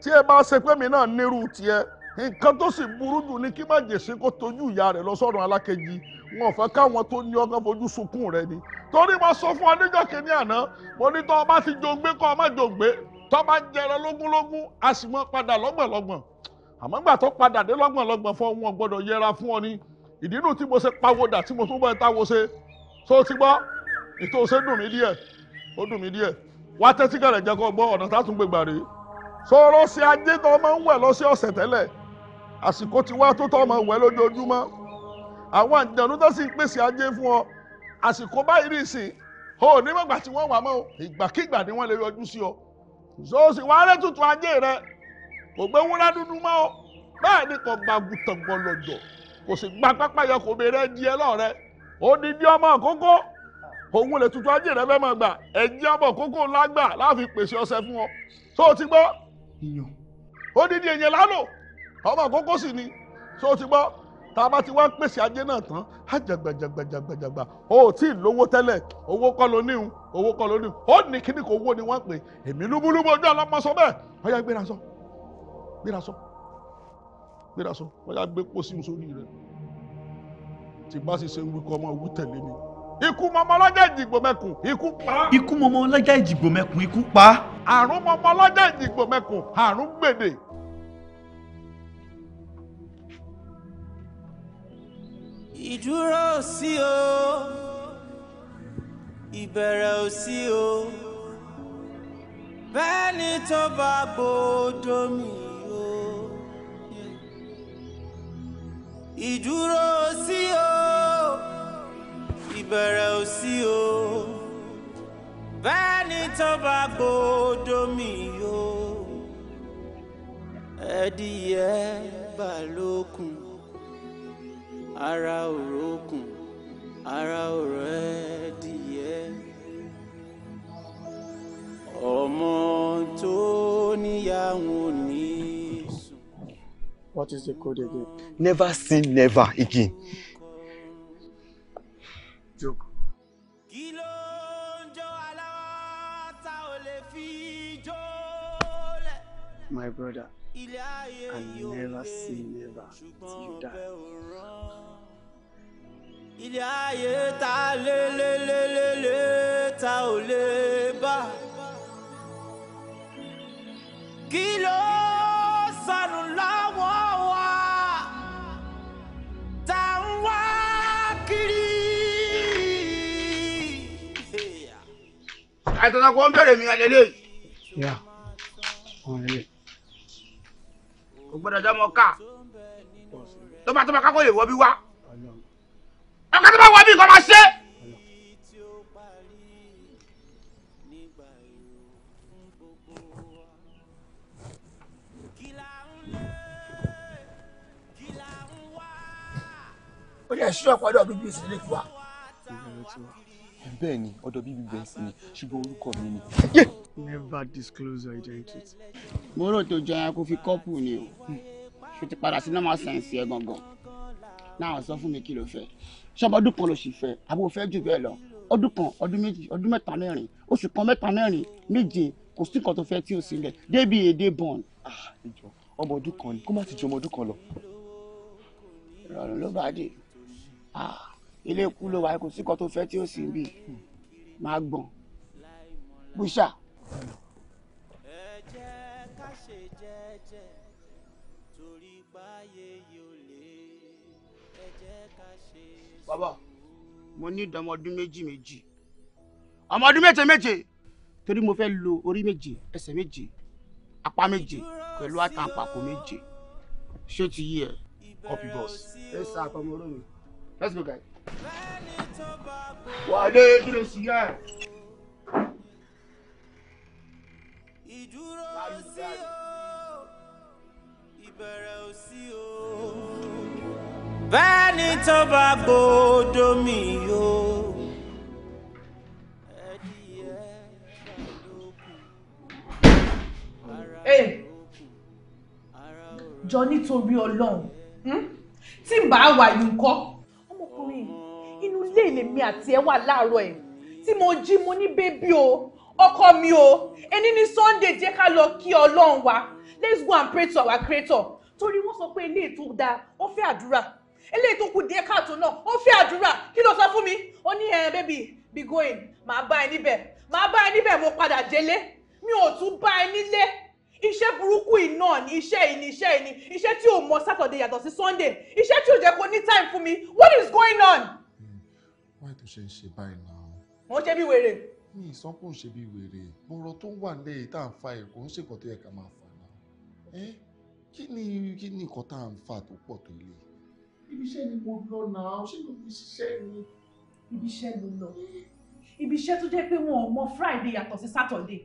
tí ẹ bá ṣe pé mi náà nírú tiẹ̀ nǹkan tó sì burú ní ni kí má jèṣe kó tọ́jú ìyá rẹ̀ lọ sọ́run alákejì wọn tó ní ọgán fojú ni torí mo fún ọdíjọ́ kìíní àná mo ní tọ́ ọ kọ́ ọ àmọ́ gbà tó padà dé lọ́gbọ̀n lọ́gbọ̀n fún wọn gbọ́dọ̀ yẹra fún ọ ni ìdínú tí mo ṣe pawódà tí mo tún bọ́ ẹ̀ta wo ṣe tó ti gbọ́ ètò ṣe dùn mí díẹ̀ ó dùn mí díẹ̀ wá tẹ́tí gẹ̀rẹ̀ jẹ́ kó gbọ́ ọ̀nà tátún gbégbà rè sọ̀rọ̀ sí ajé tó máa ń wẹ̀ lọ́sẹ̀ ọ̀sẹ̀ tẹ́lẹ̀ àsìkò ti wá tó tó máa wẹ̀ lójoojúmọ́ àwọn àjànú tó sì ń pèsè ajé fún ọ àsìkò báyìí rí sí o ní mọ̀gbà tí wọ́n wà mọ́ ìgbàkigbà kò gbé wúrà dúdú mọ́ ọ bẹ́ẹ̀ ni kò gba gùtàn gbọlọ̀dọ̀ kò sì gba pápá yọ kò bèrè díẹ̀ lọ́rẹ́ odidi ọmọ àkókò òun lè tutù ajé rẹ fẹ́ máa gbà ẹ̀jẹ̀ ọmọ àkókò lágbà láàfin pèsè ọṣẹ fún ọ tó o ti gbọ́ odidi èèyàn lálò ọmọ àkókò sì ni tó o ti gbọ́ tá a bá ti wá pèsè ajé náà tán á jàgbàjàgbàjàgbàjàgbà o ò tí ì lówó tẹ́lẹ̀ owó kọ́ ló níhun owó kọ́ ló níhun ó ní kíní kò owó ni wọ́n pè èmi lúbúlúbú ojú ọlọ́mọ sọ bẹ́ẹ̀ ọ̀yá gbéra sọ gbéra sọ gbéra sọ wọ́n yá gbé pósí mi sórí rẹ̀ tí bá sì ṣe ń wíkọ́ ọmọ òwú tẹ̀lé mi. ikú mọmọ lọ́jà ìdìgbò mẹ́kùn ikú pa. ikú mọmọ lọ́jà ìdìgbò mẹ́kùn ikú pa. àrùn mọmọ lọ́jà ìdìgbò mẹ́kùn àrùn gbèdè. ìdúró ò sí o ìbẹ̀rẹ̀ ò sí o bẹ́ẹ̀ ni tó bá gbòdo mi dúró. ìdúró sí o ìbẹ̀rẹ̀ ò sí o bẹ́ẹ̀ ni tó bá gbódò mi o ẹdìyẹ bà lókun ara òrókun ara òrò ẹdìyẹ ọmọ tó níyàwó ní. What is the code again? Never say never again. Job. My brother, I never say never till you die. Ilé ayé ta lé lé lé lé lé ta ò lè bá. Kí ló sọnù àtàtà kò ń bẹ̀rẹ̀ mi àlẹ́lẹ́ yìí. kò gbọ́dọ̀ jẹ́ ọmọ ká tọ́mọtọ́mọ ká kó lè wọ́ bí wá ọkọ tó bá wọ́ bí nǹkan máa ṣe. ó lè ṣí ọ̀pọ̀ ọdún bíbí ìsìnkú wa bẹ́ẹ̀ ni ọ̀dọ̀ bíbí bẹ́ẹ̀ sì ni ṣùgbọ́n orúkọ mi never disclose your identity. mo rò tó jọyàn kó fi kọ́pù ni o ṣe ti padà sí normal sense yẹn gangan náà sọ fún mi kí ló fẹ́ ṣọba ọdún kan ló sì fẹ́ àbò fẹ́ jù bẹ́ẹ̀ lọ ọdún kan ọdún méjì ọdún mẹ́ta mẹ́rin oṣù kan mẹ́ta mẹ́rin méje kò sí nǹkan tó fẹ́ tí ò sí lẹ̀ débi èdè bọ̀n. ọmọ ọdún kan ni kó má ti ju ọmọ ọdún kan lọ. ìrọ̀rùn ló bá Ah ilé ikú ló wà kò sí kan tó fẹ́ tí ó sì ń bì máa gbọ̀n bùṣà. bàbá mo ní ìdánmọ ọdún méjì méjì ọmọ ọdún méje méje torí mo fẹ́ lo orí méje ẹsẹ̀ méje apá méje pẹ̀lú àtàǹpàkò méje ṣé ti yí ẹ. copy boss. ẹ sá àpamọ́ olómi let's go guys wàá dé kí ló sì yá ẹ. ìdúró sí o ìbẹ̀rẹ̀ ò sí o. bẹ́ẹ̀ tó bá gbọ́dọ̀ mi yóò. jọ nítorí ọlọ́run hmm? tí n bá wà yìí kọ́ ọkùnrin inú ilé lèmi àti ẹ wà láàárọ̀ ẹ̀ tí mo jí mo ní bébí o ọkọ mi o ẹni ní Sunday jẹ́ ká lọ kí Ọlọ́run wa let's go and pray to our creator torí wọ́n sọ pé eléyìí tó dáa ó fẹ́ àdúrà eléyìí tó kù díẹ̀ káàtó náà ó fẹ́ àdúrà kí ló sọ fún mi ó ní ẹ eh, bébì be going màá bá ẹ níbẹ̀ màá bá ẹ níbẹ̀ mo padà délé mi ò tún bá ẹ nílé iṣẹ́ burúkú yìí náà ni iṣẹ́ yìí ni iṣẹ́ yìí ni iṣẹ́ tí ò mọ Saturday yàtọ̀ sí Sunday iṣẹ́ tí ò jẹ́ kó ní time fún mi what is going on. Hmm. wáyé tó ṣe ń ṣe báyìí náà. mo ṣe bí wèrè. mi ìsọkùn ń ṣe bí wèrè bọ̀rọ̀ tó wà lẹ́yìn tá à ń fa ẹ̀kọ́ ń ṣèkọ́ tó yẹ ká máa fà náà kí ni kí ni nǹkan tá à ń fà tó pọ̀ tó ilé. ibi iṣẹ́ ni mo lọ náà ṣé mo fi ṣiṣẹ́ ni. ibi iṣẹ́ ló lọ ibi iṣẹ́ tó jẹ́ pé wọn ò mọ Friday yàtọ̀ sí Saturday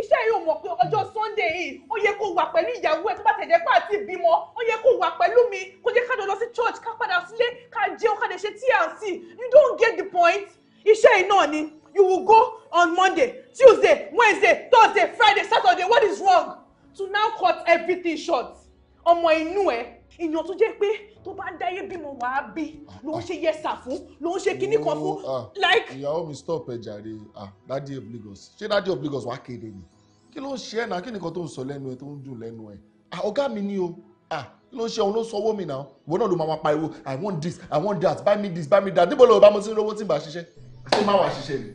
iṣẹ́ yóò mọ̀ pé ọjọ́ sunday yìí ó yẹ kó wà pẹ̀lú ìyàwó ẹ̀ tó bá tẹ̀jẹ̀ pé àti ìbímọ ó yẹ kó wà pẹ̀lú mi kó jẹ́ ká lọ sí church ká padà sílé ká jẹun ká lè ṣe TLC you don't get the point iṣẹ́ yìí náà ni you will go on monday tuesday wednesday thursday friday saturday what is wrong to now cut everything short ọmọ inú ẹ èèyàn tó jẹ́ pé tó bá dáyé bímọ wàá bí ló ń ṣe yẹsà fún ló ń ṣe kinní kan fún ah, like. ìyàwó mi stop ẹ jàre ah dadi of Lagos ṣé dadi of Lagos wàá kéde ni kí ló ń ṣe ẹ náà kí nìkan tó ń sọ lẹ́nu ẹ tó ń dùn lẹ́nu ẹ ah ọ̀gá mi ni o ah kí ló ń ṣe òun ló ń sọwọ́ mi náà ìwọ náà ló máa pariwo i want this i want that buy me this buy me that níbo lóò bá mo ti ń rówó tí n bá ṣiṣẹ́ ṣé má wàá ṣiṣẹ́ ni.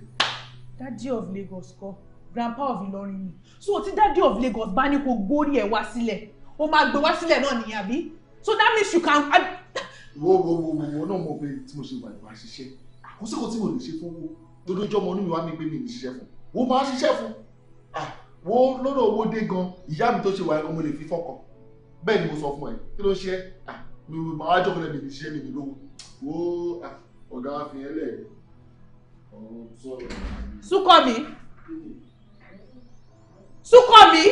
dadi of Lagos kọ́ grandpa of Ìlọrin ni so ti dadi of Lagos bá ní kó gbórí ẹ wá sílẹ̀ o máa gbé wá sílẹ̀ náà nìyẹn àbí so that means you can. wo wo wo wo náà mo bẹ tí mo ṣe wà ìwà ṣiṣẹ́ àkóso tí mo lè ṣe fún wo lójoojúmọ́ ọmọ inú mi wá mi gbé mi lè ṣiṣẹ́ fún wo máa ṣiṣẹ́ fún wo lọ́dọ̀ owó dé gan ìyá mi tó ṣe wà ẹ̀kọ́ mo lè fi fọ́kàn bẹ́ẹ̀ ni mo sọ fún ẹ kí ló ń ṣe ẹ́ mi ò máa wájọ́ kọ́lẹ̀ mi lè ṣiṣẹ́ mi lówó wo ọ̀gá fi ẹ lẹ̀ ọ̀rọ̀ sọ̀rọ̀. Súnkànmí Súnkànmí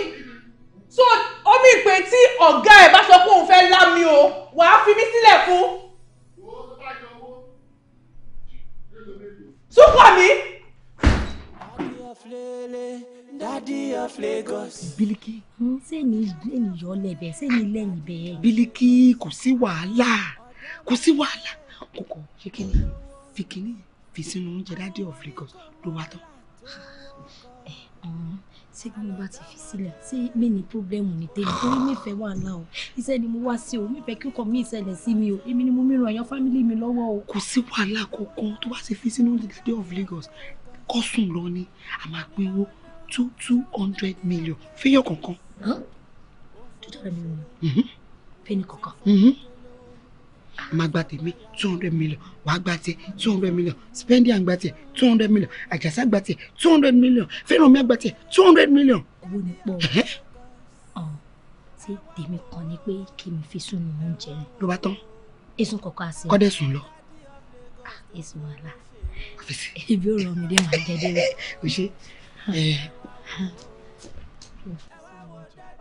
so omi ìpè tí ọ̀gá ẹ̀ bá sọ pé òun fẹ́ lá mi o wàá fi mí sílẹ̀ fún. súpọ̀ mi. Bílíkì. sẹ́ni ènìyàn lẹ̀bẹ̀ sẹ́ni lẹ́yìn bẹ́ẹ̀. Bílíkì kò sí wàhálà kò sí wàhálà kòkò ṣé kí ni fi kí ni fi sínú oúnjẹ Daddy of Lagos ló wá tán ṣé bí mo bá ti fi sílẹ̀ ṣé mi ní pọ́blẹ́mù ní tèmi torí mi fẹ́ wàhálà o iṣẹ́ ni mo wá sí o mi fẹ́ kí ọkọ mi ìṣẹ̀lẹ̀ sí mi o èmi ni mo mìíràn èèyàn fámílì mi lọ́wọ́ o. kò sí wàhálà kankan tó bá ti fi sínú Lady of Lagos kó sùn lọ ni a máa pín owó two two hundred million fẹ́yọ̀ kankan. two hundred million mm-hmm. fẹ́ni kankan. Mm-hmm máa gba tèmi two hundred million wàá gba tiẹ̀ two hundred million spendi àgbà tiẹ̀ two hundred million àjàsá gba tiẹ̀ two hundred million fẹ́rànmi àgbà tiẹ̀ two hundred million. owó ni pọ̀ ṣé tèmi kan ni pé kí mi fi sunu oúnjẹ rẹ. ló bá tán. èsùn kọ̀ọ̀kan àṣẹ. kọ́dẹ̀ sùn lọ. èsùn wàhálà ibi ò rọ mi dé màá jẹ dé rẹ. o ṣe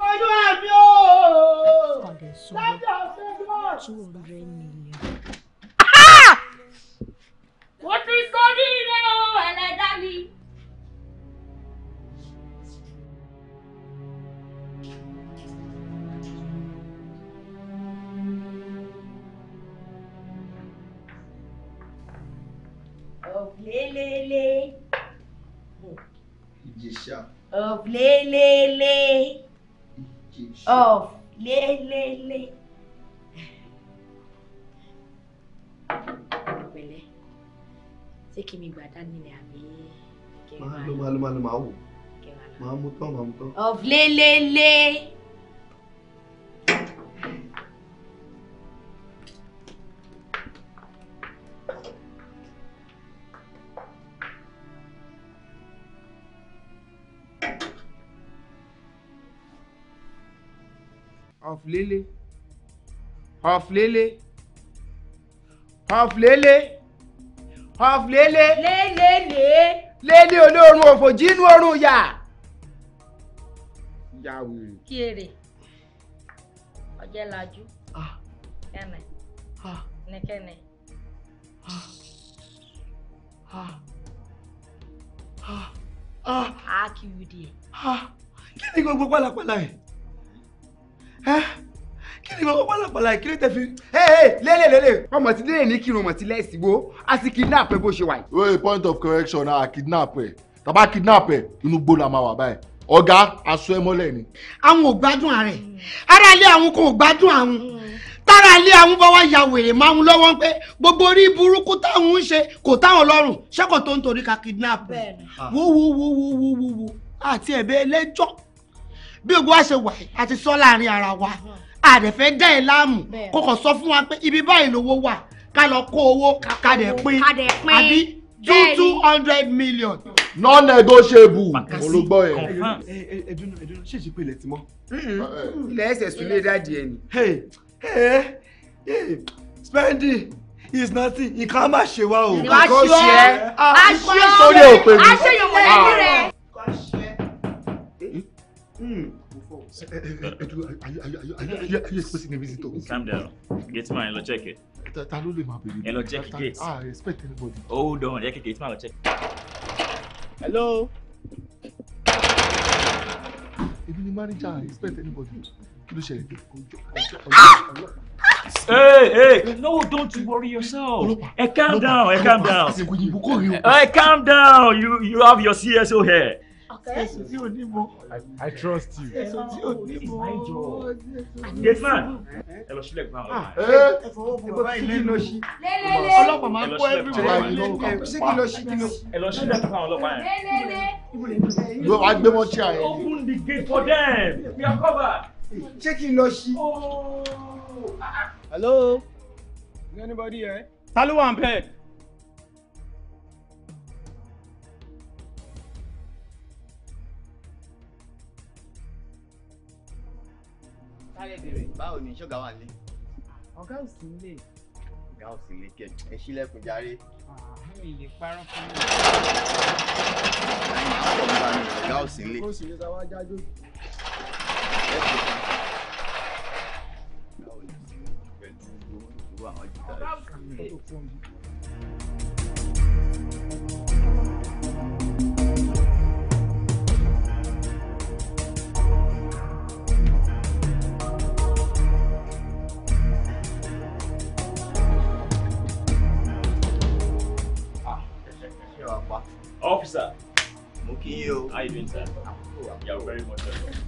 ojú àmì o lábẹ́ ọ̀sẹ̀ two hundred million. mo ti sọ ní ilé o ẹlẹ́dá mi. Lelele. Ìjẹ̀ṣà. Ọ̀blélélé of oh, le pẹ̀lẹ́ ṣé kí mi gbà dání ni àbí kẹwàá. máa ló máa ló máa wò máa mú mo. máa mú le le. lélélé. lele, lele, ọ̀fìlélé ọ̀fìlélé ọ̀fìlélé ọ̀fìlélé lélélé lélé olórun òfò jínú orun yà. ìyá wèrè. kí èrè ọjẹ́ lajú kẹ́nẹ̀ nìkẹ́nẹ̀. a kì í di ẹ. kí ni gbogbo pálapàla yìí kí ni bàbá pàlàpàlà kí ló tẹ fi. lélẹ̀ lélẹ̀ ọmọ tí lélẹ̀ ní kírun ọmọ tí lẹ́sìn wo a sì kidnap ẹ bó ṣe wà yìí. wait point of correction a kidnap ẹ tàbá kidnap ẹ inú gbó la máa wà báyìí ọ̀gá aṣọ ẹ mọ́lẹ̀ ni. àwọn ò gbádùn ààrẹ ara ilé àwọn kò gbádùn àwọn tára ilé àwọn bá wá ya wèrè máa ń lọ́wọ́ pé gbogbo orí burúkú táwọn ń ṣe kò táwọn lọ́rùn ṣẹ́kọ̀ tó ń torí ka kidnap wo wo wo wo wo wo àti ẹ̀bẹ̀ ẹlẹ́jọ́ bí ogun wa ṣe wà àti sọ láàrin ara wa àdẹ̀fẹ́ dá ẹ láàmú kókò sọ fún wa pé ibi báyìí lówó wà ká lọ kó owó ká dẹ̀ pín àbí two two hundred million. non-negotiable olùgbọ́ yẹn. ẹdùnú ẹdùnú ṣé ìṣe pé ilẹ̀ ti mọ́. ilẹ̀ ẹsẹ̀ sùlẹ̀ dáàdì ẹ̀ ni. spending is nothing nǹkan á má ṣe wá o. nǹkan á ṣe é. aṣọ aṣọ yòówó lẹ́yìn rẹ̀. Mm. Are you, expecting a visitor? Calm down. Get my let's check it. Ta ló lè máa check gate. Ah, expect anybody. Hold on, check the get my lọ check. Hello. Èmi ni manager, expect anybody. Kí Hey, hey, no, don't worry yourself. Hey, calm down, hey, calm down. Hey, calm down, you, you have your CSO here. Jésù tí ò ní mọ. I trust you. Jésù tí ò ní mọ. Yes ma. Eh? Ẹ lọ sílẹ̀ gbọ́n ah, ọ̀la. Eh? Ẹ fọwọ́ bọ̀ báyìí lẹ́nu. Lélele. Ọlọ́pàá máa ń kọ́ everybody. Ṣé lọ sí kí Ẹ lọ sílẹ̀ gbọ́n ọlọ́pàá yẹn. Lélele. Yóò wá gbé àyẹ̀. Open the gate for them. We are covered. Ṣé kí lọ sí? Oh. Hello. Is anybody here? Ta ló wà ń bẹ̀? sáré bèrè báwo ni ṣọ́gà wà lé. ọ̀gá ò sí nílé. ọ̀gá ò sí nílé kẹ ẹ ṣílẹ̀kùn jàre. mi lè parọ́ fún mi. ọ̀gá ò sí nílé. ó sì ní sáwá jájú. Thank you. Officer. Mukiyo. How you doing, sir? You're very much welcome.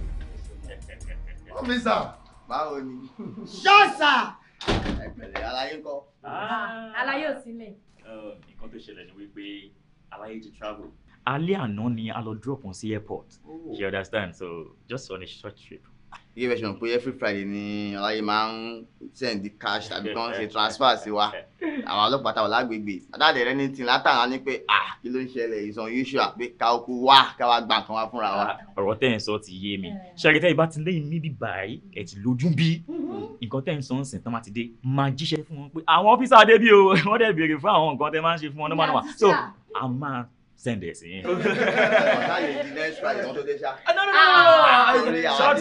Officer. Báwo ni? Ṣọ́ọ̀ṣà. Ẹ̀pẹ̀lẹ̀ aláyé kọ́. Aláyé ah. ah, ò sílẹ̀. Nǹkan tó ṣẹlẹ̀ ni wípé aláyé ti travel. Alẹ́ àná ni a lọ drop on sí airport. She oh. understand so just on a short trip yíyẹ fẹ́ sọ̀rọ̀ pé every friday ni ọláyé máa ń send cash tàbí kí wọ́n ṣe transfer sí wa àwọn ọlọ́pàá táwọn lágbègbè àtàlẹ́ rẹ ní ti látara ní pé ah kí ló ń ṣẹlẹ̀ ìsan yíṣọ́ àpé ká okú wá ká wá gba nǹkan wá fúnra wa. Ah, ọ̀rọ̀ tẹ́ ẹ̀ sọ ti yé mi ṣẹ́gi tẹ́ ìbá ti lẹ́yìn mi bí báyìí ẹ̀ ti lójú bí mm-hmm. nǹkan tẹ́ ẹ̀ sọ ń sìn tán máa ti dé máa jíṣẹ́ fún wọn pé àwọn ọ́fíìsà dé bí o wọ́n dẹ̀ béèrè fún àwọn nǹkan tẹ́ máa ń ṣe fún wọn náà máa wà so a máa send it in. ọ̀tá yẹn di next friday wọ́n tó dé ṣá. no no no no short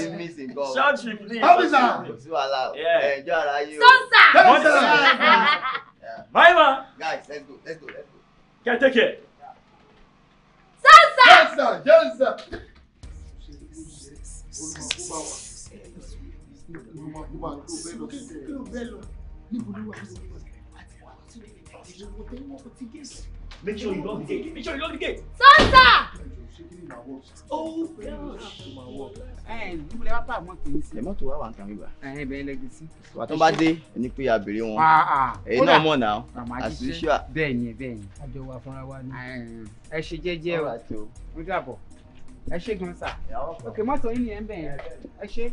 short trip ni. ọ́fíìsà kò sí wàhálà o ẹ̀jọ́ ara yìí o. sọ́nsà sọ́nsà. bye ma. guys let's go let's go let's go. kẹ́ take care. sọ́nsà. jọ́nsà jọ́nsà. níbo ló wà ní ìwà àti àwọn tí wọ́n ti gé sí. Make sure you love the game. Make sure you love the game. Santa! Oh Eh. Ẹ mọ́tò wá wà ń kàn mí bá. Ẹ bẹ́ẹ̀ lẹ́gbẹ̀ẹ́ Eh. Wà tó bá dé ni pé a béèrè wọn. Ah, ah. Ẹyin náà mọ̀ náà. As usual. Bẹ́ẹ̀ni bẹ́ẹ̀ni. Àjọ wà fúnra wa ni. Eh, ẹ ṣe jẹ́jẹ́ o. Ó dàbọ̀. Eh. ṣe gan sà. Ok mọ́tò yín ni ẹ ń bẹ̀ yẹn. Ẹ ṣe.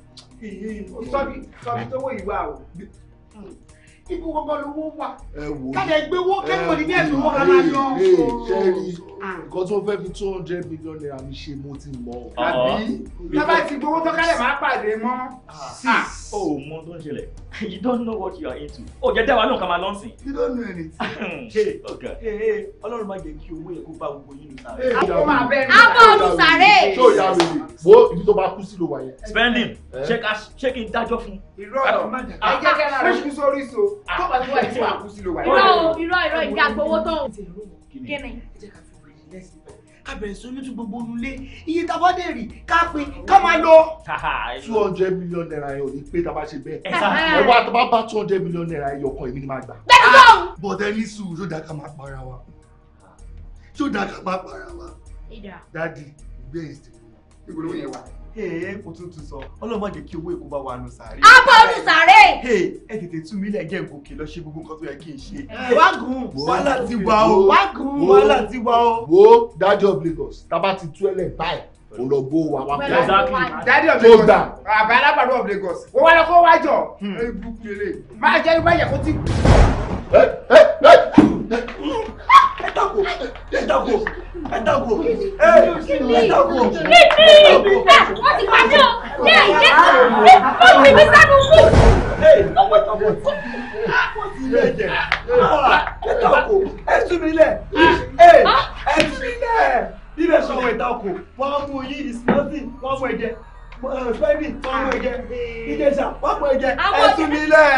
ìyìn sọ́bí sọ́bí tó ibi gbogbo lówó wà kálẹ̀ gbéwó kẹ́kọ̀ọ́ ní ẹ̀sùn wọn ká máa lọ. ṣe rí ah. nǹkan tó fẹ́ fi two hundred million naira mi ṣe mo ti mọ̀ ọ́. Ah. àbí tábà ti gbowó tó kálẹ̀ máa pàdé mọ́. o ò mọ tó ń ṣẹlẹ̀ you don't know what you are into. o oh, jẹ dáwà náà ká máa lọ́sìn. you don't know anything. ṣe ọ̀gá ọlọ́run máa jẹ́ kí owó yẹn kó bá gbogbo yín lùsàrẹ́. àbọ̀ olùsàrẹ́. ṣé o yà mí wo ibi tó bá kú sí ló wà yẹn. spending eh? ṣé kí n dájọ́ fún. ìrọ̀lọ́ ah, ẹ jẹ́ kí ẹ lára kú sórí so tọ́ba tí wọ́n ti máa kú sí ló wà. irọ́ irọ́ irọ́ ìdí àgbowó tó ń. kíni kábẹ̀rẹ̀ sí onítú a bá dé rí ká pin two hundred million naira yẹn ò ní pé tá a two hundred million naira yẹn ọkàn èmi ni máa gbà. bẹ́ẹ̀ ni sọ́ọ̀. Ah, bọ̀dẹ́ ní sùúrù yóò dáa ká máa para wa yóò dáa ká máa para wa. dádì yẹn wà ẹ kò tuntun sọ ọlọ́mọ jẹ́ kí owó èkó bá wà nù sàárè. abọ́ nù sàárè. ẹ tètè tú mi lẹ̀ jẹ́ gòkè lọ ṣe gbogbo nǹkan tó yẹ kí n ṣe. wágùn wàhálà ti wà o wágùn wàhálà ti o. wo dájọ́ of Lagos tábà ti tú ẹ lẹ̀ báyìí o lọ gbó wa wa kọ dadi of lagos baba alabado of lagos wọ́n wá lọ kó wá jọ ebúkú lele máa jẹ́ irú ẹ̀yẹ kó ti. ẹ ẹ ẹ ẹ dàgbò ẹ dàgbò ẹ dàgbò ẹ ẹ dàgbò. bíbí ẹ wọ́n ti pàdé o ṣé ìdí ó ti fi sẹ́nu kú. ẹ ọmọ ìtọ́gbọ̀ tí wọ́n ti lè jẹ ẹ dàgbò ẹ tún mi lẹ ẹ ẹ tún mi lẹ bíbẹ̀ sọ̀rọ̀ ìtàkùn wọ́n á mú yí ìsinmi wọ́n á mú ẹ̀jẹ̀ fẹ́mi fọmọ ẹ̀jẹ̀ ìjẹsà fọmọ ẹ̀jẹ̀ ẹ̀sùn mi lẹ̀.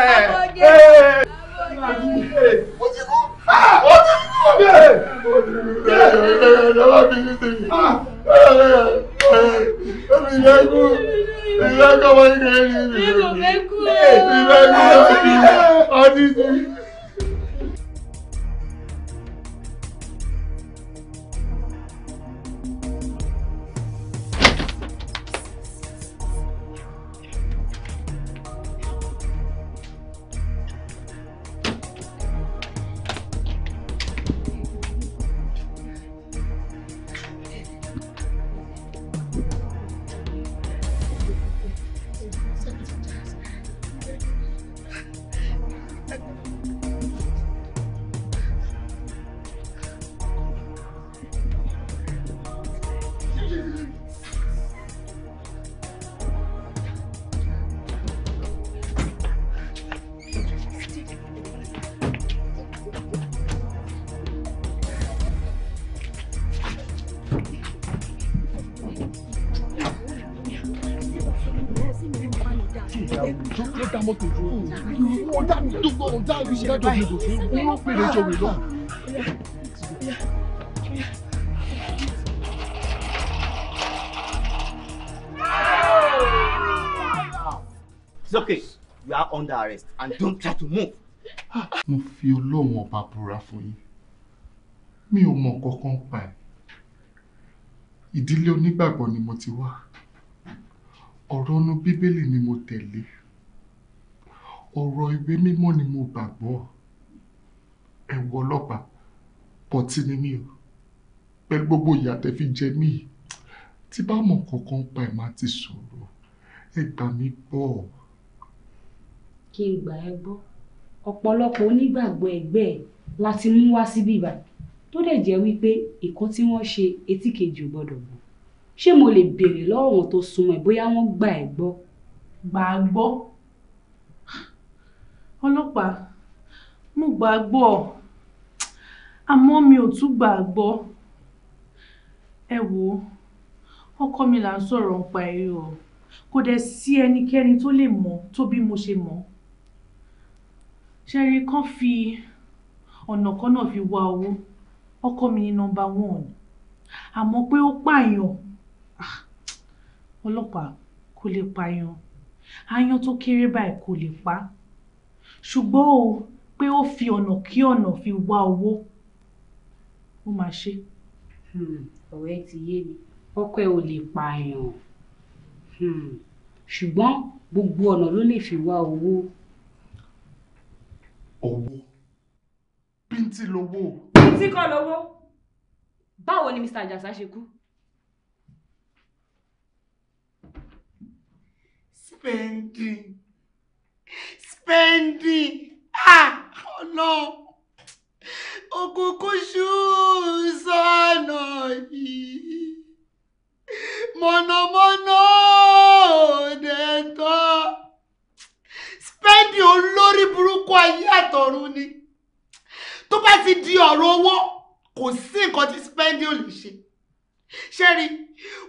mo ti kú mo ti kú mi. lọ́wọ́ mi ti ti mi lẹ́ kú ìlẹ́kọ̀ọ́ wọ́n ń kẹ́ ẹ́ ní ìlú. mi kò fẹ́ kú. ìlẹ́kọ̀ọ́ wọ́n ń kẹ́ ẹ́ ní ìlú. mọ́tò dúró ó dá mi dúgbò ó dá mi dájọ́ mi fún un ló pèrè ìṣòro náà. It's okay. You are under arrest and don't try to move. Mo fi Ọlọ́run ọba búra fún yín. Mi ò mọ kankan pa ẹ̀. Ìdílé onígbàgbọ́ ni mo ti wá. Ọ̀rọ̀ inú Bíbélì ni mo tẹ̀lé ọ̀rọ̀ ìwé mímọ́ ni mo gbàgbọ́ ẹ̀wọ̀ ọlọ́pàá pọ̀tí ni mí o pẹ̀lú gbogbo ìyà tẹ́ fi jẹ mí tí bá mọ̀ kankan pa ẹ̀ máa ti sọ̀rọ̀ ẹ gbà mí gbọ́. kí n gbà ẹ gbọ́ ọ̀pọ̀lọpọ̀ onígbàgbọ́ ẹgbẹ́ ẹ̀ láti mú wá síbí ibà tó dẹ̀ jẹ́ wípé ìkan tí wọ́n ṣe etí kejì ò gbọ́dọ̀ gbọ́ ṣé mo lè béèrè lọ́wọ́ wọn tó súnmọ́ ẹ̀ bóyá wọ́n gbà ẹ̀ gbọ́. gbà á gbọ́ ọlọ́pàá mo gbàgbọ́ àmọ́ mi ò tún gbàgbọ́ ẹ wo ọkọ mi là ń sọ̀rọ̀ nípa ẹ̀ o kò dẹ̀ sí ẹnikẹ́ni tó lè mọ̀ tó bí mo ṣe mọ̀ ṣẹ́rí kan fi ọ̀nà kan náà fi wá owó ọkọ mi ní nọ́mbà one àmọ́ pé ó pààyàn ah, ọlọ́pàá kò lè pààyàn àyàn tó kéré báyìí kò lè pa á ṣùgbọ́n o pé ó fi ọ̀nà kí ọ̀nà fi wá owó ó máa ṣe. Hmm, ọ̀rẹ́ ti yé mi ọkọ ẹ ò lè pààyàn hmm, ṣùgbọ́n gbogbo ọ̀nà ló lè fi wá owó. owó bíntì lówó. bíntì kọ́ lówó báwo ni Mr. Ajasa ṣe kú. spending pẹ́ndì ọ̀nà ah, òkùnkùn ṣú sọ́nà yìí mọ̀nàmọ́ná òde tọ́ spẹ́ndì olórí burúkú ayé àtọ̀run ni tó bá ti di ọ̀rọ̀ owó kò sí nǹkan tí spẹ́ndì ò lè ṣe ṣẹ́rí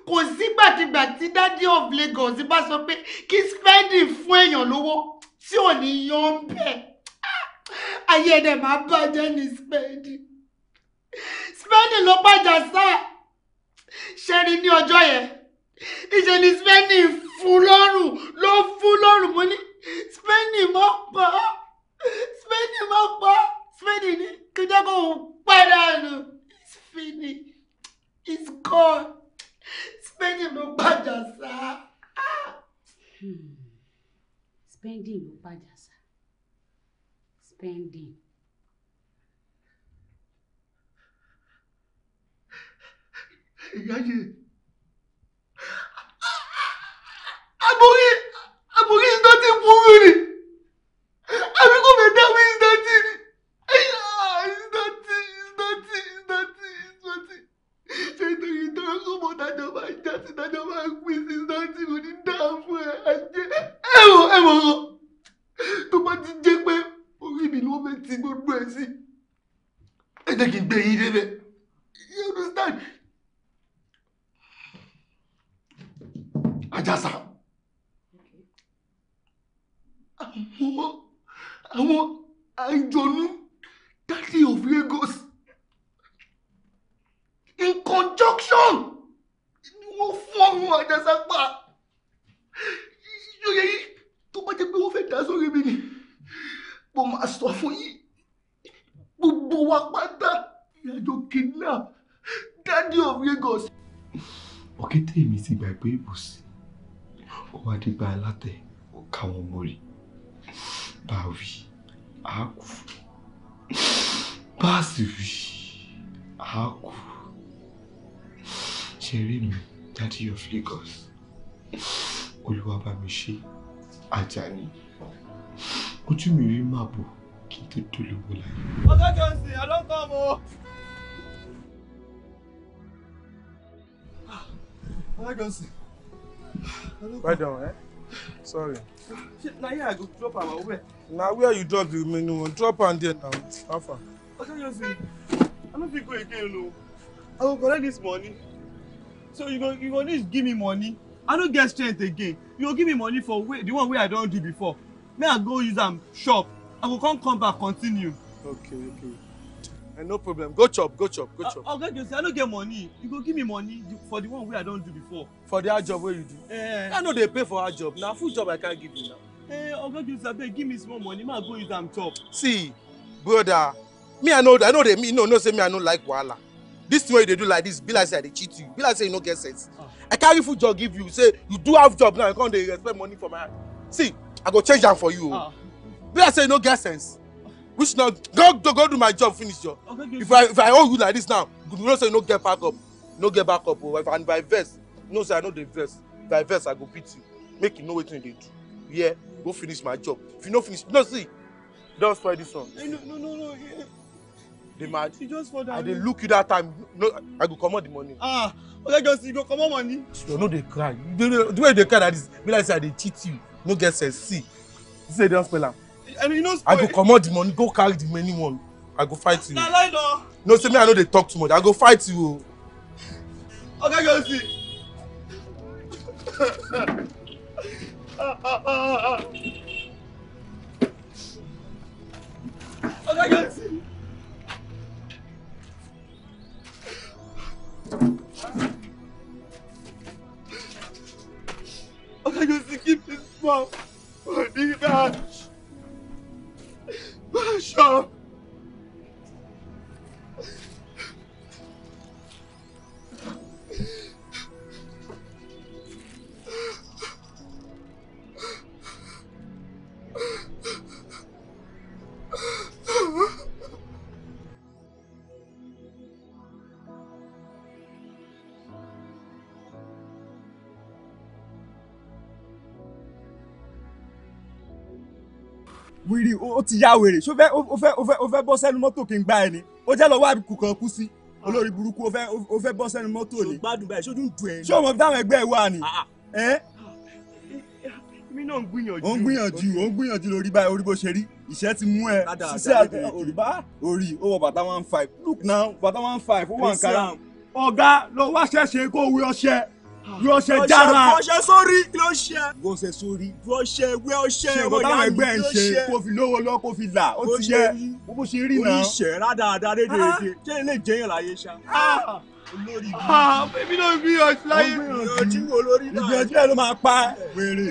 kò sígbàkigbà tí dádì of Lagos bá sọ pé kí spẹ́ndì fún èèyàn lówó tí ò ní yọ ń bẹ̀ ah! ayé ẹ̀dẹ̀ máa bàjẹ́ ní spẹ́ẹ̀dì spẹ́ẹ̀dì ló pàjà sáà ṣẹ́ni ní ọjọ́ yẹn ìṣe ni spẹ́ẹ̀dì fún lọ́rùn ló fún lọ́rùn mo ní spẹ́ẹ̀dì mọ́ pa spẹ́ẹ̀dì mọ́ pa spẹ́ẹ̀dì ní kíjọ́ kó padà nù it's finished it's gone spẹ́ẹ̀dì ló pàjà sáà. Ah! Hmm spending ló bàjá sá spending. ìyá yìí aborí aborí is nothing fún mi ni àbí kò fẹ́ dá mi is nothing ni. gbé ìbòsí ó wá dìgbà látẹ ó káwọn mórì bá wí á kú bá sì wí á kú ṣe rí mi daddy of Lagos olúwàbàmíṣe Àjàní ojú mi rí màbò kí n tó dolówó láyé. ọjọ́ jọ ń sìn àlọ́ Why does it? Well done, eh? Sorry. Now here I go drop am away. Now where you drop the remaining one? Drop am there now. How far? Okay, you see. I no fit go again you know. I will collect this money. So you go you gonna need give me money. I don't get strength again. You will give me money for wey the one way I don't do before. May I go use am shop. I will come come back continue. Okay, okay. And eh, no problem. Go chop, go chop, go ah, chop. Uh, Oga Jose, I no get money. You go give me money for the one wey I don do before. For the hard job wey you do? Eh. I no dey pay for hard job. Na full job I can give you now. Eh, Oga oh, Jose, abeg give me small money. Make I go use am chop. See, brother, me I know I know dey me no know say me I no like wahala. This thing wey you dey do like this be like say I dey cheat you. Be like say you no get sense. Ah. I carry full job give you say you do half job now you come dey expect money for my hand. See, I go change am for you. Oh. Ah. Be like say you no get sense which now go go go do my job finish your okay, if i if i hold you like this now you know say you no get back up you no get back up o oh. if and if i vex you know say i no dey vex if i vex i go beat you make you know wetin you dey do yeah go finish my job if you no finish no see don spoil this one. Hey, no no no no. dey mad just fall down i dey look you that time no i go comot the money. ah oga okay, johnson you go comot money. you no dey cry the way you dey cry like this be like say i dey cheat you no get sense see see say you don spoil am you know spoil. i go comot the money go carry the many one i go fight you. na lie no. no say me i no dey talk too much i go fight you o. Oh. oga go see. oga go see. oga go see keep this small. Oh, dear God ṣọ́. wèrè ó ti ya wèrè ṣó fẹ́ ó fẹ́ ó fẹ́ ó fẹ́ bọ́ sẹ́nu mọ́tò kí n gbá ẹni ó jẹ́ lọ wá kùkàn kú sí olórí burúkú ó fẹ́ ó fẹ́ bọ́ sẹ́nu mọ́tò ni. gbádùn báyìí ṣojú ń dùn ẹ̀. ṣé o mọ̀ fi táwọn ẹgbẹ́ ẹ wà ni. Ah, ah. mi náà ń gbìyànjú. ó ń gbìyànjú ó ń gbìyànjú lórí báyìí orí bó ṣe rí ìṣẹ́ ti mú ẹ ṣiṣẹ́ àti òrìbá orí ó wọ bàtà one five look now bàtà one five ó wà ń kára ọ̀gá lọ wá ṣẹ̀ṣẹ̀ kó wé ọṣẹ bí wọ́n ṣe dára. ọṣẹ sórí ló ṣe. bí wọ́n ṣe sórí. bí wọ́n ṣe ewé ọṣẹ ìwọ yàrá ìlú ló ṣe. kó fi lówó lọ kó fi là ó ti yẹ bó ṣe rí náà. oníṣẹ́ rádaràda rédèrèdè ah. kí lè jẹyàn láyé ṣá. Ah. Ah, olórí mi. èmi náà bí ọtí láyé. ìgbìyànjú wo lórí náà. ìgbìyànjú ẹ ló máa pa wèrè.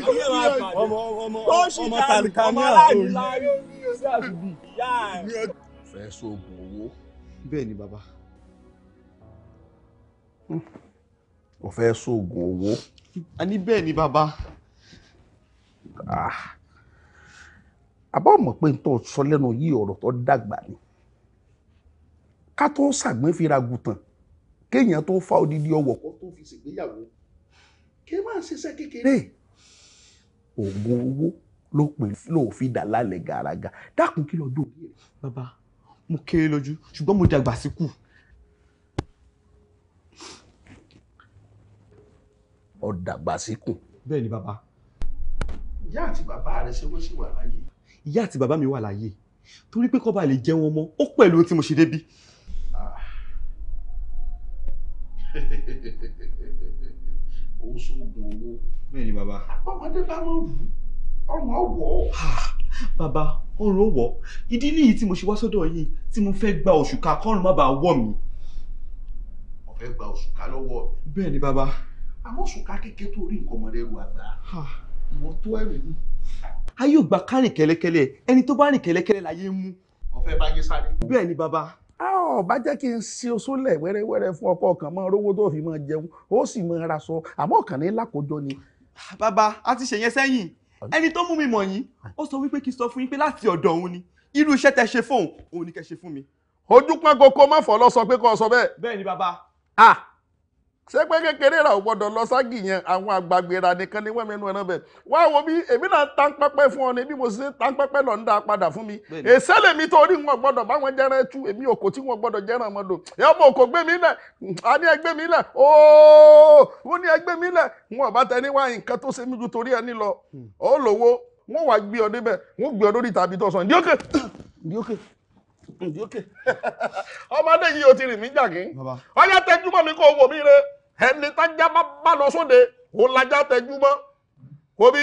ọmọ ọmọ ọmọ tàlíkà ní àtòrí. fẹ́ sóògùn owó. bẹ́ẹ̀ ni bàbá. Mm-hmm o fẹ́ sóògùn owó. àní bẹ́ẹ̀ ni bàbá. àbá ah. mọ̀ pé n tó sọ lẹ́nu yìí ọ̀rọ̀ tó dàgbà ni ká tó ṣàgbọ́n fira gùtàn kéèyàn tó fa odidi ọwọ́ kó tó fi ṣègbéyàwó kí máa ṣiṣẹ́ kékeré oògùn owó ló pè ló fi dà lálẹ́ gàràgà dákun kí lọ dóòrí rẹ̀. mo kéré lójú ṣùgbọ́n mo dàgbà síkù. Si ọ̀dàgbà síkùn. bẹ́ẹ̀ ni bàbá. ìyá àti bàbá rẹ ṣé wọ́n ṣì wà láyé. ìyá àti bàbá mi wà láyé torí pé kọ́ba lè jẹ́ wọn mọ́ ó pẹ̀lú ohun tí mo ṣe débi. owó ah. sóògùn owó. bẹ́ẹ̀ ni bàbá. àpamọ́dé bá mọ̀ rù ọ̀rùn ọ̀wọ́. bàbá ọ̀rùn ọ̀wọ́ ìdí nìyí tí mo ṣe wá sọ́dọ̀ yìí tí mo fẹ́ gba oṣù kọ́rùn má bàa wọ̀ mí. mo gba oṣù lọ́wọ́ mi. bẹ́ẹ̀ ni bàbá àmọ́ sùkà kékeré tó rí nǹkan ọmọdé àgbà ìwọ tó ẹrù mú. ayé ò gbà ká rìn kẹ́lẹ́kẹ́lẹ́ ẹni tó bá rìn kẹ́lẹ́kẹ́lẹ́ láyé mú. ọ̀fẹ́ bá sáré. bẹ́ẹ̀ ni bàbá. a ò bá jẹ́ kí n ṣe oṣoolẹ̀ wẹ́rẹ́wẹ́rẹ́ fún ọkọ kan mọ́ rówó tó fi máa jẹun ó sì máa ra sọ àmọ́ ọ̀kan ní lákòójọ ni. bàbá a ti ṣèyẹn sẹ́yìn ẹni tó mú mi mọ̀ yín ó sọ wípé kí sọ fún yín pé láti ọ̀dọ̀ òun ni irú iṣẹ́ tẹ ṣe fóun òun ni kẹ ṣe fún mi. ojú pọ́n koko má fọ́ lọ sọ pé kó sọ bẹ́ẹ̀. bẹ́ẹ̀ ni bàbá. ah sẹ́pẹ́ kékeré rà ó gbọ́dọ̀ lọ ságì yẹn àwọn àgbàgbèrà nìkan ni wọ́n mẹ́nu ẹran bẹ̀. wá wo bí èmi náà tán pẹ́pẹ́ fún ọ ni bí mo ṣe tán pẹ́pẹ́ lọ ń dá padà fún mi. èsè lèmi tó rí wọn gbọ́dọ̀ báwọn jẹran ẹtú èmi òkò tí wọn gbọ́dọ̀ jẹran wọn lò. ẹ ọmọ òkò gbé mi lẹ̀ a ní ẹgbẹ́ mi lẹ̀ ooo wọ́n ní ẹgbẹ́ mi lẹ̀ wọn bá tẹ níwá nǹkan tó ṣe mí ju torí ẹni lọ. Hmm. ó lówó wọn wá gbé ọ ǹjókè ọmọdé yìí o ti rìn mí jàgín ọyá tẹjúmọ́ mi kò wò mí re ẹni tájá bá lọ sóde òun lajá tẹjúmọ́ kò bí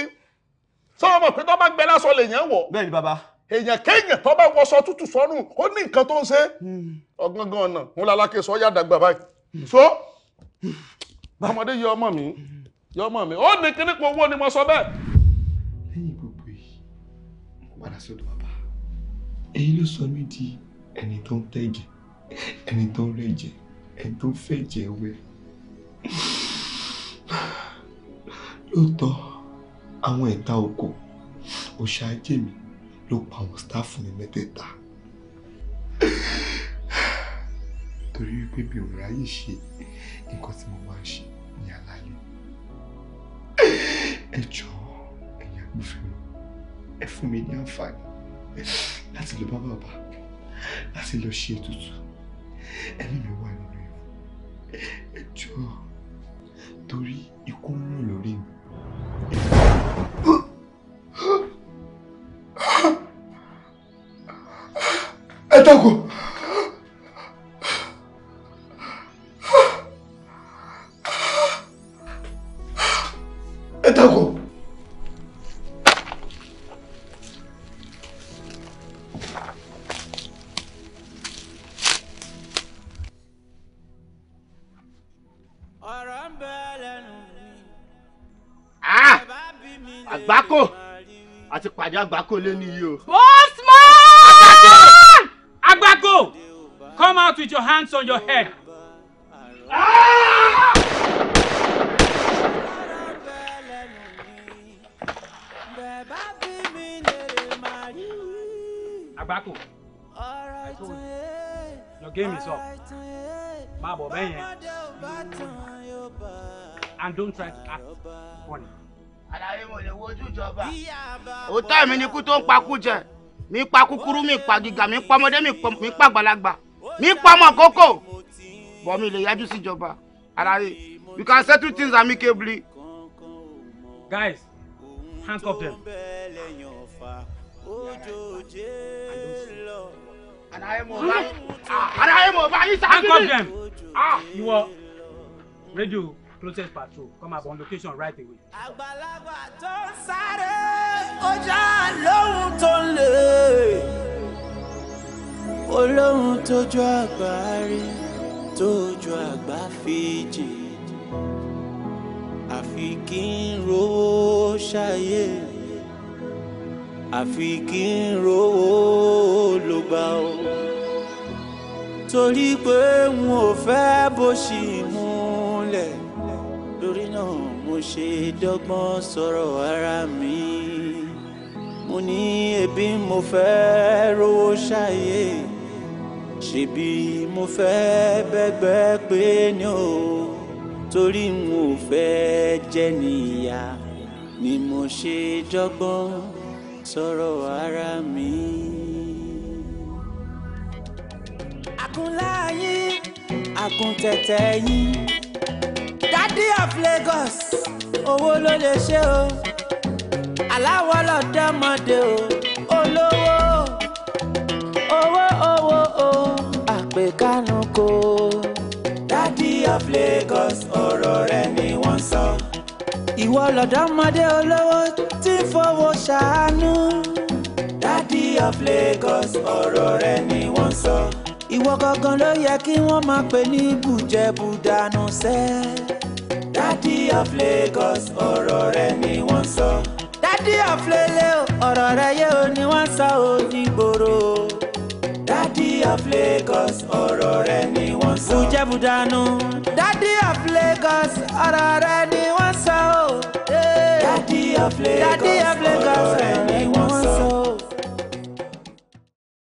sọ́wọ́n mọ̀ pé tó bá gbẹ lásán lèèyàn wọ̀ bẹ́ẹ̀ni bàbá èèyàn kéèyàn tó bá wọṣọ tútù sọ́nù ó ní nǹkan tó ń ṣe hmm. ọ̀gangan ọ̀nà ń lalákè sọ yá dàgbà báyìí hmm. so ọmọdé yọ ọmọ mi yọ ọmọ mi ó ní kíníkù owó ni mo sọ bẹ́ẹ̀. lẹ́yìn gbogbo yìí mo padà sọ́dọ̀ èyí ló sọ mí di ẹni tó ń tẹ̀jẹ̀ ẹni tó ń rẹ̀jẹ̀ ẹni tó ń fẹ̀jẹ̀ wẹ̀ lóòótọ́ àwọn ẹ̀ta oko òṣà ajé mi ló pa àwọn sítáàfù mi mẹ́tẹ̀ẹ̀ta torí wípé mi ò ráyè ṣe nǹkan tí mo máa ń ṣe ní aláyọ̀ ẹ jọ̀ọ́ ẹ̀yin agbófinró ẹ fún mi ní àǹfààní láti lọ bá bàbá láti lọ ṣe ètùtù ẹ̀mí mi wà nínú ìwọ ẹjọ́ torí ikú ń rùn lórí mi. ẹ dákun. ẹ dákun. agbáko lé ní o. Osman! agbáko come out with your hands on your head. Ah! I told you your game is up máa bọ̀ bẹ́ẹ̀ yẹn and don't try to act funny òótọ́ mi ni ikú tó ń pakú jẹ mi pa kúkúrú mi pa gíga mi pa ọmọdé mi pa àgbàlagbà mi pa ọmọ àkókò bọ́ mi lè yájú síjọba ara rẹ̀ you can settle things amicably. guys handcuff them. ara ẹ̀ mọ̀ bá yín sábẹ́. handcuff them. Ah. ìwọ rédíò closest patrol come up on location right away. àgbàlagbà tó ń sáré ọjà lóhun tó ń lè olóhun tójú àgbà rí tójú àgbà fèjì àfi kí n rówó ṣayé àfi kí n rówó ló gbà ó torí pé n ò fẹ́ bó ṣì ń ṣe dọ́gbọ́n sọ̀rọ̀ ara mi mo ní ebi mo fẹ́ rówó ṣàyè ṣebí mo fẹ́ bẹ́gbẹ́ pé ní o torí n fẹ́ jẹ́ níyà ni mo ṣe dọ́gbọ́n sọ̀rọ̀ ara mi. àkúnlá yín Daddy of Lagos owó ló lè ṣe o aláwọ̀ lọ́dọ́mọdé o olówó owó owó o àpèkánu kò. Daddy of Lagos ọ̀rọ̀ rẹ ni wọ́n sọ. ìwọ lọ́dọ́mọdé olówó tí ń fowó ṣàánú. Daddy of Lagos ọ̀rọ̀ rẹ ni wọ́n sọ. ìwọ gangan ló yẹ kí wọ́n máa pè ní bùjẹ́bùdánù sẹ́ẹ̀. Daddy of Lagos ọ̀rọ̀ rẹ ni wọ́n sọ. Daddy of Lele ọ̀rọ̀ rẹ yé ni wọ́n sọ o gbòòrò. Daddy of Lagos ọ̀rọ̀ rẹ ni wọ́n sọ. Bùjẹ́bùdánù. Daddy of Lagos ọ̀rọ̀ rẹ ni wọ́n sọ Daddy of Lagos ọ̀rọ̀ rẹ ni wọ́n sọ.